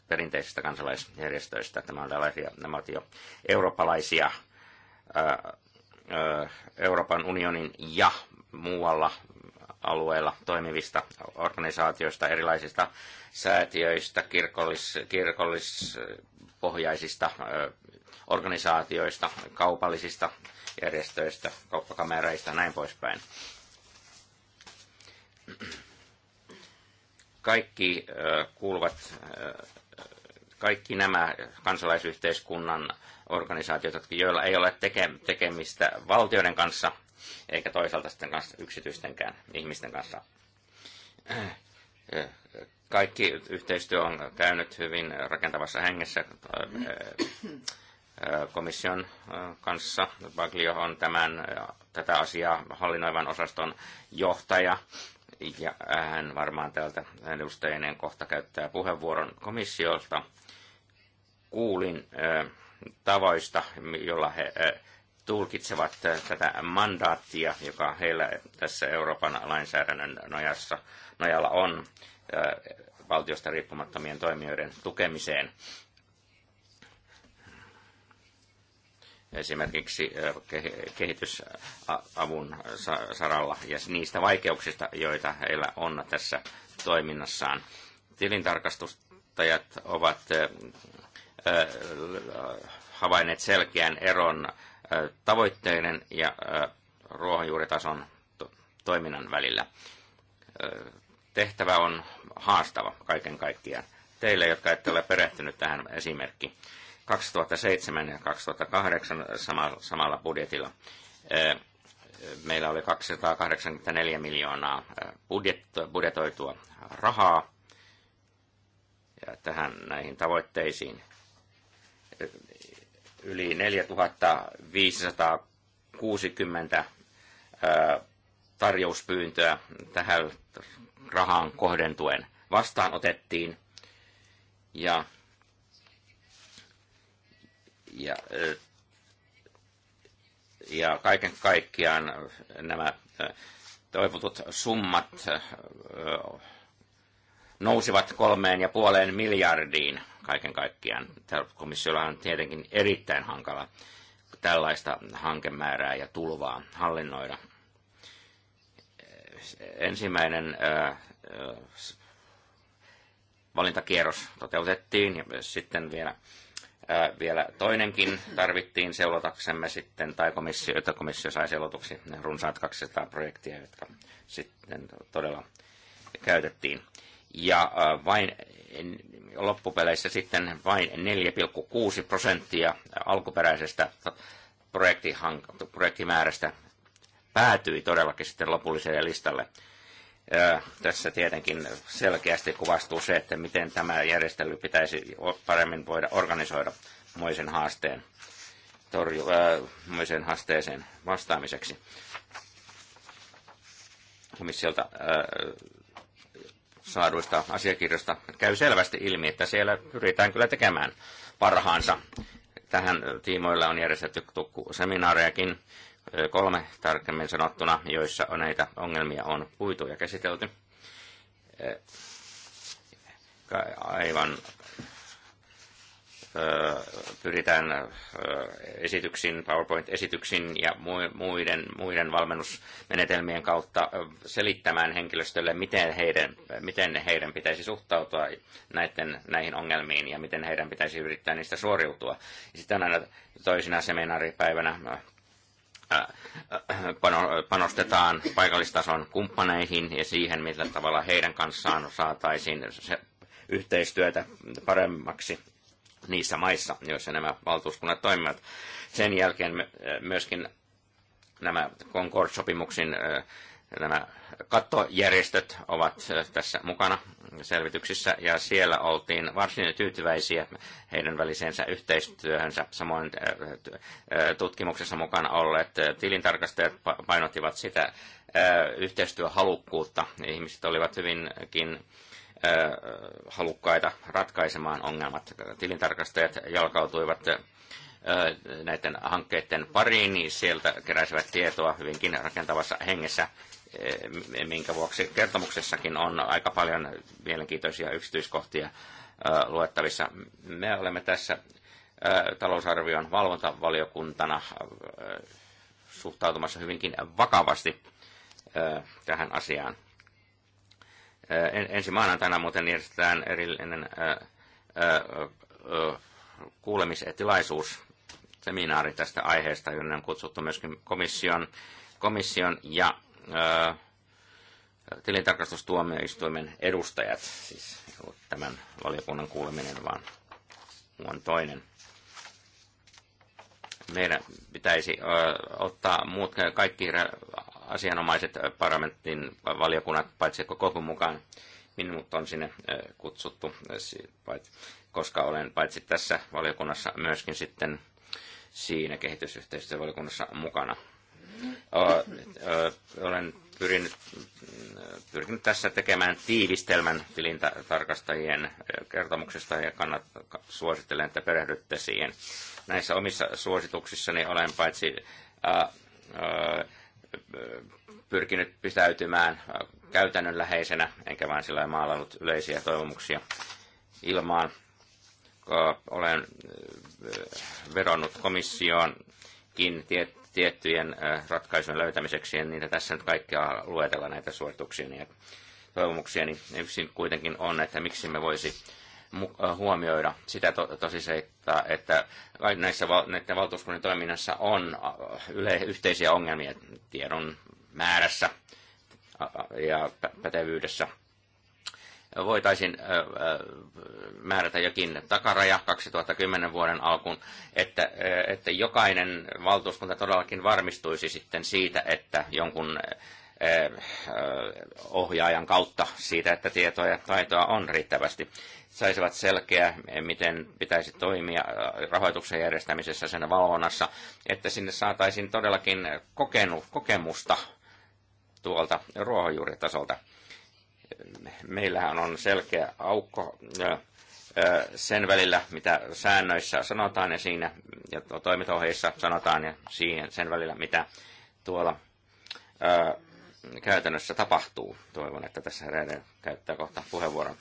perinteisistä kansalaisjärjestöistä. Tämä on tällaisia, nämä ovat jo eurooppalaisia, Euroopan unionin ja muualla alueella toimivista organisaatioista, erilaisista säätiöistä, kirkollis, kirkollispohjaisista organisaatioista, kaupallisista järjestöistä, kauppakamereista ja näin poispäin. Kaikki kuuluvat, kaikki nämä kansalaisyhteiskunnan organisaatiot, joilla ei ole tekemistä valtioiden kanssa, eikä toisaalta sitten kanssa yksityistenkään ihmisten kanssa. Kaikki yhteistyö on käynyt hyvin rakentavassa hengessä äh, äh, komission äh, kanssa. Baglio on tämän, tätä asiaa hallinnoivan osaston johtaja ja hän varmaan täältä edustajien kohta käyttää puheenvuoron komissiolta. Kuulin tavoista, jolla he tulkitsevat tätä mandaattia, joka heillä tässä Euroopan lainsäädännön nojassa, nojalla on valtiosta riippumattomien toimijoiden tukemiseen. esimerkiksi kehitysavun saralla ja niistä vaikeuksista, joita heillä on tässä toiminnassaan. Tilintarkastustajat ovat havainneet selkeän eron tavoitteiden ja ruohonjuuritason toiminnan välillä. Tehtävä on haastava kaiken kaikkiaan. Teille, jotka ette ole perehtynyt tähän esimerkki, 2007 ja 2008 samalla budjetilla meillä oli 284 miljoonaa budjetoitua rahaa ja tähän näihin tavoitteisiin yli 4560 tarjouspyyntöä tähän rahaan kohdentuen vastaan otettiin. Ja, ja, ja kaiken kaikkiaan nämä toivotut summat nousivat kolmeen ja puoleen miljardiin kaiken kaikkiaan. Komissiolla on tietenkin erittäin hankala tällaista hankemäärää ja tulvaa hallinnoida. Ensimmäinen valintakierros toteutettiin ja myös sitten vielä, vielä toinenkin tarvittiin seulotaksemme sitten, tai komissio, että komissio sai seulotuksi runsaat 200 projektia, jotka sitten todella käytettiin ja äh, vain loppupeleissä sitten vain 4,6 prosenttia alkuperäisestä projektimäärästä päätyi todellakin sitten lopulliselle listalle. Tässä tietenkin selkeästi kuvastuu se, että miten tämä järjestely pitäisi paremmin voida organisoida moisen haasteen torju, äh, moisen haasteeseen vastaamiseksi. Komissiolta äh, saaduista asiakirjoista käy selvästi ilmi, että siellä pyritään kyllä tekemään parhaansa. Tähän tiimoilla on järjestetty seminaarejakin, kolme tarkemmin sanottuna, joissa näitä ongelmia on puitu ja käsitelty. Aivan pyritään esityksin powerpoint esityksin ja muiden, muiden valmennusmenetelmien kautta selittämään henkilöstölle, miten heidän, miten heidän pitäisi suhtautua näiden, näihin ongelmiin ja miten heidän pitäisi yrittää niistä suoriutua. Sitten aina toisina seminaaripäivänä panostetaan paikallistason kumppaneihin ja siihen, millä tavalla heidän kanssaan saataisiin se yhteistyötä paremmaksi niissä maissa, joissa nämä valtuuskunnat toimivat. Sen jälkeen eh, myöskin nämä Concord-sopimuksin eh, nämä kattojärjestöt ovat eh, tässä mukana selvityksissä ja siellä oltiin varsin tyytyväisiä heidän väliseensä yhteistyöhönsä. Samoin tutkimuksessa mukana olleet tilintarkastajat painottivat sitä yhteistyöhalukkuutta. Ihmiset olivat hyvinkin halukkaita ratkaisemaan ongelmat. Tilintarkastajat jalkautuivat näiden hankkeiden pariin, niin sieltä keräsivät tietoa hyvinkin rakentavassa hengessä, minkä vuoksi kertomuksessakin on aika paljon mielenkiintoisia yksityiskohtia luettavissa. Me olemme tässä talousarvion valvontavaliokuntana suhtautumassa hyvinkin vakavasti tähän asiaan. Ensi maanantaina muuten järjestetään erillinen kuulemisetilaisuus, seminaari tästä aiheesta, jonne on kutsuttu myöskin komission, komission ja tilintarkastustuomioistuimen edustajat, siis tämän valiokunnan kuuleminen, vaan on toinen. Meidän pitäisi ö, ottaa muut kaikki asianomaiset äh, parlamentin valiokunnat, paitsi koko mukaan, minut on sinne äh, kutsuttu, äh, koska olen paitsi tässä valiokunnassa myöskin sitten siinä kehitysyhteistyövaliokunnassa mukana. Olen pyrinyt, pyrkinyt tässä tekemään tiivistelmän tilintarkastajien kertomuksesta ja kannat, suosittelen, että perehdytte siihen. Näissä omissa suosituksissani olen paitsi ää, ää, pyrkinyt pitäytymään käytännönläheisenä, enkä vain sillä maalannut yleisiä toivomuksia ilmaan. Olen äh, veronnut komissioonkin tiettyjen äh, ratkaisujen löytämiseksi, en niitä tässä nyt kaikkia luetella näitä suorituksia ja toivomuksia, niin yksi kuitenkin on, että miksi me voisi Äh, huomioida sitä to, tosiseikkaa, että näissä näiden valtuuskunnan toiminnassa on äh, yle, yhteisiä ongelmia tiedon määrässä ja pätevyydessä. Voitaisiin määrätä jokin takaraja 2010 vuoden alkuun, että, että jokainen valtuuskunta todellakin varmistuisi sitten siitä, että jonkun Eh, ohjaajan kautta siitä, että tietoa ja taitoa on riittävästi saisivat selkeä, miten pitäisi toimia äh, rahoituksen järjestämisessä sen valvonnassa, että sinne saataisiin todellakin kokenu, kokemusta tuolta ruohonjuuritasolta. Meillähän on selkeä aukko äh, äh, sen välillä, mitä säännöissä sanotaan ja siinä ja toimintaohjeissa sanotaan ja siihen, sen välillä, mitä tuolla käytännössä tapahtuu. Toivon, että tässä Reiden käyttää kohta puheenvuoron.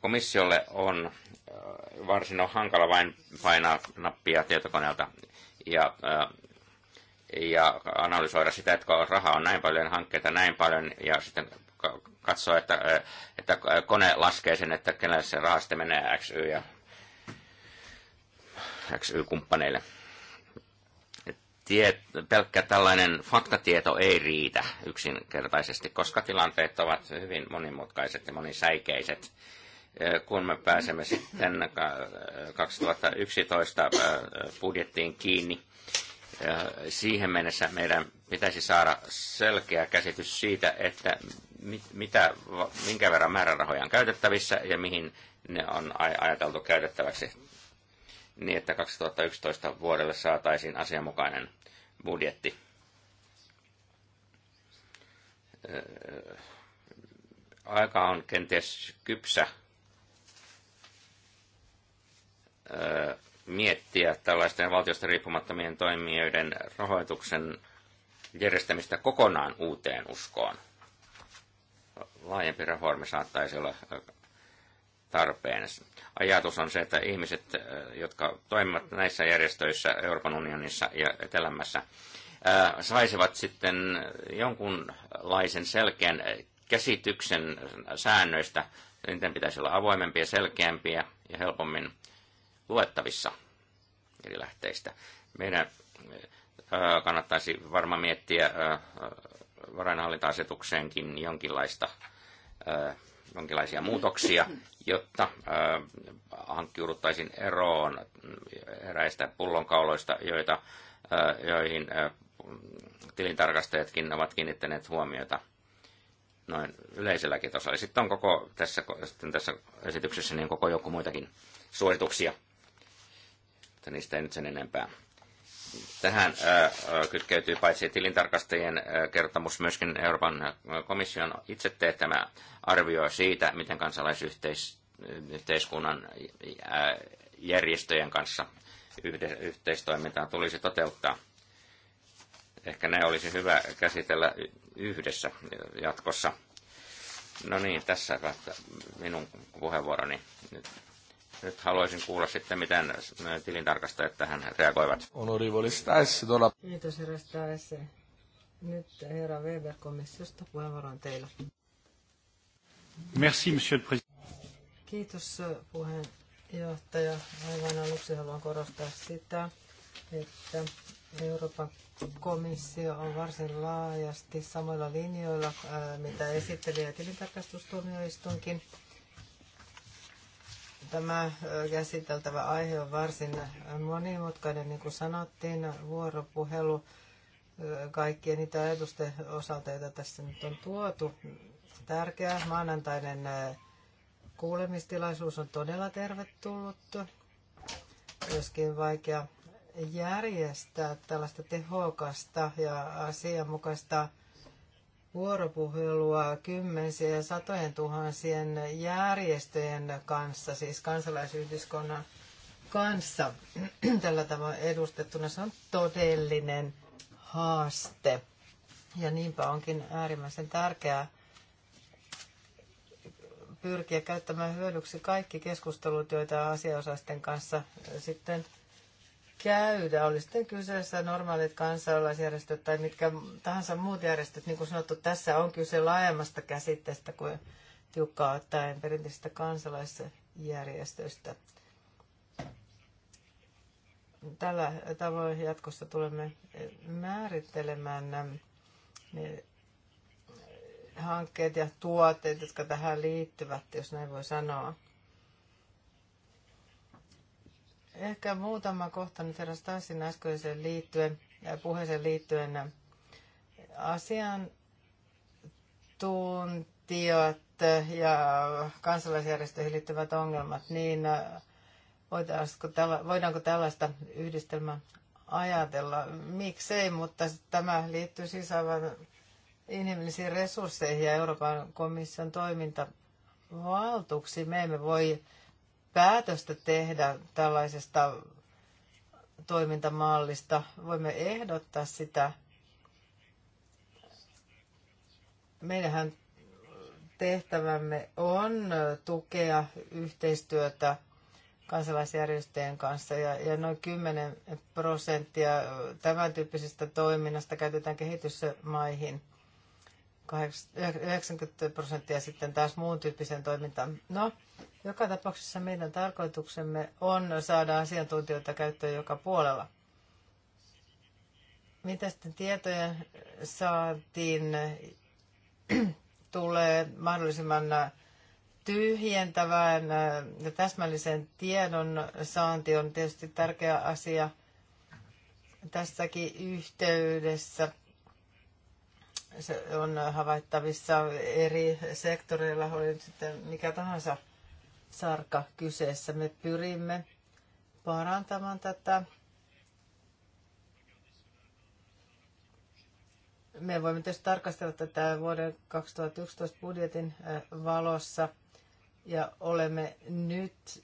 Komissiolle on äh, varsin on hankala vain painaa nappia tietokoneelta ja, äh, ja analysoida sitä, että kun rahaa on näin paljon, hankkeita näin paljon ja sitten katsoa, että, äh, että kone laskee sen, että kenelle se raha sitten menee XY ja XY-kumppaneille tie, pelkkä tällainen faktatieto ei riitä yksinkertaisesti, koska tilanteet ovat hyvin monimutkaiset ja monisäikeiset. Kun me pääsemme sitten 2011 budjettiin kiinni, siihen mennessä meidän pitäisi saada selkeä käsitys siitä, että mit, mitä, minkä verran määrärahoja on käytettävissä ja mihin ne on ajateltu käytettäväksi niin, että 2011 vuodelle saataisiin asianmukainen budjetti. Aika on kenties kypsä miettiä tällaisten valtiosta riippumattomien toimijoiden rahoituksen järjestämistä kokonaan uuteen uskoon. Laajempi reformi saattaisi olla tarpeen. Ajatus on se, että ihmiset, äh, jotka toimivat näissä järjestöissä Euroopan unionissa ja etelämässä, äh, saisivat sitten jonkunlaisen selkeän äh, käsityksen säännöistä. Niiden pitäisi olla avoimempia, selkeämpiä ja helpommin luettavissa eri lähteistä. Meidän kannattaisi varmaan miettiä varainhallinta-asetukseenkin jonkinlaista, jonkinlaisia muutoksia jotta hankkiuduttaisiin eroon eräistä pullonkauloista, joita, joihin tilintarkastajatkin ovat kiinnittäneet huomiota noin yleiselläkin tasolla. Sitten on koko tässä, sitten tässä esityksessä niin koko joku muitakin suorituksia, mutta niistä ei nyt sen enempää. Tähän kytkeytyy paitsi tilintarkastajien kertomus myöskin Euroopan komission itse teettämä arvio siitä, miten kansalaisyhteiskunnan järjestöjen kanssa yhteistoimintaa tulisi toteuttaa. Ehkä ne olisi hyvä käsitellä yhdessä jatkossa. No niin, tässä minun puheenvuoroni nyt nyt haluaisin kuulla sitten, miten tilintarkastajat tähän reagoivat. Honorevoli Stais, tuolla. Kiitos, herra Nyt herra Weber komissiosta puheenvuoro on teillä. Merci, monsieur le président. Kiitos puheenjohtaja. Aivan aluksi haluan korostaa sitä, että Euroopan komissio on varsin laajasti samoilla linjoilla, äh, mitä esitteli ja tilintarkastustuomioistuinkin Tämä käsiteltävä aihe on varsin monimutkainen, niin kuin sanottiin, vuoropuhelu kaikkien niitä ajatusten osalta, joita tässä nyt on tuotu. Tärkeä maanantainen kuulemistilaisuus on todella tervetullut. Joskin vaikea järjestää tällaista tehokasta ja asianmukaista vuoropuhelua kymmensiä ja satojen tuhansien järjestöjen kanssa, siis kansalaisyhdiskunnan kanssa [clears throat] tällä tavalla edustettuna. Se on todellinen haaste. Ja niinpä onkin äärimmäisen tärkeää pyrkiä käyttämään hyödyksi kaikki keskustelut, joita asiaosaisten kanssa sitten – käydä. Oli sitten kyseessä normaalit kansalaisjärjestöt tai mitkä tahansa muut järjestöt. Niin kuin sanottu, tässä on kyse laajemmasta käsitteestä kuin tiukkaa ottaen perinteisestä kansalaisjärjestöstä. Tällä tavoin jatkossa tulemme määrittelemään ähm, nämä hankkeet ja tuotteet, jotka tähän liittyvät, jos näin voi sanoa. Ehkä muutama kohta nyt herra Stassin äskeiseen liittyen, puheeseen liittyen. asian tuntijat ja kansalaisjärjestöihin liittyvät ongelmat, niin äh, voidaanko tällaista yhdistelmää ajatella? Miksei, mutta tämä liittyy siis aivan inhimillisiin resursseihin ja Euroopan komission toimintavaltuuksiin. Me emme voi päätöstä tehdä tällaisesta toimintamallista. Voimme ehdottaa sitä. Meidän tehtävämme on tukea yhteistyötä kansalaisjärjestöjen kanssa ja, ja noin 10 prosenttia tämän tyyppisestä toiminnasta käytetään kehitysmaihin. 90 prosenttia sitten taas muun tyyppiseen toimintaan. No, joka tapauksessa meidän tarkoituksemme on saada asiantuntijoita käyttöön joka puolella. Mitä sitten tietojen saatiin [clears throat] tulee mahdollisimman tyhjentävään ja täsmällisen tiedon saanti on tietysti tärkeä asia tässäkin yhteydessä. Se on havaittavissa eri sektoreilla, oli nyt sitten mikä tahansa sarka kyseessä. Me pyrimme parantamaan tätä. Me voimme tietysti tarkastella tätä vuoden 2011 budjetin valossa ja olemme nyt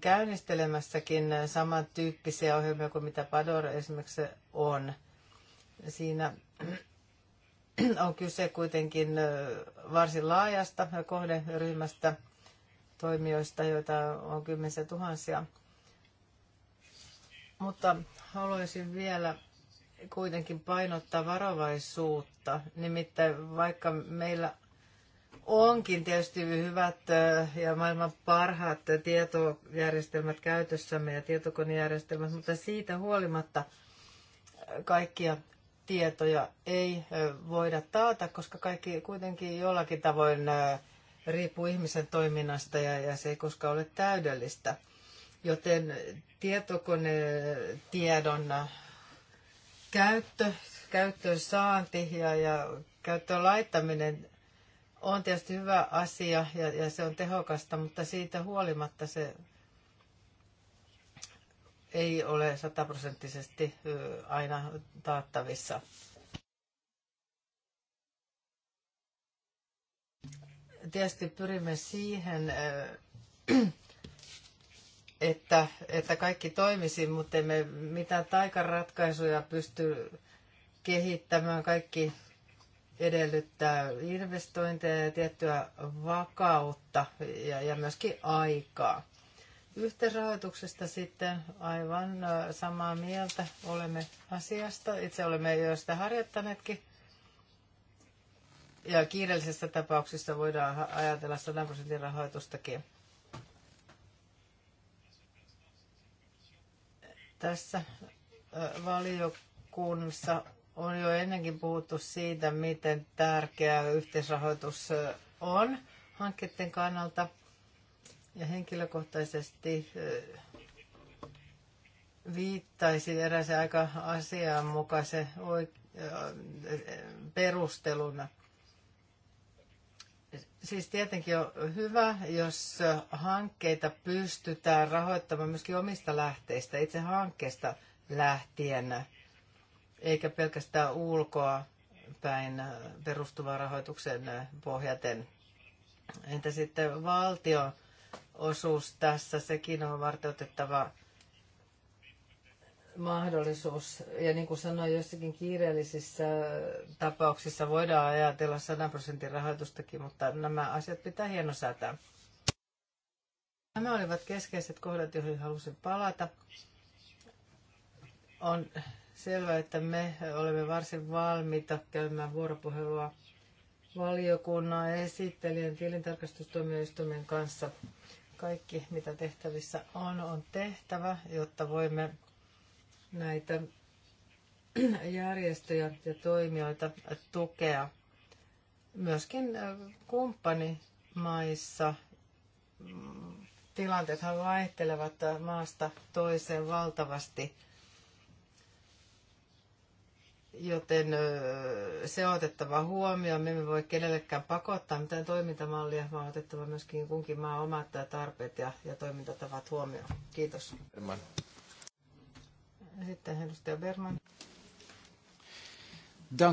käynnistelemässäkin samantyyppisiä ohjelmia kuin mitä Pador esimerkiksi on. Siinä on kyse kuitenkin varsin laajasta kohderyhmästä – toimijoista, joita on kymmenisiä tuhansia. Mutta haluaisin vielä kuitenkin painottaa varovaisuutta. Nimittäin vaikka meillä onkin tietysti hyvät ja maailman parhaat tietojärjestelmät käytössämme ja tietokonejärjestelmät, mutta siitä huolimatta kaikkia tietoja ei voida taata, koska kaikki kuitenkin jollakin tavoin riippuu ihmisen toiminnasta ja, ja se ei koskaan ole täydellistä. Joten tietokonetiedon käyttö, käyttöön saanti ja, ja käyttöön laittaminen on tietysti hyvä asia ja, ja se on tehokasta, mutta siitä huolimatta se ei ole sataprosenttisesti aina taattavissa. tietysti pyrimme siihen, että, että kaikki toimisi, mutta emme mitään taikaratkaisuja pysty kehittämään. Kaikki edellyttää investointeja ja tiettyä vakautta ja, ja myöskin aikaa. Yhteisrahoituksesta sitten aivan samaa mieltä olemme asiasta. Itse olemme jo sitä harjoittaneetkin ja kiireellisessä tapauksessa voidaan ajatella 100 prosentin rahoitustakin. Tässä valiokunnassa on jo ennenkin puhuttu siitä, miten tärkeää yhteisrahoitus on hankkeiden kannalta. Ja henkilökohtaisesti viittaisin erääseen aika asianmukaisen perusteluna – Siis tietenkin on hyvä, jos hankkeita pystytään rahoittamaan myöskin omista lähteistä, itse hankkeesta lähtien, eikä pelkästään ulkoa päin perustuvan rahoituksen pohjaten. Entä sitten valtio osuus tässä, sekin on varteutettava otettava mahdollisuus, ja niin kuin sanoin, jossakin kiireellisissä tapauksissa voidaan ajatella 100 prosentin rahoitustakin, mutta nämä asiat pitää hienosäätää. Nämä olivat keskeiset kohdat, joihin halusin palata. On selvää, että me olemme varsin valmiita käymään vuoropuhelua valiokunnan esittelijän tilintarkastustuomioistuimen kanssa. Kaikki, mitä tehtävissä on, on tehtävä, jotta voimme näitä [clears throat] järjestöjä ja toimijoita tukea myöskin kumppanimaissa. Mm, tilanteethan vaihtelevat maasta toiseen valtavasti, joten se on otettava huomioon. Me emme voi kenellekään pakottaa mitään toimintamallia, vaan otettava myöskin kunkin maan omat tarpeet ja, ja toimintatavat huomioon. Kiitos. Sitten edustaja Berman.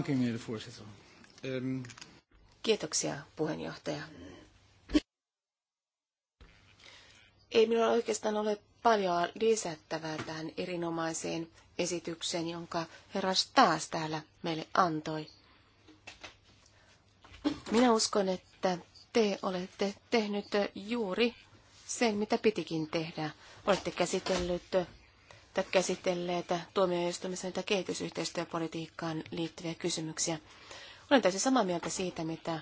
meneer voorzitter. Um... Kiitoksia, puheenjohtaja. Ei minulla oikeastaan ole paljon lisättävää tähän erinomaiseen esitykseen, jonka herra taas täällä meille antoi. Minä uskon, että te olette tehnyt juuri sen, mitä pitikin tehdä. Olette käsitellyt että käsitelleet tuomioistuimessa näitä kehitysyhteistyöpolitiikkaan liittyviä kysymyksiä. Olen täysin samaa mieltä siitä, mitä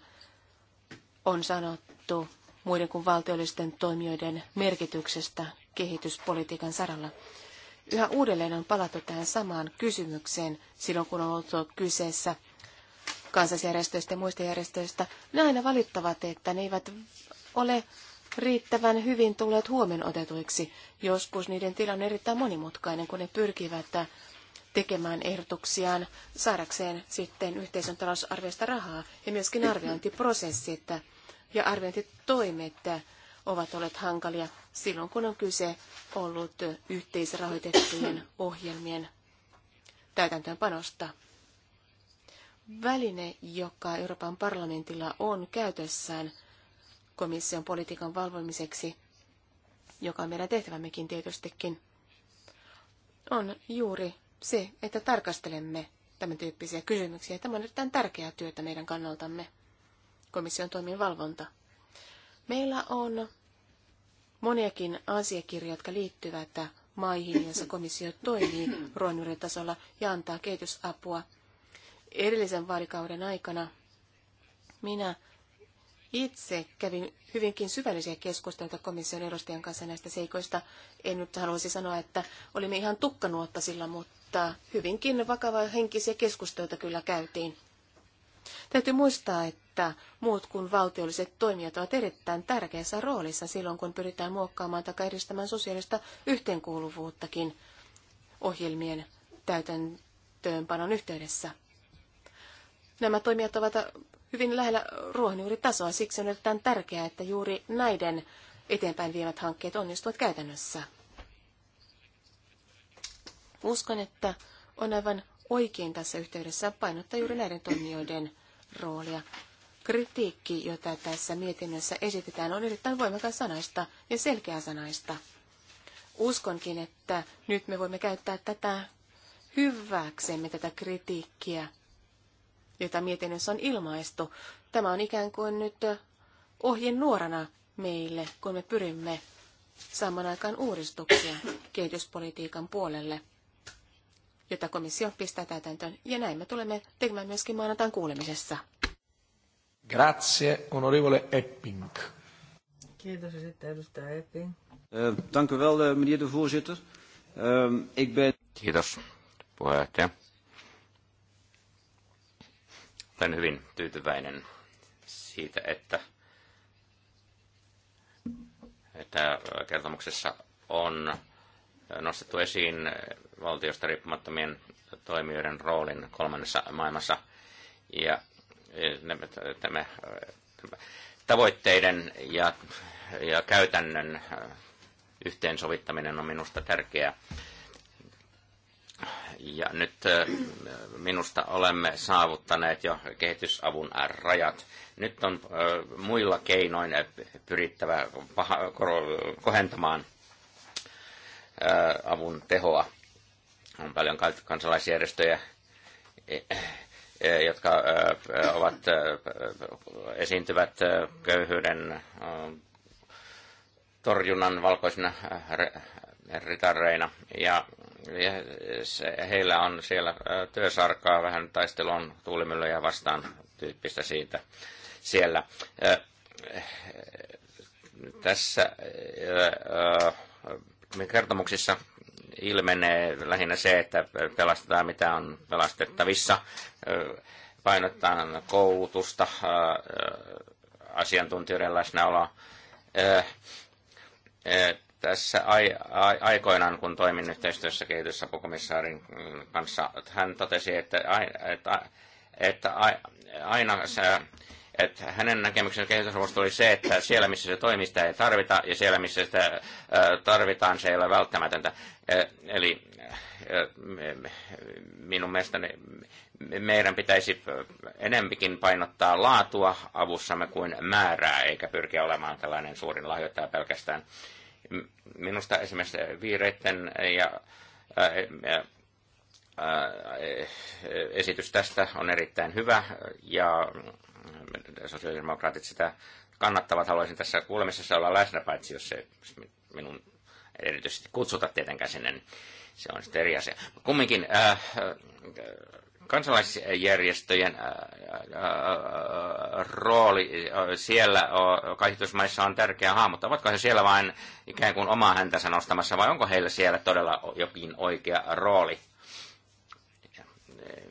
on sanottu muiden kuin valtiollisten toimijoiden merkityksestä kehityspolitiikan saralla. Yhä uudelleen on palattu tähän samaan kysymykseen silloin, kun on ollut kyseessä kansallisjärjestöistä ja muista järjestöistä. Ne aina valittavat, että ne eivät ole riittävän hyvin tulleet huomen otetuiksi. Joskus niiden tilanne on erittäin monimutkainen, kun ne pyrkivät tekemään ehdotuksiaan saadakseen sitten yhteisön talousarviosta rahaa ja myöskin arviointiprosessit ja arviointitoimet ovat olleet hankalia silloin, kun on kyse ollut yhteisrahoitettujen ohjelmien täytäntöönpanosta. Väline, joka Euroopan parlamentilla on käytössään – komission politiikan valvomiseksi, joka on meidän tehtävämmekin tietystikin, on juuri se, että tarkastelemme tämän tyyppisiä kysymyksiä. Tämä on erittäin tärkeää työtä meidän kannaltamme, komission toimin valvonta. Meillä on moniakin asiakirjoja, jotka liittyvät maihin, joissa komissio toimii ruohonjuuritasolla ja antaa kehitysapua. Edellisen vaalikauden aikana minä itse kävin hyvinkin syvällisiä keskusteluita komission edustajan kanssa näistä seikoista. En nyt haluaisi sanoa, että olimme ihan tukkanuotta sillä, mutta hyvinkin vakava henkisiä keskusteluita kyllä käytiin. Täytyy muistaa, että muut kuin valtiolliset toimijat ovat erittäin tärkeässä roolissa silloin, kun pyritään muokkaamaan tai edistämään sosiaalista yhteenkuuluvuuttakin ohjelmien täytäntöönpanon yhteydessä. Nämä toimijat ovat hyvin lähellä ruohonjuuritasoa. Siksi on erittäin tärkeää, että juuri näiden eteenpäin vievät hankkeet onnistuvat käytännössä. Uskon, että on aivan oikein tässä yhteydessä painottaa juuri näiden toimijoiden roolia. Kritiikki, jota tässä mietinnössä esitetään, on erittäin voimakas sanaista ja selkeä sanaista. Uskonkin, että nyt me voimme käyttää tätä hyväksemme tätä kritiikkiä jota mietinnössä on ilmaistu. Tämä on ikään kuin nyt ohje nuorana meille, kun me pyrimme saamaan aikaan uudistuksia kehityspolitiikan puolelle, jota komissio pistää täytäntöön. Ja näin me tulemme tekemään myöskin maanantain kuulemisessa. Grazie, onorevole Epping. Kiitos ja sitten edustaja Epping. Eh, dank u wel, eh, meneer de voorzitter. Eh, ik ben... Kiitos, puheenjohtaja. Olen hyvin tyytyväinen siitä, että, että kertomuksessa on nostettu esiin valtiosta riippumattomien toimijoiden roolin kolmannessa maailmassa. Ja tämä tavoitteiden ja, ja käytännön yhteensovittaminen on minusta tärkeää ja nyt minusta olemme saavuttaneet jo kehitysavun rajat. Nyt on muilla keinoin pyrittävä kohentamaan avun tehoa. On paljon kansalaisjärjestöjä, e, e, jotka ovat, esiintyvät köyhyyden torjunnan valkoisina ritareina ja, ja se, heillä on siellä työsarkaa vähän taistelun tuulimyllyjä vastaan tyyppistä siitä siellä. Tässä kertomuksissa ilmenee lähinnä se, että pelastetaan mitä on pelastettavissa, painotetaan koulutusta, asiantuntijoiden läsnäoloa, tässä ai, ai, aikoinaan, kun toimin yhteistyössä kehitysapukomissaarin kanssa, hän totesi, että, että, että aina se, että hänen näkemyksensä kehitysavusta oli se, että siellä missä se toimii, sitä ei tarvita, ja siellä missä sitä tarvitaan, se ei ole välttämätöntä. E, eli minun mielestäni meidän pitäisi enempikin painottaa laatua avussamme kuin määrää, eikä pyrkiä olemaan tällainen suurin lahjoittaja pelkästään Minusta esimerkiksi viireiden ja esitys tästä on erittäin hyvä ja sosiaalidemokraatit sitä kannattavat. Haluaisin tässä kuulemisessa olla läsnä, paitsi jos se minun erityisesti kutsuta tietenkään sinne, niin se on sitten eri asia. Kumminkin Kansalaisjärjestöjen rooli siellä kaihitusmaissa on tärkeä hahmottaa. Ovatko he siellä vain ikään kuin omaa häntänsä nostamassa vai onko heillä siellä todella jokin oikea rooli?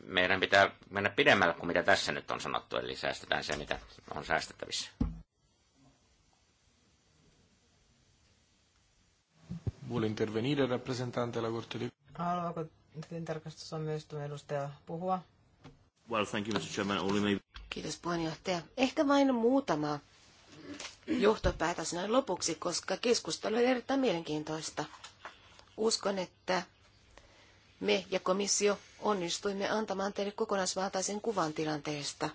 Meidän pitää mennä pidemmälle kuin mitä tässä nyt on sanottu, eli säästetään se, mitä on säästettävissä. Vuole intervenire rappresentante Corte Haluaako Tilintarkastus on myös edustaja puhua. Well, thank you, Mr. Chairman. Only maybe... Kiitos puheenjohtaja. Ehkä vain muutama johtopäätös näin lopuksi, koska keskustelu on erittäin mielenkiintoista. Uskon, että me ja komissio onnistuimme antamaan teille kokonaisvaltaisen kuvan tilanteesta,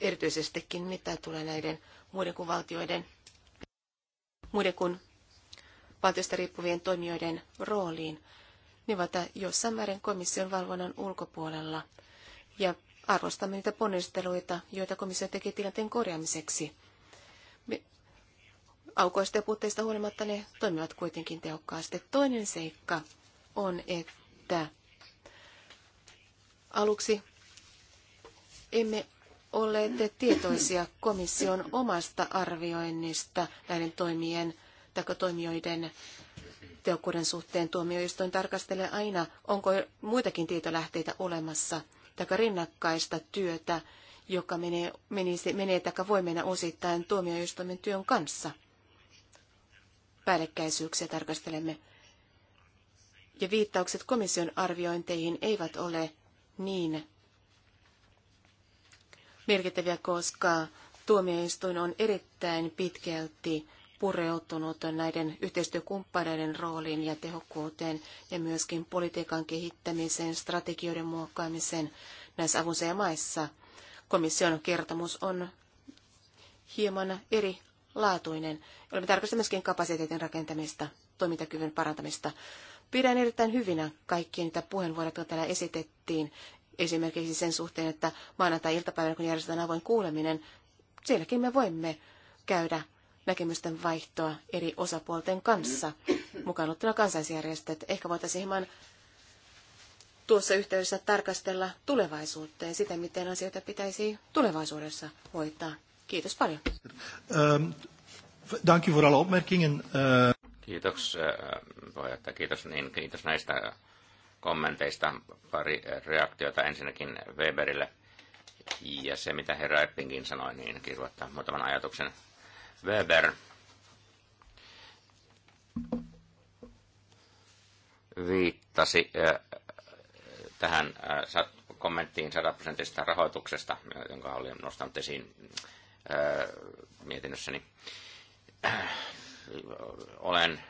erityisestikin mitä tulee näiden muiden kuin valtioiden, muiden kuin valtiosta riippuvien toimijoiden rooliin ne ovat jossain määrin komission valvonnan ulkopuolella. Ja arvostamme niitä ponnisteluita, joita komissio teki tilanteen korjaamiseksi. Me aukoista ja puutteista huolimatta ne toimivat kuitenkin tehokkaasti. Toinen seikka on, että aluksi emme olleet tietoisia komission omasta arvioinnista näiden toimien tai toimijoiden tehokkuuden suhteen tuomioistuin tarkastelee aina, onko muitakin tietolähteitä olemassa tai rinnakkaista työtä, joka menee, menisi, menee tai voi mennä osittain tuomioistuimen työn kanssa. Päällekkäisyyksiä tarkastelemme. Ja viittaukset komission arviointeihin eivät ole niin merkittäviä, koska tuomioistuin on erittäin pitkälti pureutunut näiden yhteistyökumppaneiden rooliin ja tehokkuuteen ja myöskin politiikan kehittämiseen, strategioiden muokkaamiseen näissä avunsaajamaissa. Komission kertomus on hieman eri laatuinen. Olemme tarkoittaneet myöskin kapasiteetin rakentamista, toimintakyvyn parantamista. Pidän erittäin hyvinä kaikkia niitä puheenvuoroja, joita täällä esitettiin. Esimerkiksi sen suhteen, että maanantai-iltapäivänä, kun järjestetään avoin kuuleminen, sielläkin me voimme käydä näkemysten vaihtoa eri osapuolten kanssa, mukaan ottuna kansalaisjärjestöt. Ehkä voitaisiin hieman tuossa yhteydessä tarkastella tulevaisuutta ja sitä, miten asioita pitäisi tulevaisuudessa hoitaa. Kiitos paljon. Ähm, äh, kiitos, äh, puheenjohtaja. Kiitos, niin, kiitos näistä kommenteista. Pari äh, reaktiota ensinnäkin Weberille. Ja se, mitä herra Eppinkin sanoi, niin kirjoittaa muutaman ajatuksen Weber viittasi tähän kommenttiin 100 prosentista rahoituksesta, jonka olin nostanut esiin mietinnössäni. Olen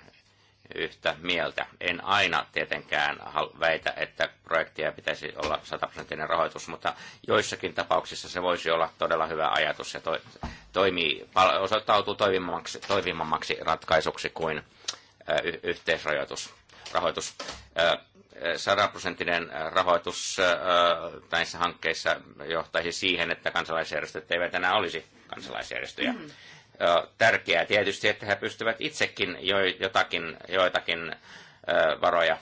yhtä mieltä. En aina tietenkään väitä, että projektia pitäisi olla sataprosenttinen rahoitus, mutta joissakin tapauksissa se voisi olla todella hyvä ajatus ja to, toimii, osoittautuu toimivammaksi, toimivammaksi ratkaisuksi kuin y, yhteisrajoitus. Rahoitus. Sataprosenttinen rahoitus näissä hankkeissa johtaisi siihen, että kansalaisjärjestöt eivät enää olisi kansalaisjärjestöjä. Mm tärkeää tietysti, että he pystyvät itsekin jotakin, joitakin varoja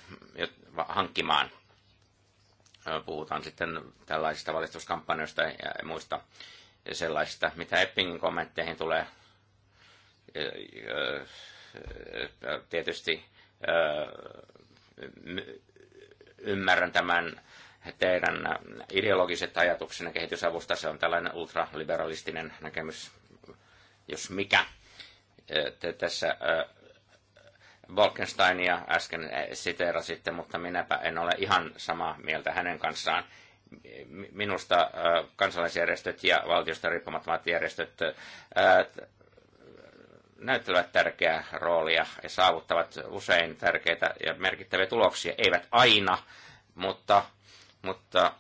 hankkimaan. Puhutaan sitten tällaisista valistuskampanjoista ja muista sellaisista, mitä Eppingin kommentteihin tulee tietysti ymmärrän tämän teidän ideologiset ajatuksenne kehitysavusta. Se on tällainen ultraliberalistinen näkemys jos mikä. Että eh, tässä eh, Wolkensteinia äsken eh, siteerasitte, mutta minäpä en ole ihan samaa mieltä hänen kanssaan. Minusta kansalaisjärjestöt ja valtiosta riippumattomat järjestöt näyttävät tärkeää roolia ja saavuttavat usein tärkeitä ja merkittäviä tuloksia. Eivät aina, mutta, mutta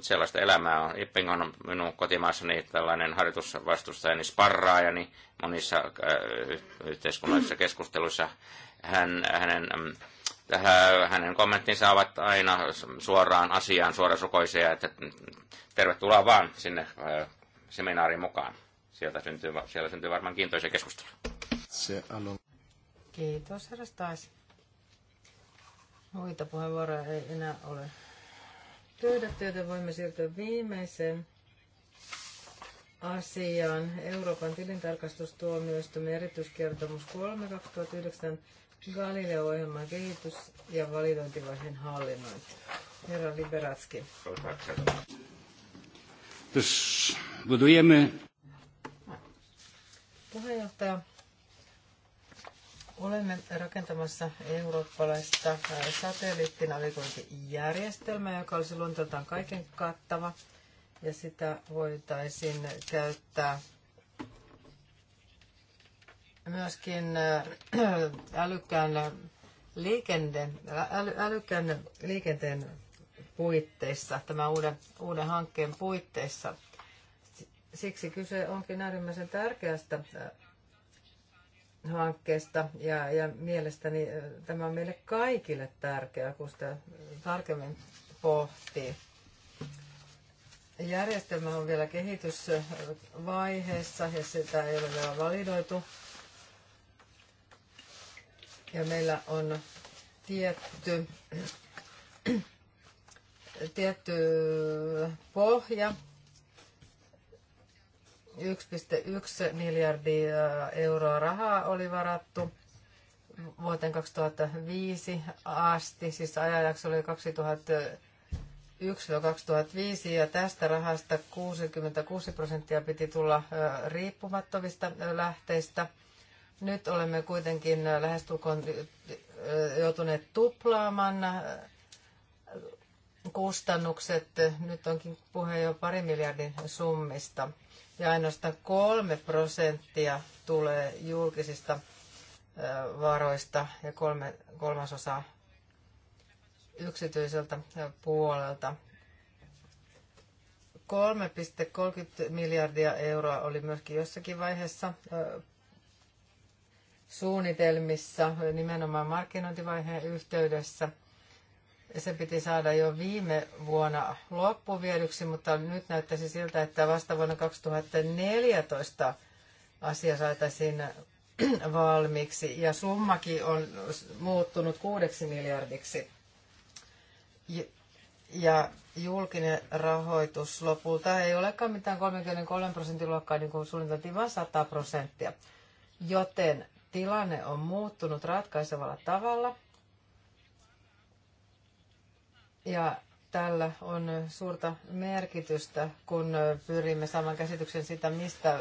sellaista elämää on. Ipping on minun kotimaassani tällainen harjoitusvastustajani sparraajani monissa äh, yhteiskunnallisissa keskusteluissa. Hän, hänen, äh, hänen kommenttinsa ovat aina suoraan asiaan suorasukoisia, että tervetuloa vaan sinne äh, seminaariin mukaan. Sieltä syntyy, siellä syntyy varmaan kiintoisia keskusteluja. Se alo. Kiitos, herra Muita puheenvuoroja ei enää ole pöydättä, joten voimme siirtyä viimeiseen asiaan. Euroopan tilintarkastustuomioistuimen erityiskertomus 3 2009 Galileo-ohjelman kehitys- ja validointivaiheen hallinnointi. Herra Liberatski. Budujemy. Puheenjohtaja, Olemme rakentamassa eurooppalaista satelliittinavigointijärjestelmää, joka olisi luonteeltaan kaiken kattava, ja sitä voitaisiin käyttää myöskin älykkään liikenteen, äly, älykkään liikenteen puitteissa, tämän uuden, uuden hankkeen puitteissa. Siksi kyse onkin äärimmäisen tärkeästä hankkeesta ja, ja mielestäni tämä on meille kaikille tärkeää, kun sitä tarkemmin pohtii. Järjestelmä on vielä kehitysvaiheessa ja sitä ei ole vielä validoitu. Ja meillä on tietty, [clears throat] tietty pohja 1,1 miljardia äh, euroa rahaa oli varattu vuoteen 2005 asti, siis ajanjakso oli 2001-2005, ja tästä rahasta 66 prosenttia piti tulla äh, riippumattomista äh, lähteistä. Nyt olemme kuitenkin lähestulkoon joutuneet tuplaamaan kustannukset. Nyt onkin puhe jo pari miljardin summista ja ainoastaan kolme prosenttia tulee julkisista varoista ja kolme, kolmasosa yksityiseltä puolelta. 3,30 miljardia euroa oli myöskin jossakin vaiheessa suunnitelmissa, nimenomaan markkinointivaiheen yhteydessä – se piti saada jo viime vuonna loppuviedyksi, mutta nyt näyttäisi siltä, että vasta vuonna 2014 asia saataisiin [clears throat] valmiiksi. Ja summakin on muuttunut kuudeksi miljardiksi. Ja julkinen rahoitus lopulta ei olekaan mitään 33 prosentin luokkaa, niin kuin suunniteltiin, vaan 100 prosenttia. Joten tilanne on muuttunut ratkaisevalla tavalla – ja tällä on suurta merkitystä, kun pyrimme saamaan käsityksen sitä, mistä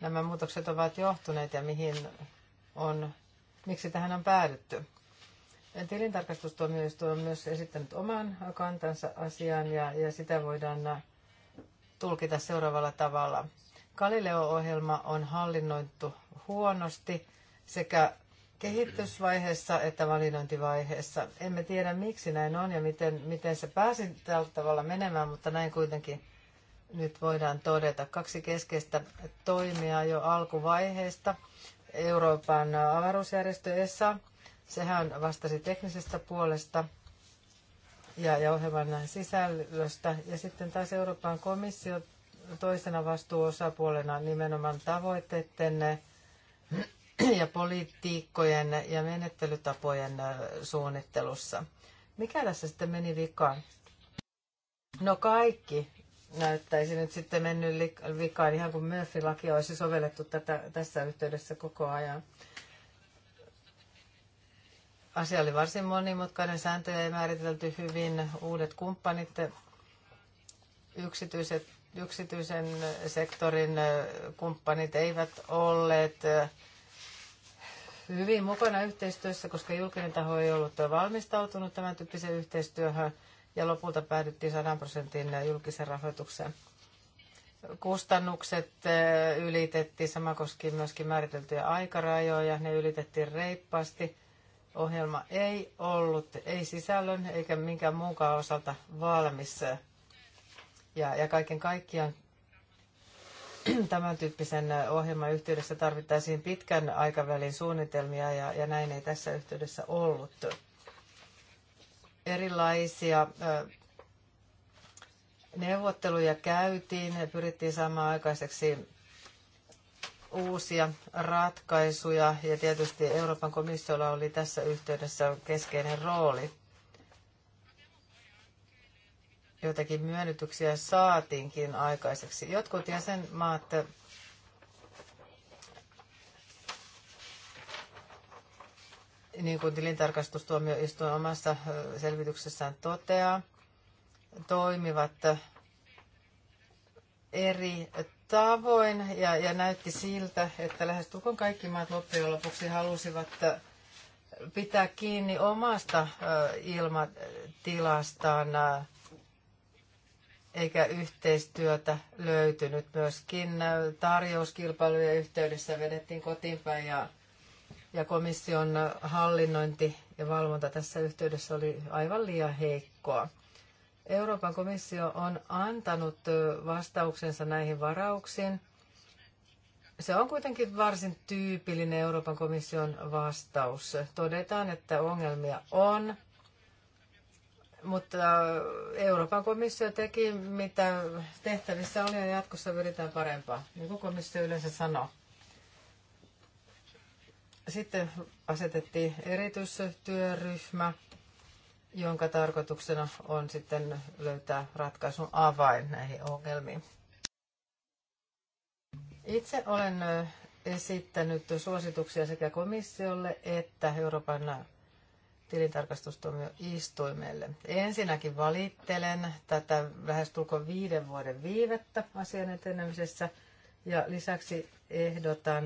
nämä muutokset ovat johtuneet ja mihin on, miksi tähän on päädytty. Tilintarkastustuomioistuin on myös esittänyt oman kantansa asiaan ja, ja sitä voidaan tulkita seuraavalla tavalla. Galileo-ohjelma on hallinnoitu huonosti sekä kehitysvaiheessa että validointivaiheessa. Emme tiedä miksi näin on ja miten, miten se pääsi tällä tavalla menemään, mutta näin kuitenkin nyt voidaan todeta. Kaksi keskeistä toimia jo alkuvaiheesta. Euroopan avaruusjärjestö ESA, sehän vastasi teknisestä puolesta ja, ja ohjelman sisällöstä. Ja sitten taas Euroopan komissio toisena vastuuosapuolena nimenomaan tavoitteiden ja politiikkojen ja menettelytapojen äh, suunnittelussa. Mikä tässä sitten meni vikaan? No kaikki näyttäisi nyt sitten mennyt vikaan, ihan kuin murphy laki olisi sovellettu tätä, tässä yhteydessä koko ajan. Asia oli varsin monimutkainen, sääntöjä ei määritelty hyvin, uudet kumppanit, yksityiset, yksityisen sektorin äh, kumppanit eivät olleet äh, hyvin mukana yhteistyössä, koska julkinen taho ei ollut valmistautunut tämän tyyppiseen yhteistyöhön ja lopulta päädyttiin 100 prosentin julkisen rahoituksen kustannukset eh, ylitettiin, sama koski myöskin määriteltyjä aikarajoja, ne ylitettiin reippaasti. Ohjelma ei ollut, ei sisällön eikä minkään muunkaan osalta valmis. Ja, ja kaiken kaikkiaan [clears throat] tämän tyyppisen ohjelman yhteydessä tarvittaisiin pitkän aikavälin suunnitelmia ja, ja näin ei tässä yhteydessä ollut. Erilaisia neuvotteluja käytiin ja pyrittiin saamaan aikaiseksi uusia ratkaisuja ja tietysti Euroopan komissiolla oli tässä yhteydessä keskeinen rooli joitakin myönnytyksiä saatiinkin aikaiseksi. Jotkut jäsenmaat niin kuin tilintarkastustuomioistuin omassa selvityksessään toteaa, toimivat eri tavoin ja, ja näytti siltä, että lähestulkoon kaikki maat loppujen lopuksi halusivat pitää kiinni omasta ilmatilastaan eikä yhteistyötä löytynyt. Myöskin tarjouskilpailujen yhteydessä vedettiin kotiinpäin ja, ja komission hallinnointi ja valvonta tässä yhteydessä oli aivan liian heikkoa. Euroopan komissio on antanut vastauksensa näihin varauksiin. Se on kuitenkin varsin tyypillinen Euroopan komission vastaus. Todetaan, että ongelmia on, mutta Euroopan komissio teki, mitä tehtävissä oli, ja jatkossa yritetään parempaa, niin kuin komissio yleensä sanoo. Sitten asetettiin erityistyöryhmä, jonka tarkoituksena on sitten löytää ratkaisun avain näihin ongelmiin. Itse olen esittänyt suosituksia sekä komissiolle että Euroopan tilintarkastustuomioistuimelle. Ensinnäkin valittelen tätä lähestulkoon viiden vuoden viivettä asian etenemisessä ja lisäksi ehdotan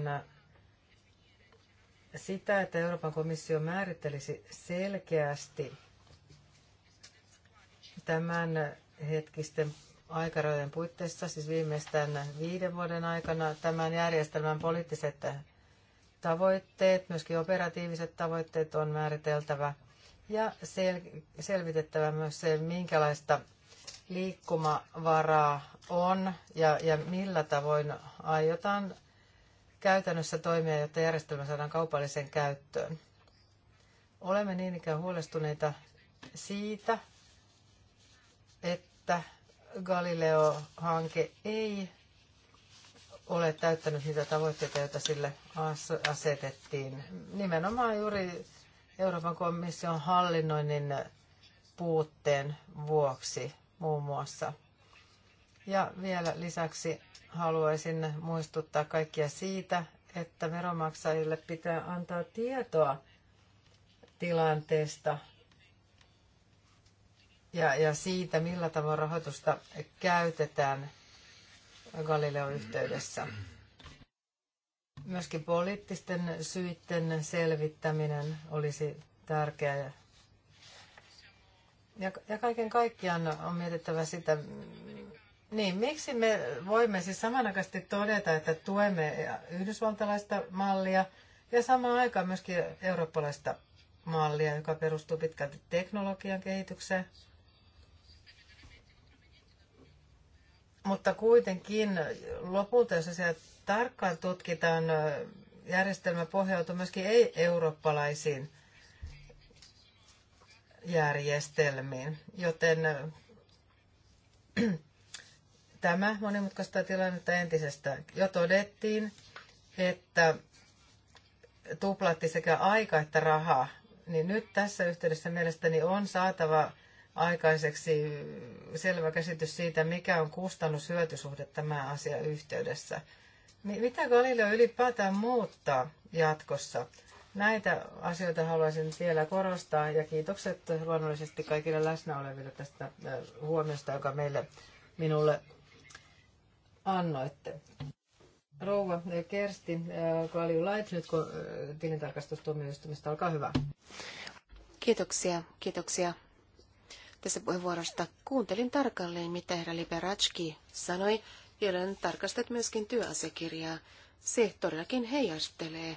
sitä, että Euroopan komissio määrittelisi selkeästi tämän hetkisten aikarajojen puitteissa, siis viimeistään viiden vuoden aikana, tämän järjestelmän poliittiset tavoitteet, myöskin operatiiviset tavoitteet on määriteltävä ja sel- selvitettävä myös se, minkälaista liikkumavaraa on ja, ja millä tavoin aiotaan käytännössä toimia, jotta järjestelmä saadaan kaupalliseen käyttöön. Olemme niin ikään huolestuneita siitä, että Galileo-hanke ei ole täyttänyt niitä tavoitteita, joita sille asetettiin. Nimenomaan juuri Euroopan komission hallinnoinnin puutteen vuoksi muun muassa. Ja vielä lisäksi haluaisin muistuttaa kaikkia siitä, että veromaksajille pitää antaa tietoa tilanteesta ja, ja siitä, millä tavoin rahoitusta käytetään – Galileon yhteydessä. Myöskin poliittisten syitten selvittäminen olisi tärkeää. Ja, ja kaiken kaikkiaan on mietittävä sitä, niin, miksi me voimme siis samanaikaisesti todeta, että tuemme yhdysvaltalaista mallia ja samaan aikaan myöskin eurooppalaista mallia, joka perustuu pitkälti teknologian kehitykseen – Mutta kuitenkin lopulta, jos asiaa tarkkaan tutkitaan, järjestelmä pohjautuu myöskin ei-eurooppalaisiin järjestelmiin, joten [clears throat] tämä monimutkaista tilannetta entisestään. Jo todettiin, että tuplatti sekä aika että raha, niin nyt tässä yhteydessä mielestäni on saatava aikaiseksi selvä käsitys siitä, mikä on kustannushyötysuhde tämän asian yhteydessä. Mitä Galileo ylipäätään muuttaa jatkossa? Näitä asioita haluaisin vielä korostaa ja kiitokset luonnollisesti kaikille läsnä oleville tästä huomiosta, joka meille minulle annoitte. Rouva Kersti Kalju Lait, nyt kun tilintarkastustuomioistumista, olkaa hyvä. Kiitoksia, kiitoksia tästä puheenvuorosta. Kuuntelin tarkalleen, mitä herra Liberatski sanoi, ja olen tarkastanut myöskin työasiakirjaa. Se todellakin heijastelee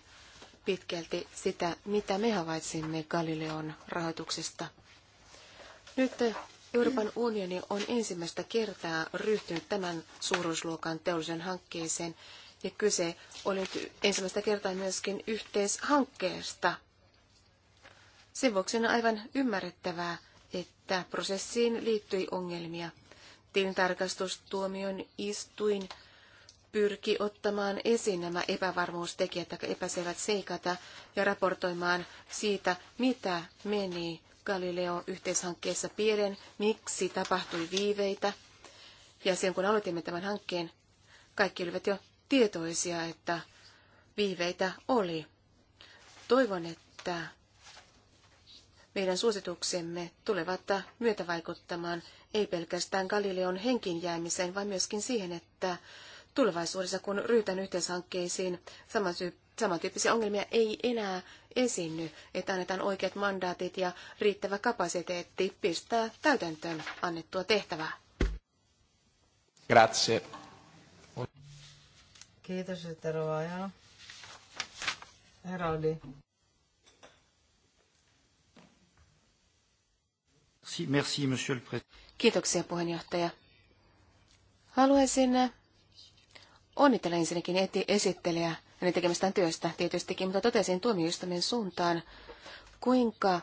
pitkälti sitä, mitä me havaitsimme Galileon rahoituksesta. Nyt Euroopan unioni on ensimmäistä kertaa ryhtynyt tämän suuruusluokan teollisen hankkeeseen, ja kyse oli ensimmäistä kertaa myöskin yhteishankkeesta. Sen vuoksi on aivan ymmärrettävää, että prosessiin liittyi ongelmia. Tilintarkastustuomion istuin pyrki ottamaan esiin nämä epävarmuustekijät ja epäselvät seikata ja raportoimaan siitä, mitä meni Galileo-yhteishankkeessa pieleen, miksi tapahtui viiveitä. Ja sen kun aloitimme tämän hankkeen, kaikki olivat jo tietoisia, että viiveitä oli. Toivon, että meidän suosituksemme tulevat myötävaikuttamaan ei pelkästään Galileon henkin jäämiseen, vaan myöskin siihen, että tulevaisuudessa, kun ryhtään yhteishankkeisiin, samantyyppisiä ongelmia ei enää esiinny, että annetaan oikeat mandaatit ja riittävä kapasiteetti pistää täytäntöön annettua tehtävää. Grazie. Kiitos, että Heraldi. Merci, monsieur le Kiitoksia puheenjohtaja. Haluaisin onnitella ensinnäkin esittelijä hänen tekemästään työstä tietystikin, mutta totesin tuomioistuimen suuntaan, kuinka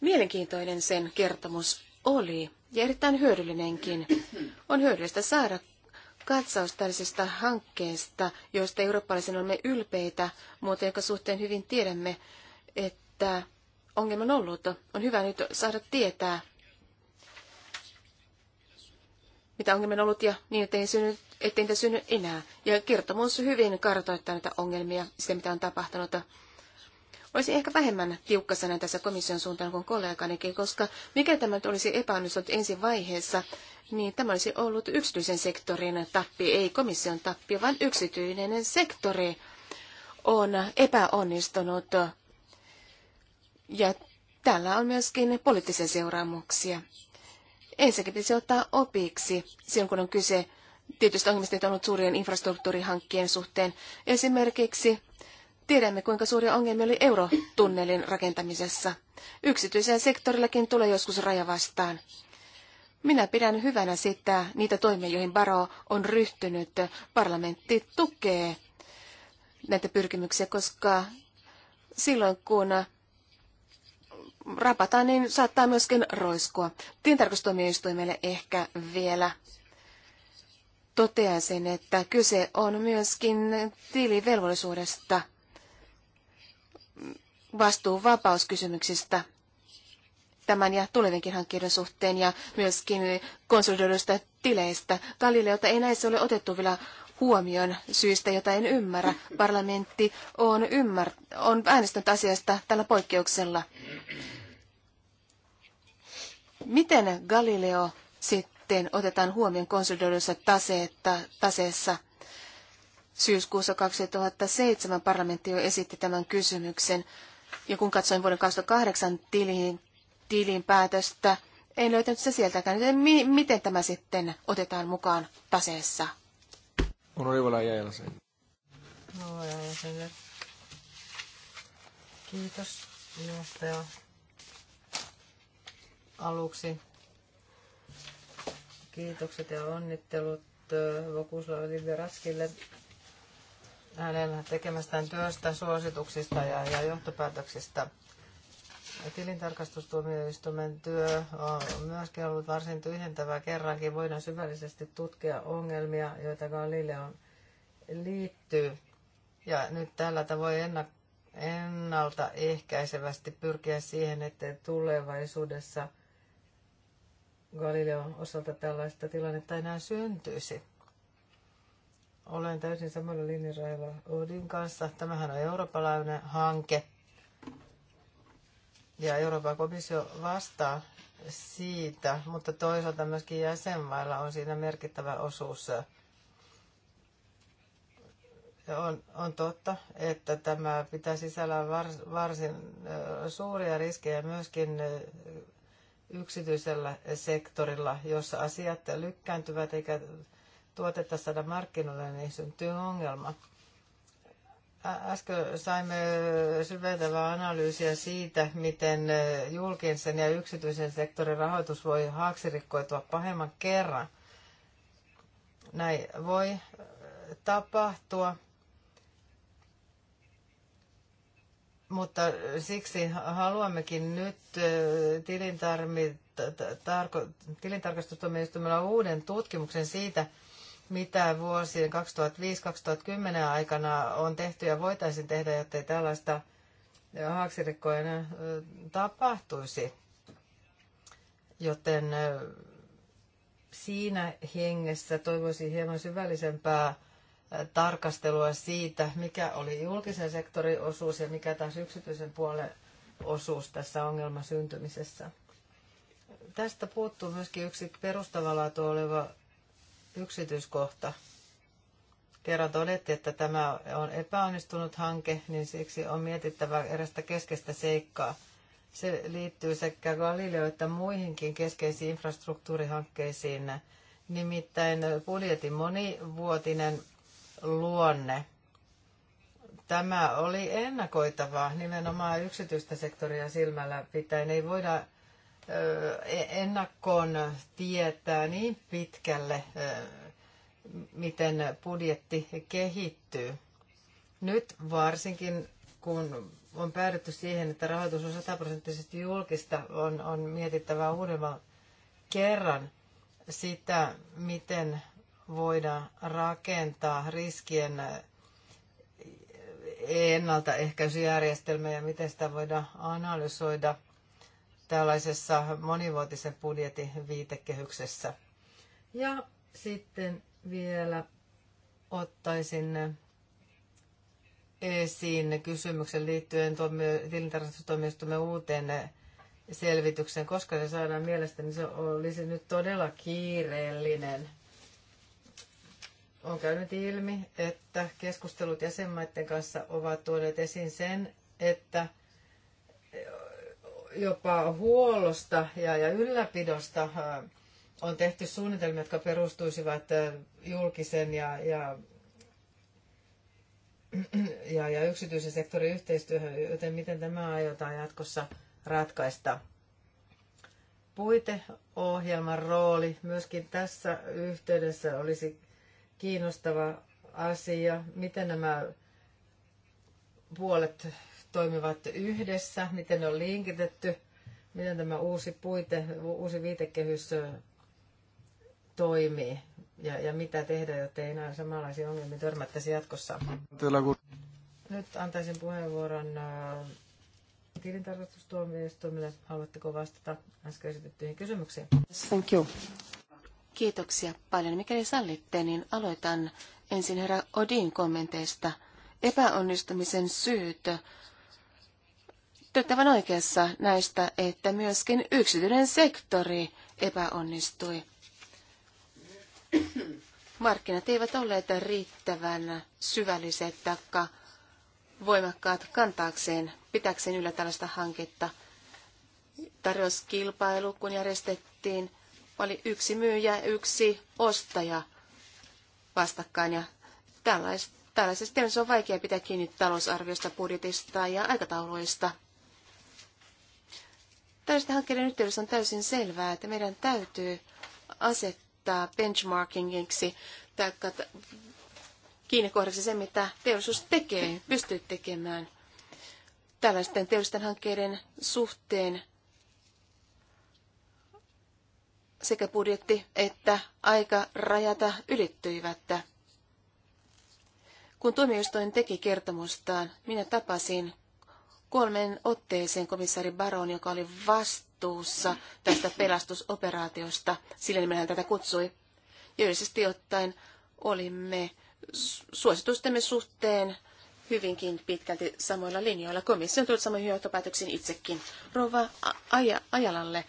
mielenkiintoinen sen kertomus oli ja erittäin hyödyllinenkin. On hyödyllistä saada katsaus tällaisesta hankkeesta, joista eurooppalaisen olemme ylpeitä, mutta jonka suhteen hyvin tiedämme, että ongelma on ollut. On hyvä nyt saada tietää, mitä ongelmia on ollut ja niin, ettei, synny, ettei niitä synny enää. Ja kertomus hyvin kartoittaa näitä ongelmia, sitä mitä on tapahtunut. Olisin ehkä vähemmän tiukka sanan tässä komission suuntaan kuin kollegaanikin, koska mikä tämä nyt olisi epäonnistunut ensi vaiheessa, niin tämä olisi ollut yksityisen sektorin tappi, ei komission tappi, vaan yksityinen sektori on epäonnistunut ja tällä on myöskin poliittisia seuraamuksia. Ensinnäkin pitäisi ottaa opiksi silloin, kun on kyse tietystä ongelmista, on ollut suurien infrastruktuurihankkien suhteen. Esimerkiksi tiedämme, kuinka suuri ongelmia oli eurotunnelin rakentamisessa. Yksityisen sektorillakin tulee joskus raja vastaan. Minä pidän hyvänä sitä, niitä toimia, joihin Baro on ryhtynyt. Parlamentti tukee näitä pyrkimyksiä, koska silloin kun rapata, niin saattaa myöskin roiskua. Tintarkastuomioistuimelle ehkä vielä sen, että kyse on myöskin tilivelvollisuudesta, vastuuvapauskysymyksistä tämän ja tulevinkin hankkeiden suhteen ja myöskin konsolidoiduista tileistä. Galileota ei näissä ole otettu vielä Huomion syistä, jota en ymmärrä. Parlamentti on, ymmär- on äänestänyt asiasta tällä poikkeuksella. Miten Galileo sitten otetaan huomioon konsolidoidussa taseessa? Syyskuussa 2007 parlamentti jo esitti tämän kysymyksen. Ja kun katsoin vuoden 2008 tilin, tilin päätöstä, en löytänyt se sieltäkään. Miten tämä sitten otetaan mukaan taseessa? Onorevole Ajajala sen. Kiitos johtaja. Aluksi kiitokset ja onnittelut Vokuslav Liberatskille hänen tekemästään työstä, suosituksista ja, ja johtopäätöksistä tilintarkastustuomioistuimen työ on myöskin ollut varsin tyhjentävää. Kerrankin voidaan syvällisesti tutkia ongelmia, joita Galileo liittyy. Ja nyt tällä tavoin ennaltaehkäisevästi pyrkiä siihen, että tulevaisuudessa Galileon osalta tällaista tilannetta enää syntyisi. Olen täysin samalla linjarailla Odin kanssa. Tämähän on eurooppalainen hanke – ja Euroopan komissio vastaa siitä, mutta toisaalta myöskin jäsenmailla on siinä merkittävä osuus. On, on totta, että tämä pitää sisällä vars, varsin suuria riskejä myöskin yksityisellä sektorilla, jossa asiat lykkääntyvät eikä tuotetta saada markkinoille, niin syntyy ongelma. Äsken saimme syventävää analyysiä siitä, miten e, julkisen ja yksityisen sektorin rahoitus voi haaksirikkoitua pahemman kerran. Näin voi e, tapahtua, mutta siksi haluammekin nyt e, tilintarkastustoimistoimella uuden tutkimuksen siitä, mitä vuosien 2005-2010 aikana on tehty ja voitaisiin tehdä, ei tällaista haaksirikkoa enää tapahtuisi. Joten siinä hengessä toivoisin hieman syvällisempää tarkastelua siitä, mikä oli julkisen sektorin osuus ja mikä taas yksityisen puolen osuus tässä ongelman syntymisessä. Tästä puuttuu myöskin yksi perustavanlaatu oleva yksityiskohta. Kerran todettiin, että tämä on epäonnistunut hanke, niin siksi on mietittävä erästä keskeistä seikkaa. Se liittyy sekä Galileo että muihinkin keskeisiin infrastruktuurihankkeisiin, nimittäin budjetin monivuotinen luonne. Tämä oli ennakoitavaa nimenomaan yksityistä sektoria silmällä pitäen. Ei voida ennakkoon tietää niin pitkälle, miten budjetti kehittyy. Nyt varsinkin, kun on päädytty siihen, että rahoitus on sataprosenttisesti julkista, on, on mietittävä uudemman kerran sitä, miten voidaan rakentaa riskien ennaltaehkäisyjärjestelmä ja miten sitä voidaan analysoida – tällaisessa monivuotisen budjetin viitekehyksessä. Ja sitten vielä ottaisin esiin kysymyksen liittyen tilintarkastustoimistomme uuteen selvitykseen. Koska se saadaan mielestäni, niin se olisi nyt todella kiireellinen. On käynyt ilmi, että keskustelut jäsenmaiden kanssa ovat tuoneet esiin sen, että – jopa huollosta ja, ja ylläpidosta äh, on tehty suunnitelmia, jotka perustuisivat äh, julkisen ja, ja, [clears throat] ja, ja yksityisen sektorin yhteistyöhön, joten miten tämä aiotaan jatkossa ratkaista. Puiteohjelman rooli myöskin tässä yhteydessä olisi kiinnostava asia, miten nämä puolet toimivat yhdessä, miten ne on linkitetty, miten tämä uusi puite, uusi viitekehys toimii ja, ja mitä tehdä, jotta ei enää samanlaisia ongelmia törmättäisi jatkossa. Nyt antaisin puheenvuoron tilintarkastustuomioistuimille. Haluatteko vastata äsken esitettyihin kysymyksiin? Thank you. Kiitoksia paljon. Mikäli sallitte, niin aloitan ensin herra Odin kommenteista. Epäonnistumisen syyt Työttävän oikeassa näistä, että myöskin yksityinen sektori epäonnistui. Markkinat eivät olleet riittävän syvälliset taikka voimakkaat kantaakseen, pitäkseen yllä tällaista hanketta. Tarjouskilpailu, kun järjestettiin, oli yksi myyjä ja yksi ostaja vastakkain. Ja tällaisessa tilanteessa on vaikea pitää kiinni talousarviosta, budjetista ja aikatauluista. Tällaisten hankkeiden yhteydessä on täysin selvää, että meidän täytyy asettaa benchmarkingiksi tai kiinnikohdaksi se, mitä teollisuus tekee, pystyy tekemään tällaisten teollisten hankkeiden suhteen sekä budjetti että aika rajata ylittyivät. Kun tuomioistuin teki kertomustaan, minä tapasin Kolmen otteeseen komissaari Baron, joka oli vastuussa tästä pelastusoperaatiosta, sillä nimellä tätä kutsui. Ja yleisesti ottaen olimme suositustemme suhteen hyvinkin pitkälti samoilla linjoilla. Komissio on tullut samoin johtopäätöksiin itsekin. Rova Aja, Ajalalle.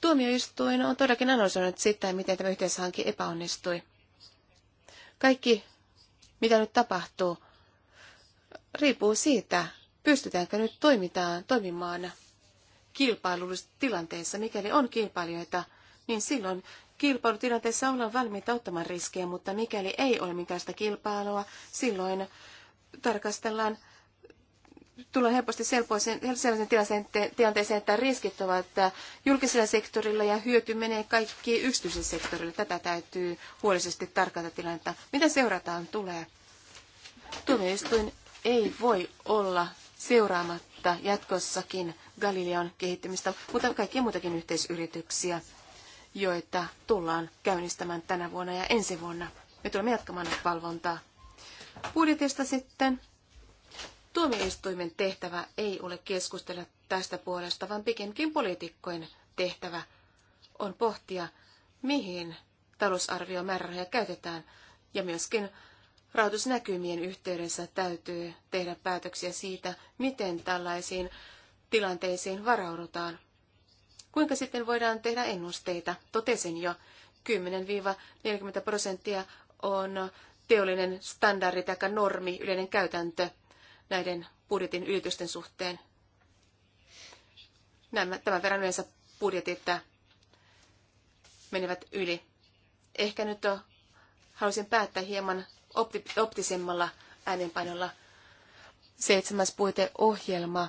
Tuomioistuin on todellakin analysoinut sitä, miten tämä yhteishanki epäonnistui. Kaikki, mitä nyt tapahtuu, riippuu siitä, Pystytäänkö nyt toimitaan, toimimaan kilpailullisessa tilanteessa, mikäli on kilpailijoita, niin silloin kilpailutilanteessa ollaan valmiita ottamaan riskejä, mutta mikäli ei ole minkäänlaista kilpailua, silloin tarkastellaan, tullaan helposti sellaisen tilanteeseen, että riskit ovat julkisella sektorilla ja hyöty menee kaikki yksityiselle sektorille. Tätä täytyy huolellisesti tarkata tilannetta. Mitä seurataan tulee? Tuomioistuin ei voi olla seuraamatta jatkossakin Galileon kehittymistä, mutta kaikkia muitakin yhteisyrityksiä, joita tullaan käynnistämään tänä vuonna ja ensi vuonna. Me tulemme jatkamaan valvontaa. Budjetista sitten. Tuomioistuimen tehtävä ei ole keskustella tästä puolesta, vaan pikemminkin poliitikkojen tehtävä on pohtia, mihin talousarviomäärärahoja käytetään ja myöskin rahoitusnäkymien yhteydessä täytyy tehdä päätöksiä siitä, miten tällaisiin tilanteisiin varaudutaan. Kuinka sitten voidaan tehdä ennusteita? Totesin jo, 10-40 prosenttia on teollinen standardi tai normi, yleinen käytäntö näiden budjetin ylitysten suhteen. Nämä, tämän verran yleensä budjetit menevät yli. Ehkä nyt haluaisin päättää hieman opti, optisemmalla äänenpainolla. Seitsemäs puiteohjelma.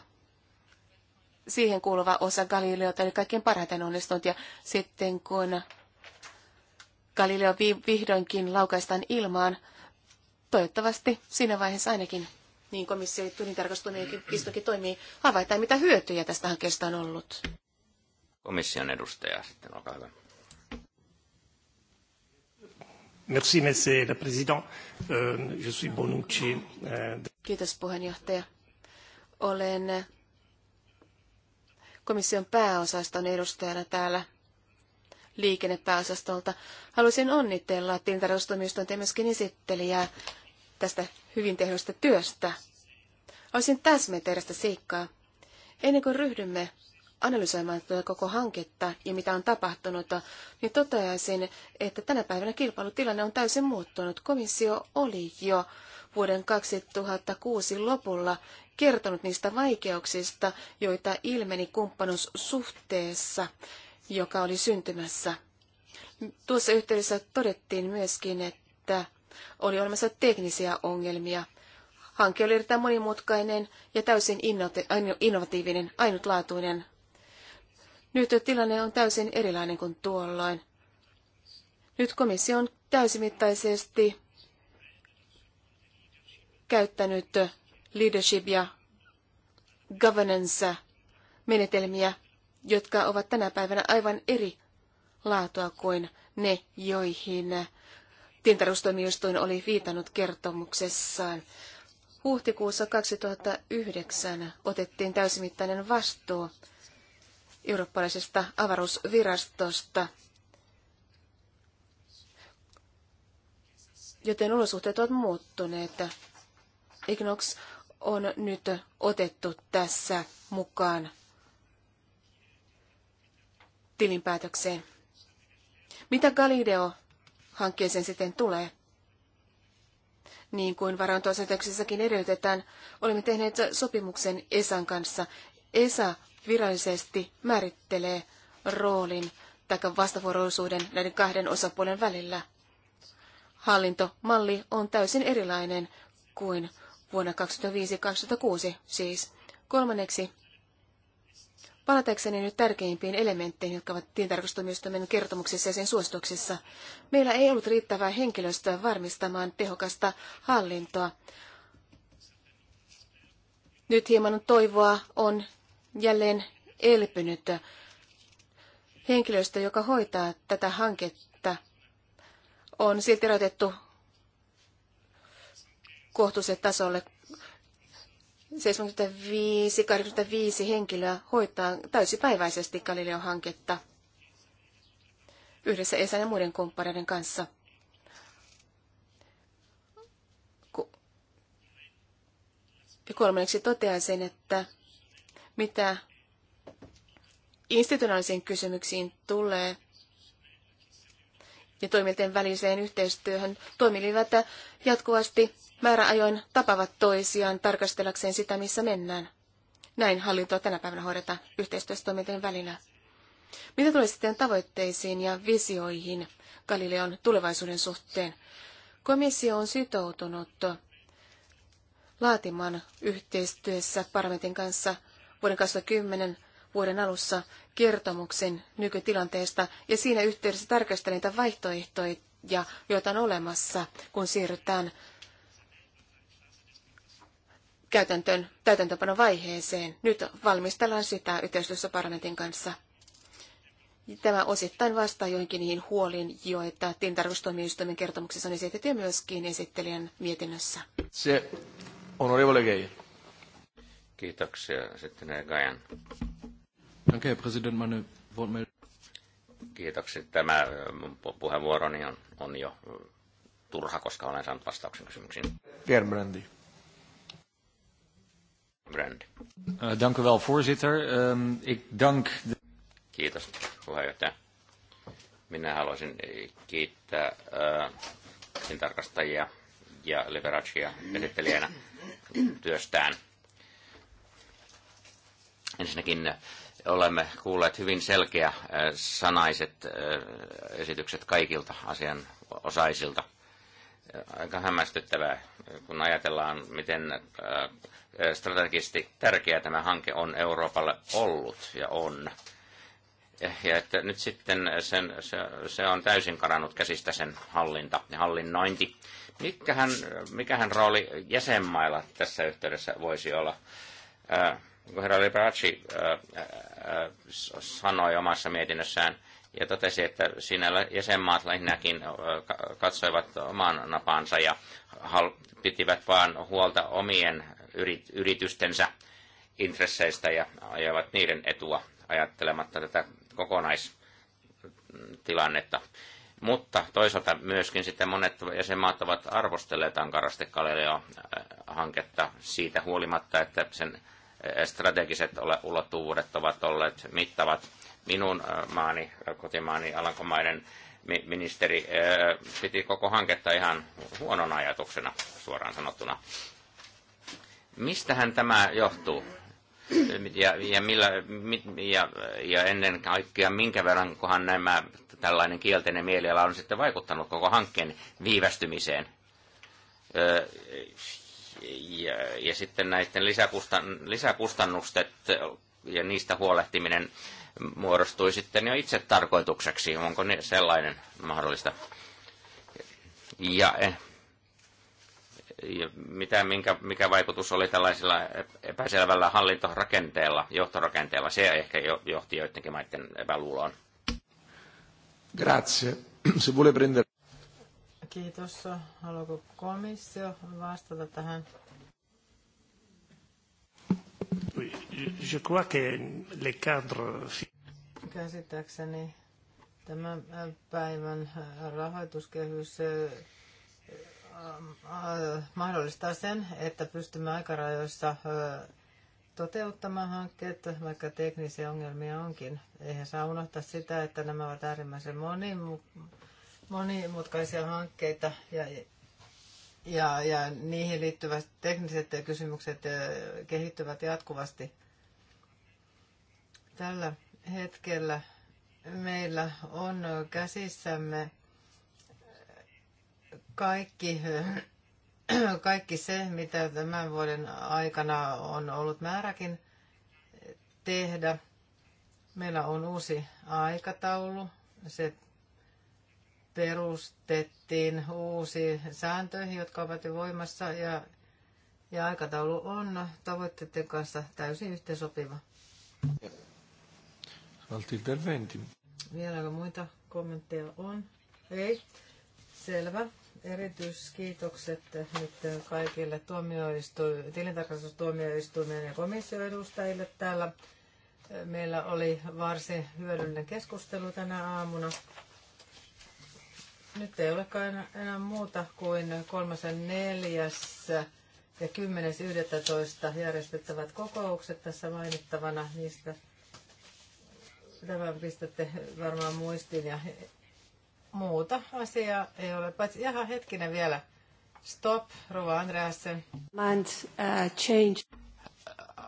Siihen kuuluva osa Galileota oli kaikkein parhaiten onnistunut. Ja sitten kun Galileo vihdoinkin laukaistaan ilmaan, toivottavasti siinä vaiheessa ainakin niin komissio tarkastuneen toimii, havaitaan mitä hyötyjä tästä hankkeesta on ollut. Komission edustaja sitten, olkaa hyvä. Merci, monsieur le président. Euh, je suis Bonucci. Euh, Kiitos puheenjohtaja. Olen komission pääosaston edustajana täällä liikennepääosastolta. Haluaisin onnitella tilintarkastustoimistointa ja myöskin esittelijää tästä hyvin tehdystä työstä. Haluaisin täsmentää sitä seikkaa. Ennen kuin ryhdymme analysoimaan tätä tuota koko hanketta ja mitä on tapahtunut, niin toteaisin, että tänä päivänä kilpailutilanne on täysin muuttunut. Komissio oli jo vuoden 2006 lopulla kertonut niistä vaikeuksista, joita ilmeni kumppanuussuhteessa, joka oli syntymässä. Tuossa yhteydessä todettiin myöskin, että oli olemassa teknisiä ongelmia. Hanke oli erittäin monimutkainen ja täysin innovatiivinen, ainutlaatuinen nyt tilanne on täysin erilainen kuin tuolloin. Nyt komissio on täysimittaisesti käyttänyt leadership ja governance-menetelmiä, jotka ovat tänä päivänä aivan eri laatua kuin ne, joihin tintarustoimijoistoin oli viitannut kertomuksessaan. Huhtikuussa 2009 otettiin täysimittainen vastuu eurooppalaisesta avaruusvirastosta. Joten olosuhteet ovat muuttuneet. Ignox on nyt otettu tässä mukaan tilinpäätökseen. Mitä Galileo-hankkeeseen sitten tulee? Niin kuin varantoasetuksessakin edellytetään, olemme tehneet sopimuksen Esan kanssa. Esa virallisesti määrittelee roolin tai vastavuoroisuuden näiden kahden osapuolen välillä. Hallintomalli on täysin erilainen kuin vuonna 2005-2006 siis. Kolmanneksi, palatakseni nyt tärkeimpiin elementteihin, jotka ovat tilintarkastustuomioistuimen kertomuksessa ja sen suosituksissa. Meillä ei ollut riittävää henkilöstöä varmistamaan tehokasta hallintoa. Nyt hieman toivoa on jälleen elpynyt. Henkilöstö, joka hoitaa tätä hanketta, on silti rajoitettu kohtuulliselle tasolle. 75-85 henkilöä hoitaa täysipäiväisesti Galileo-hanketta yhdessä Esan ja muiden kumppaneiden kanssa. Ja kolmanneksi toteaisin, että mitä institutionaalisiin kysymyksiin tulee ja toimijoiden väliseen yhteistyöhön, toimilivätä jatkuvasti määräajoin tapavat toisiaan tarkastellakseen sitä, missä mennään. Näin hallintoa tänä päivänä hoidetaan yhteistyössä toimijoiden välillä. Mitä tulee sitten tavoitteisiin ja visioihin Galileon tulevaisuuden suhteen? Komissio on sitoutunut laatimaan yhteistyössä parlamentin kanssa vuoden 2010 vuoden alussa kertomuksen nykytilanteesta ja siinä yhteydessä tarkastella niitä vaihtoehtoja, joita on olemassa, kun siirrytään käytäntöön, vaiheeseen. Nyt valmistellaan sitä yhteistyössä parlamentin kanssa. Tämä osittain vastaa joihinkin niihin huoliin, joita tilintarkastustoimijoistuimen kertomuksessa on esitetty ja myöskin esittelijän mietinnössä. Se on Kiitoksia. Sitten Egajan. Danke, President, meine Wortmeldung. Kiitokset. Tämä puheenvuoroni on, on jo turha, koska olen saanut vastauksen kysymyksiin. Pierre Brandy. Brandy. Uh, eh, dank u wel, voorzitter. Um, ik dank... De... Kiitos, puheenjohtaja. Minä haluaisin eh, kiittää uh, tarkastajia ja Liberacia esittelijänä työstään – Ensinnäkin äh, olemme kuulleet hyvin selkeä äh, sanaiset äh, esitykset kaikilta asian osaisilta. Aika hämmästyttävää, kun ajatellaan, miten strategisesti tärkeä tämä hanke on Euroopalle ollut ja on. Eh, ja että nyt sitten sen, se, se on täysin karannut käsistä sen hallinta ja hallinnointi. Mikähän, mikähän rooli jäsenmailla tässä yhteydessä voisi olla? herra Liberace äh, äh, äh, sanoi omassa mietinnössään ja totesi, että siinä jäsenmaat lähinnäkin katsoivat oman napansa ja pitivät vain huolta omien yritystensä intresseistä ja ajavat niiden etua ajattelematta tätä kokonaistilannetta. Mutta toisaalta myöskin sitten monet jäsenmaat ovat arvostelleet ankarasti Galileo-hanketta siitä huolimatta, että sen strategiset ulottuvuudet ovat olleet mittavat. Minun maani, kotimaani Alankomaiden ministeri piti koko hanketta ihan huonona ajatuksena, suoraan sanottuna. Mistähän tämä johtuu? Ja, ja, millä, ja, ja ennen kaikkea, minkä verran kohan nämä tällainen kielteinen mieliala on sitten vaikuttanut koko hankkeen viivästymiseen? ja, ja sitten näiden lisäkustan, lisäkustannukset ja niistä huolehtiminen muodostui sitten jo itse tarkoitukseksi. Onko ne sellainen mahdollista? Ja, eh, ja mitä, minkä, mikä vaikutus oli tällaisella epäselvällä hallintorakenteella, johtorakenteella? Se ehkä johti joidenkin maiden epäluuloon. Grazie. Se vuole prendere... Kiitos. Haluaako komissio vastata tähän? Je crois que les Käsittääkseni tämän äh, päivän äh, rahoituskehys äh, mahdollistaa sen, että pystymme aikarajoissa toteuttamaan hankkeet, vaikka teknisiä ongelmia onkin. Eihän saa unohtaa sitä, että nämä ovat äärimmäisen monimutkaisia monimutkaisia hankkeita ja, ja, ja niihin liittyvät tekniset kysymykset eh, kehittyvät jatkuvasti. Tällä hetkellä meillä on käsissämme kaikki, eh, kaikki se, mitä tämän vuoden aikana on ollut määräkin tehdä. Meillä on uusi aikataulu. Se perustettiin uusi sääntö, jotka ovat jo voimassa ja, ja aikataulu on tavoitteiden kanssa täysin yhteensopiva. Vieläkö muita kommentteja on? Ei. Selvä. Erityiskiitokset nyt kaikille tilintarkastustuomioistuimien ja komission edustajille täällä. Meillä oli varsin hyödyllinen keskustelu tänä aamuna. Nyt ei olekaan enää muuta kuin kolmasen neljässä ja 10.11. järjestettävät kokoukset tässä mainittavana. Niistä tämän pistätte varmaan muistiin ja muuta asiaa ei ole. Paitsi ihan hetkinen vielä. Stop, Rova Andreasen. And, uh, change.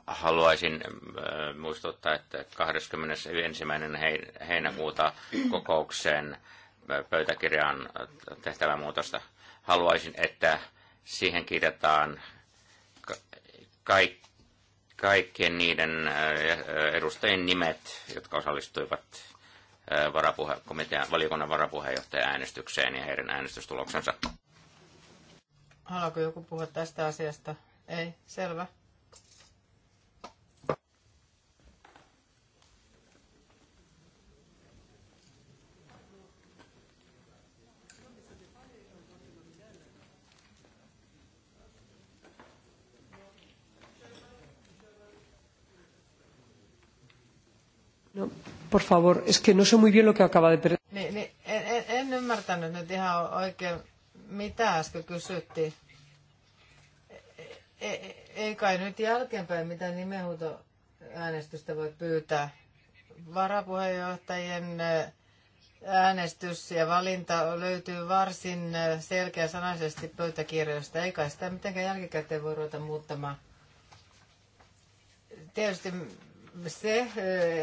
Haluaisin äh, muistuttaa, että 21. heinäkuuta kokoukseen pöytäkirjaan tehtävää muutosta. Haluaisin, että siihen kirjataan ka- kaikkien niiden äh, edustajien nimet, jotka osallistuivat äh, varapuhe, komitean, valiokunnan varapuheenjohtajan äänestykseen ja heidän äänestystuloksensa. Haluaako joku puhua tästä asiasta? Ei, selvä. Por favor, es que no sé muy bien lo que acaba de perder. Niin, niin, en, en ymmärtänyt nyt ihan oikein, mitä äsken kysyttiin. e, e, e ei kai nyt jälkeenpäin mitä nimenhuuto äänestystä voi pyytää. Varapuheenjohtajien e, äänestys ja valinta löytyy varsin selkeä sanaisesti pöytäkirjoista. Ei kai sitä mitenkään jälkikäteen voi ruveta muuttamaan. Tietysti se,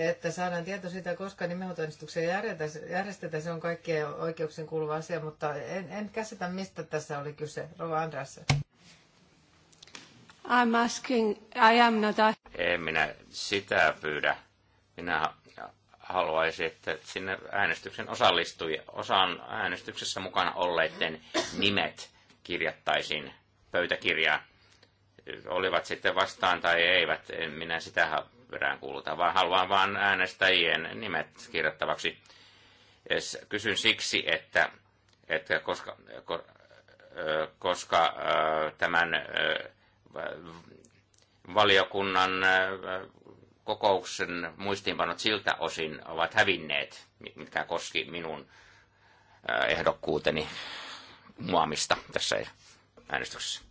että saadaan tieto siitä, koska nimenhoitoinnistuksia järjestetään, se on kaikkien oikeuksien kuuluva asia, mutta en, en käsitä, mistä tässä oli kyse. Rova Andreasen. I'm asking, I am not a... En minä sitä pyydä. Minä haluaisin, että sinne äänestyksen osallistui, osan äänestyksessä mukana olleiden nimet kirjattaisiin pöytäkirjaan olivat sitten vastaan tai eivät, en minä sitä perään kuuluta, vaan haluan vain äänestäjien nimet kirjattavaksi. Kysyn siksi, että, että koska, koska tämän valiokunnan kokouksen muistiinpanot siltä osin ovat hävinneet, mitkä koski minun ehdokkuuteni muamista tässä äänestyksessä.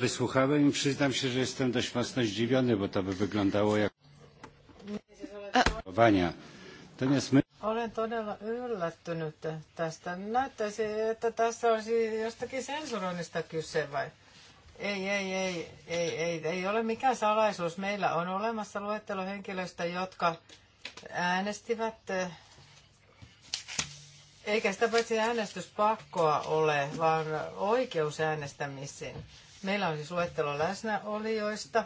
wysłuchałem i przyznam się, że jestem dość mocno zdziwiony, bo to by wyglądało jak Natomiast my... Olen todella yllättynyt tästä. Näyttäisi, että tässä olisi jostakin sensuroinnista kyse vai? Ei, ei, ei, ei, ei, ei ole mikään salaisuus. Meillä on olemassa luettelo henkilöistä, jotka äänestivät, eikä sitä paitsi äänestyspakkoa ole, vaan oikeus äänestämiseen. Meillä on siis luettelo läsnäolijoista.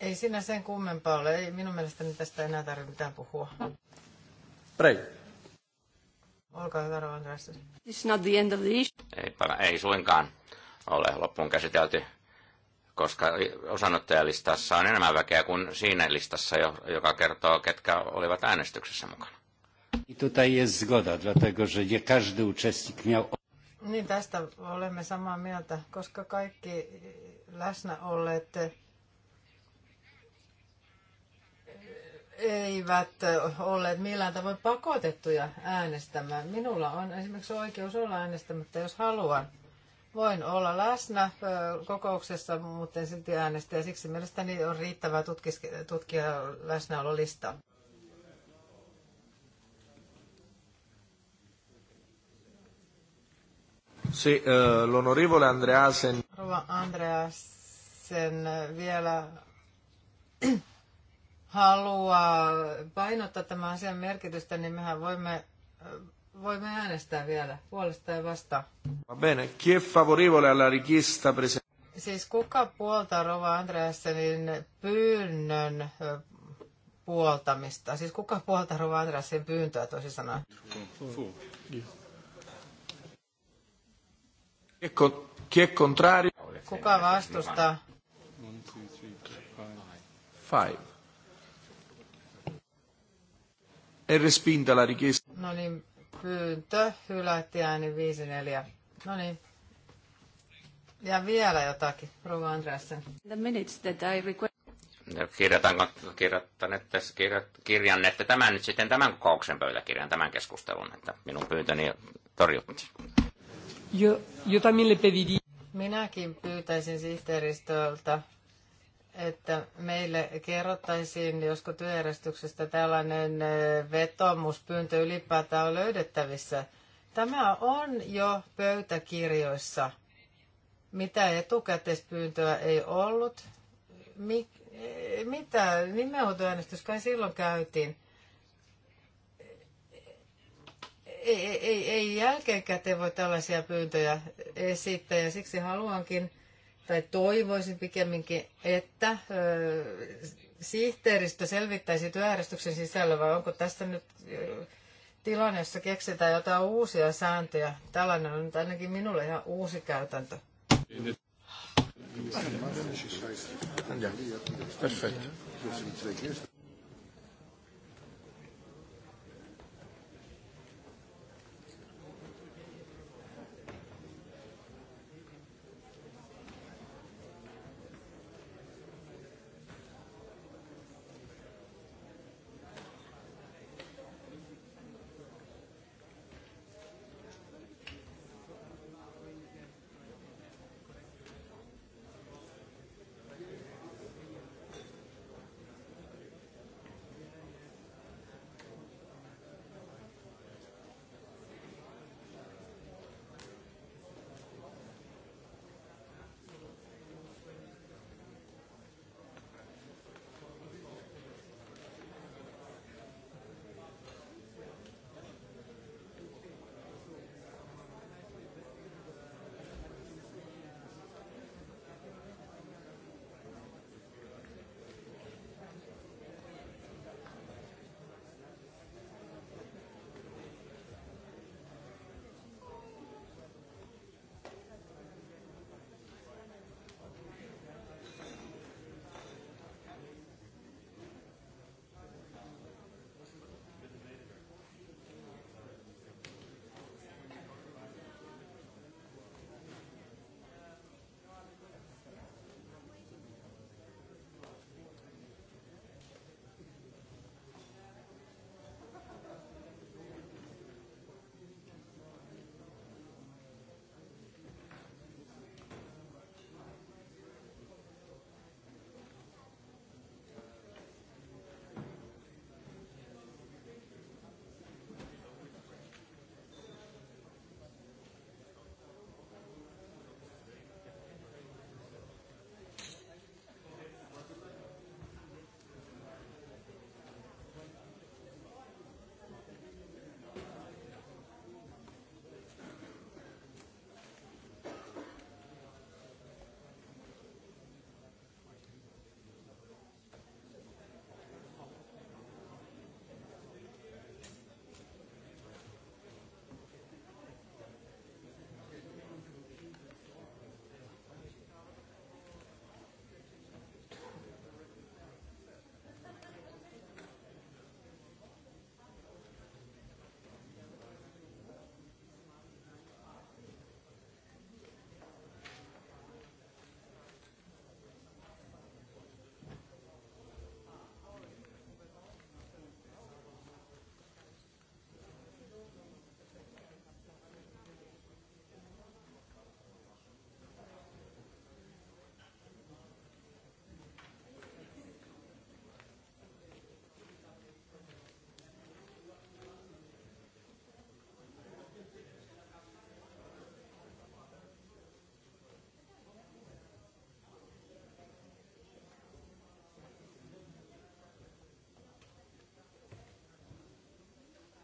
Ei sinä sen kummempaa ole. Ei minun mielestäni tästä enää tarvitse mitään puhua. Prei. Olkaa hyvä, Rovan It's not the end of the issue. Ei, ei suinkaan ole loppuun käsitelty, koska osanottajalistassa on enemmän väkeä kuin siinä listassa, joka kertoo, ketkä olivat äänestyksessä mukana. I tutaj jest zgoda, dlatego że nie każdy uczestnik miał... Niin tästä olemme samaa mieltä, koska kaikki läsnä olleet eivät olleet millään tavoin pakotettuja äänestämään. Minulla on esimerkiksi oikeus olla äänestämättä, jos haluan. Voin olla läsnä kokouksessa, mutta en silti äänestä ja siksi mielestäni on riittävää tutkia läsnäololistaa. Si, eh, l'onorevole Andreasen. Rova Andreasen eh, vielä [clears throat] haluaa painottaa tämän asian merkitystä, niin mehän voimme, eh, voimme äänestää vielä puolesta ja vastaan. Va bene. Chi è favorevole alla richiesta presentata? Siis kuka puoltaa Rova Andreasenin pyynnön puoltamista? Siis kuka puoltaa Rova Andreasenin pyyntöä tosi sanoen? Chi è contrario? Kuka vastustaa? Five. È respinta la richiesta. No niin, pyyntö hylätti ääni 5 4. No niin. Ja vielä jotakin, Rova Andreasen. The minutes that I request. No, Kirjoitanko, kirjoittanette, kirjoit, kirjannette tämän nyt sitten tämän kokouksen pöytäkirjan, tämän keskustelun, että minun pyyntöni torjuttiin. Yo, yo también le pediría... Minäkin pyytäisin sihteeristöltä, että meille kerrottaisiin, josko työjärjestyksestä tällainen vetomuspyyntö ylipäätään on löydettävissä. Tämä on jo pöytäkirjoissa. Mitä etukäteispyyntöä ei ollut? Mik, e, mitä? Nimenhuutoäänestys kai silloin käytiin. ei, ei, ei jälkeenkäteen voi tällaisia pyyntöjä esittää ja siksi haluankin tai toivoisin pikemminkin, että ö, sihteeristö selvittäisi työjärjestyksen sisällä vai onko tässä nyt tilanne, jossa keksitään jotain uusia sääntöjä. Tällainen on nyt ainakin minulle ihan uusi käytäntö. Perfetto.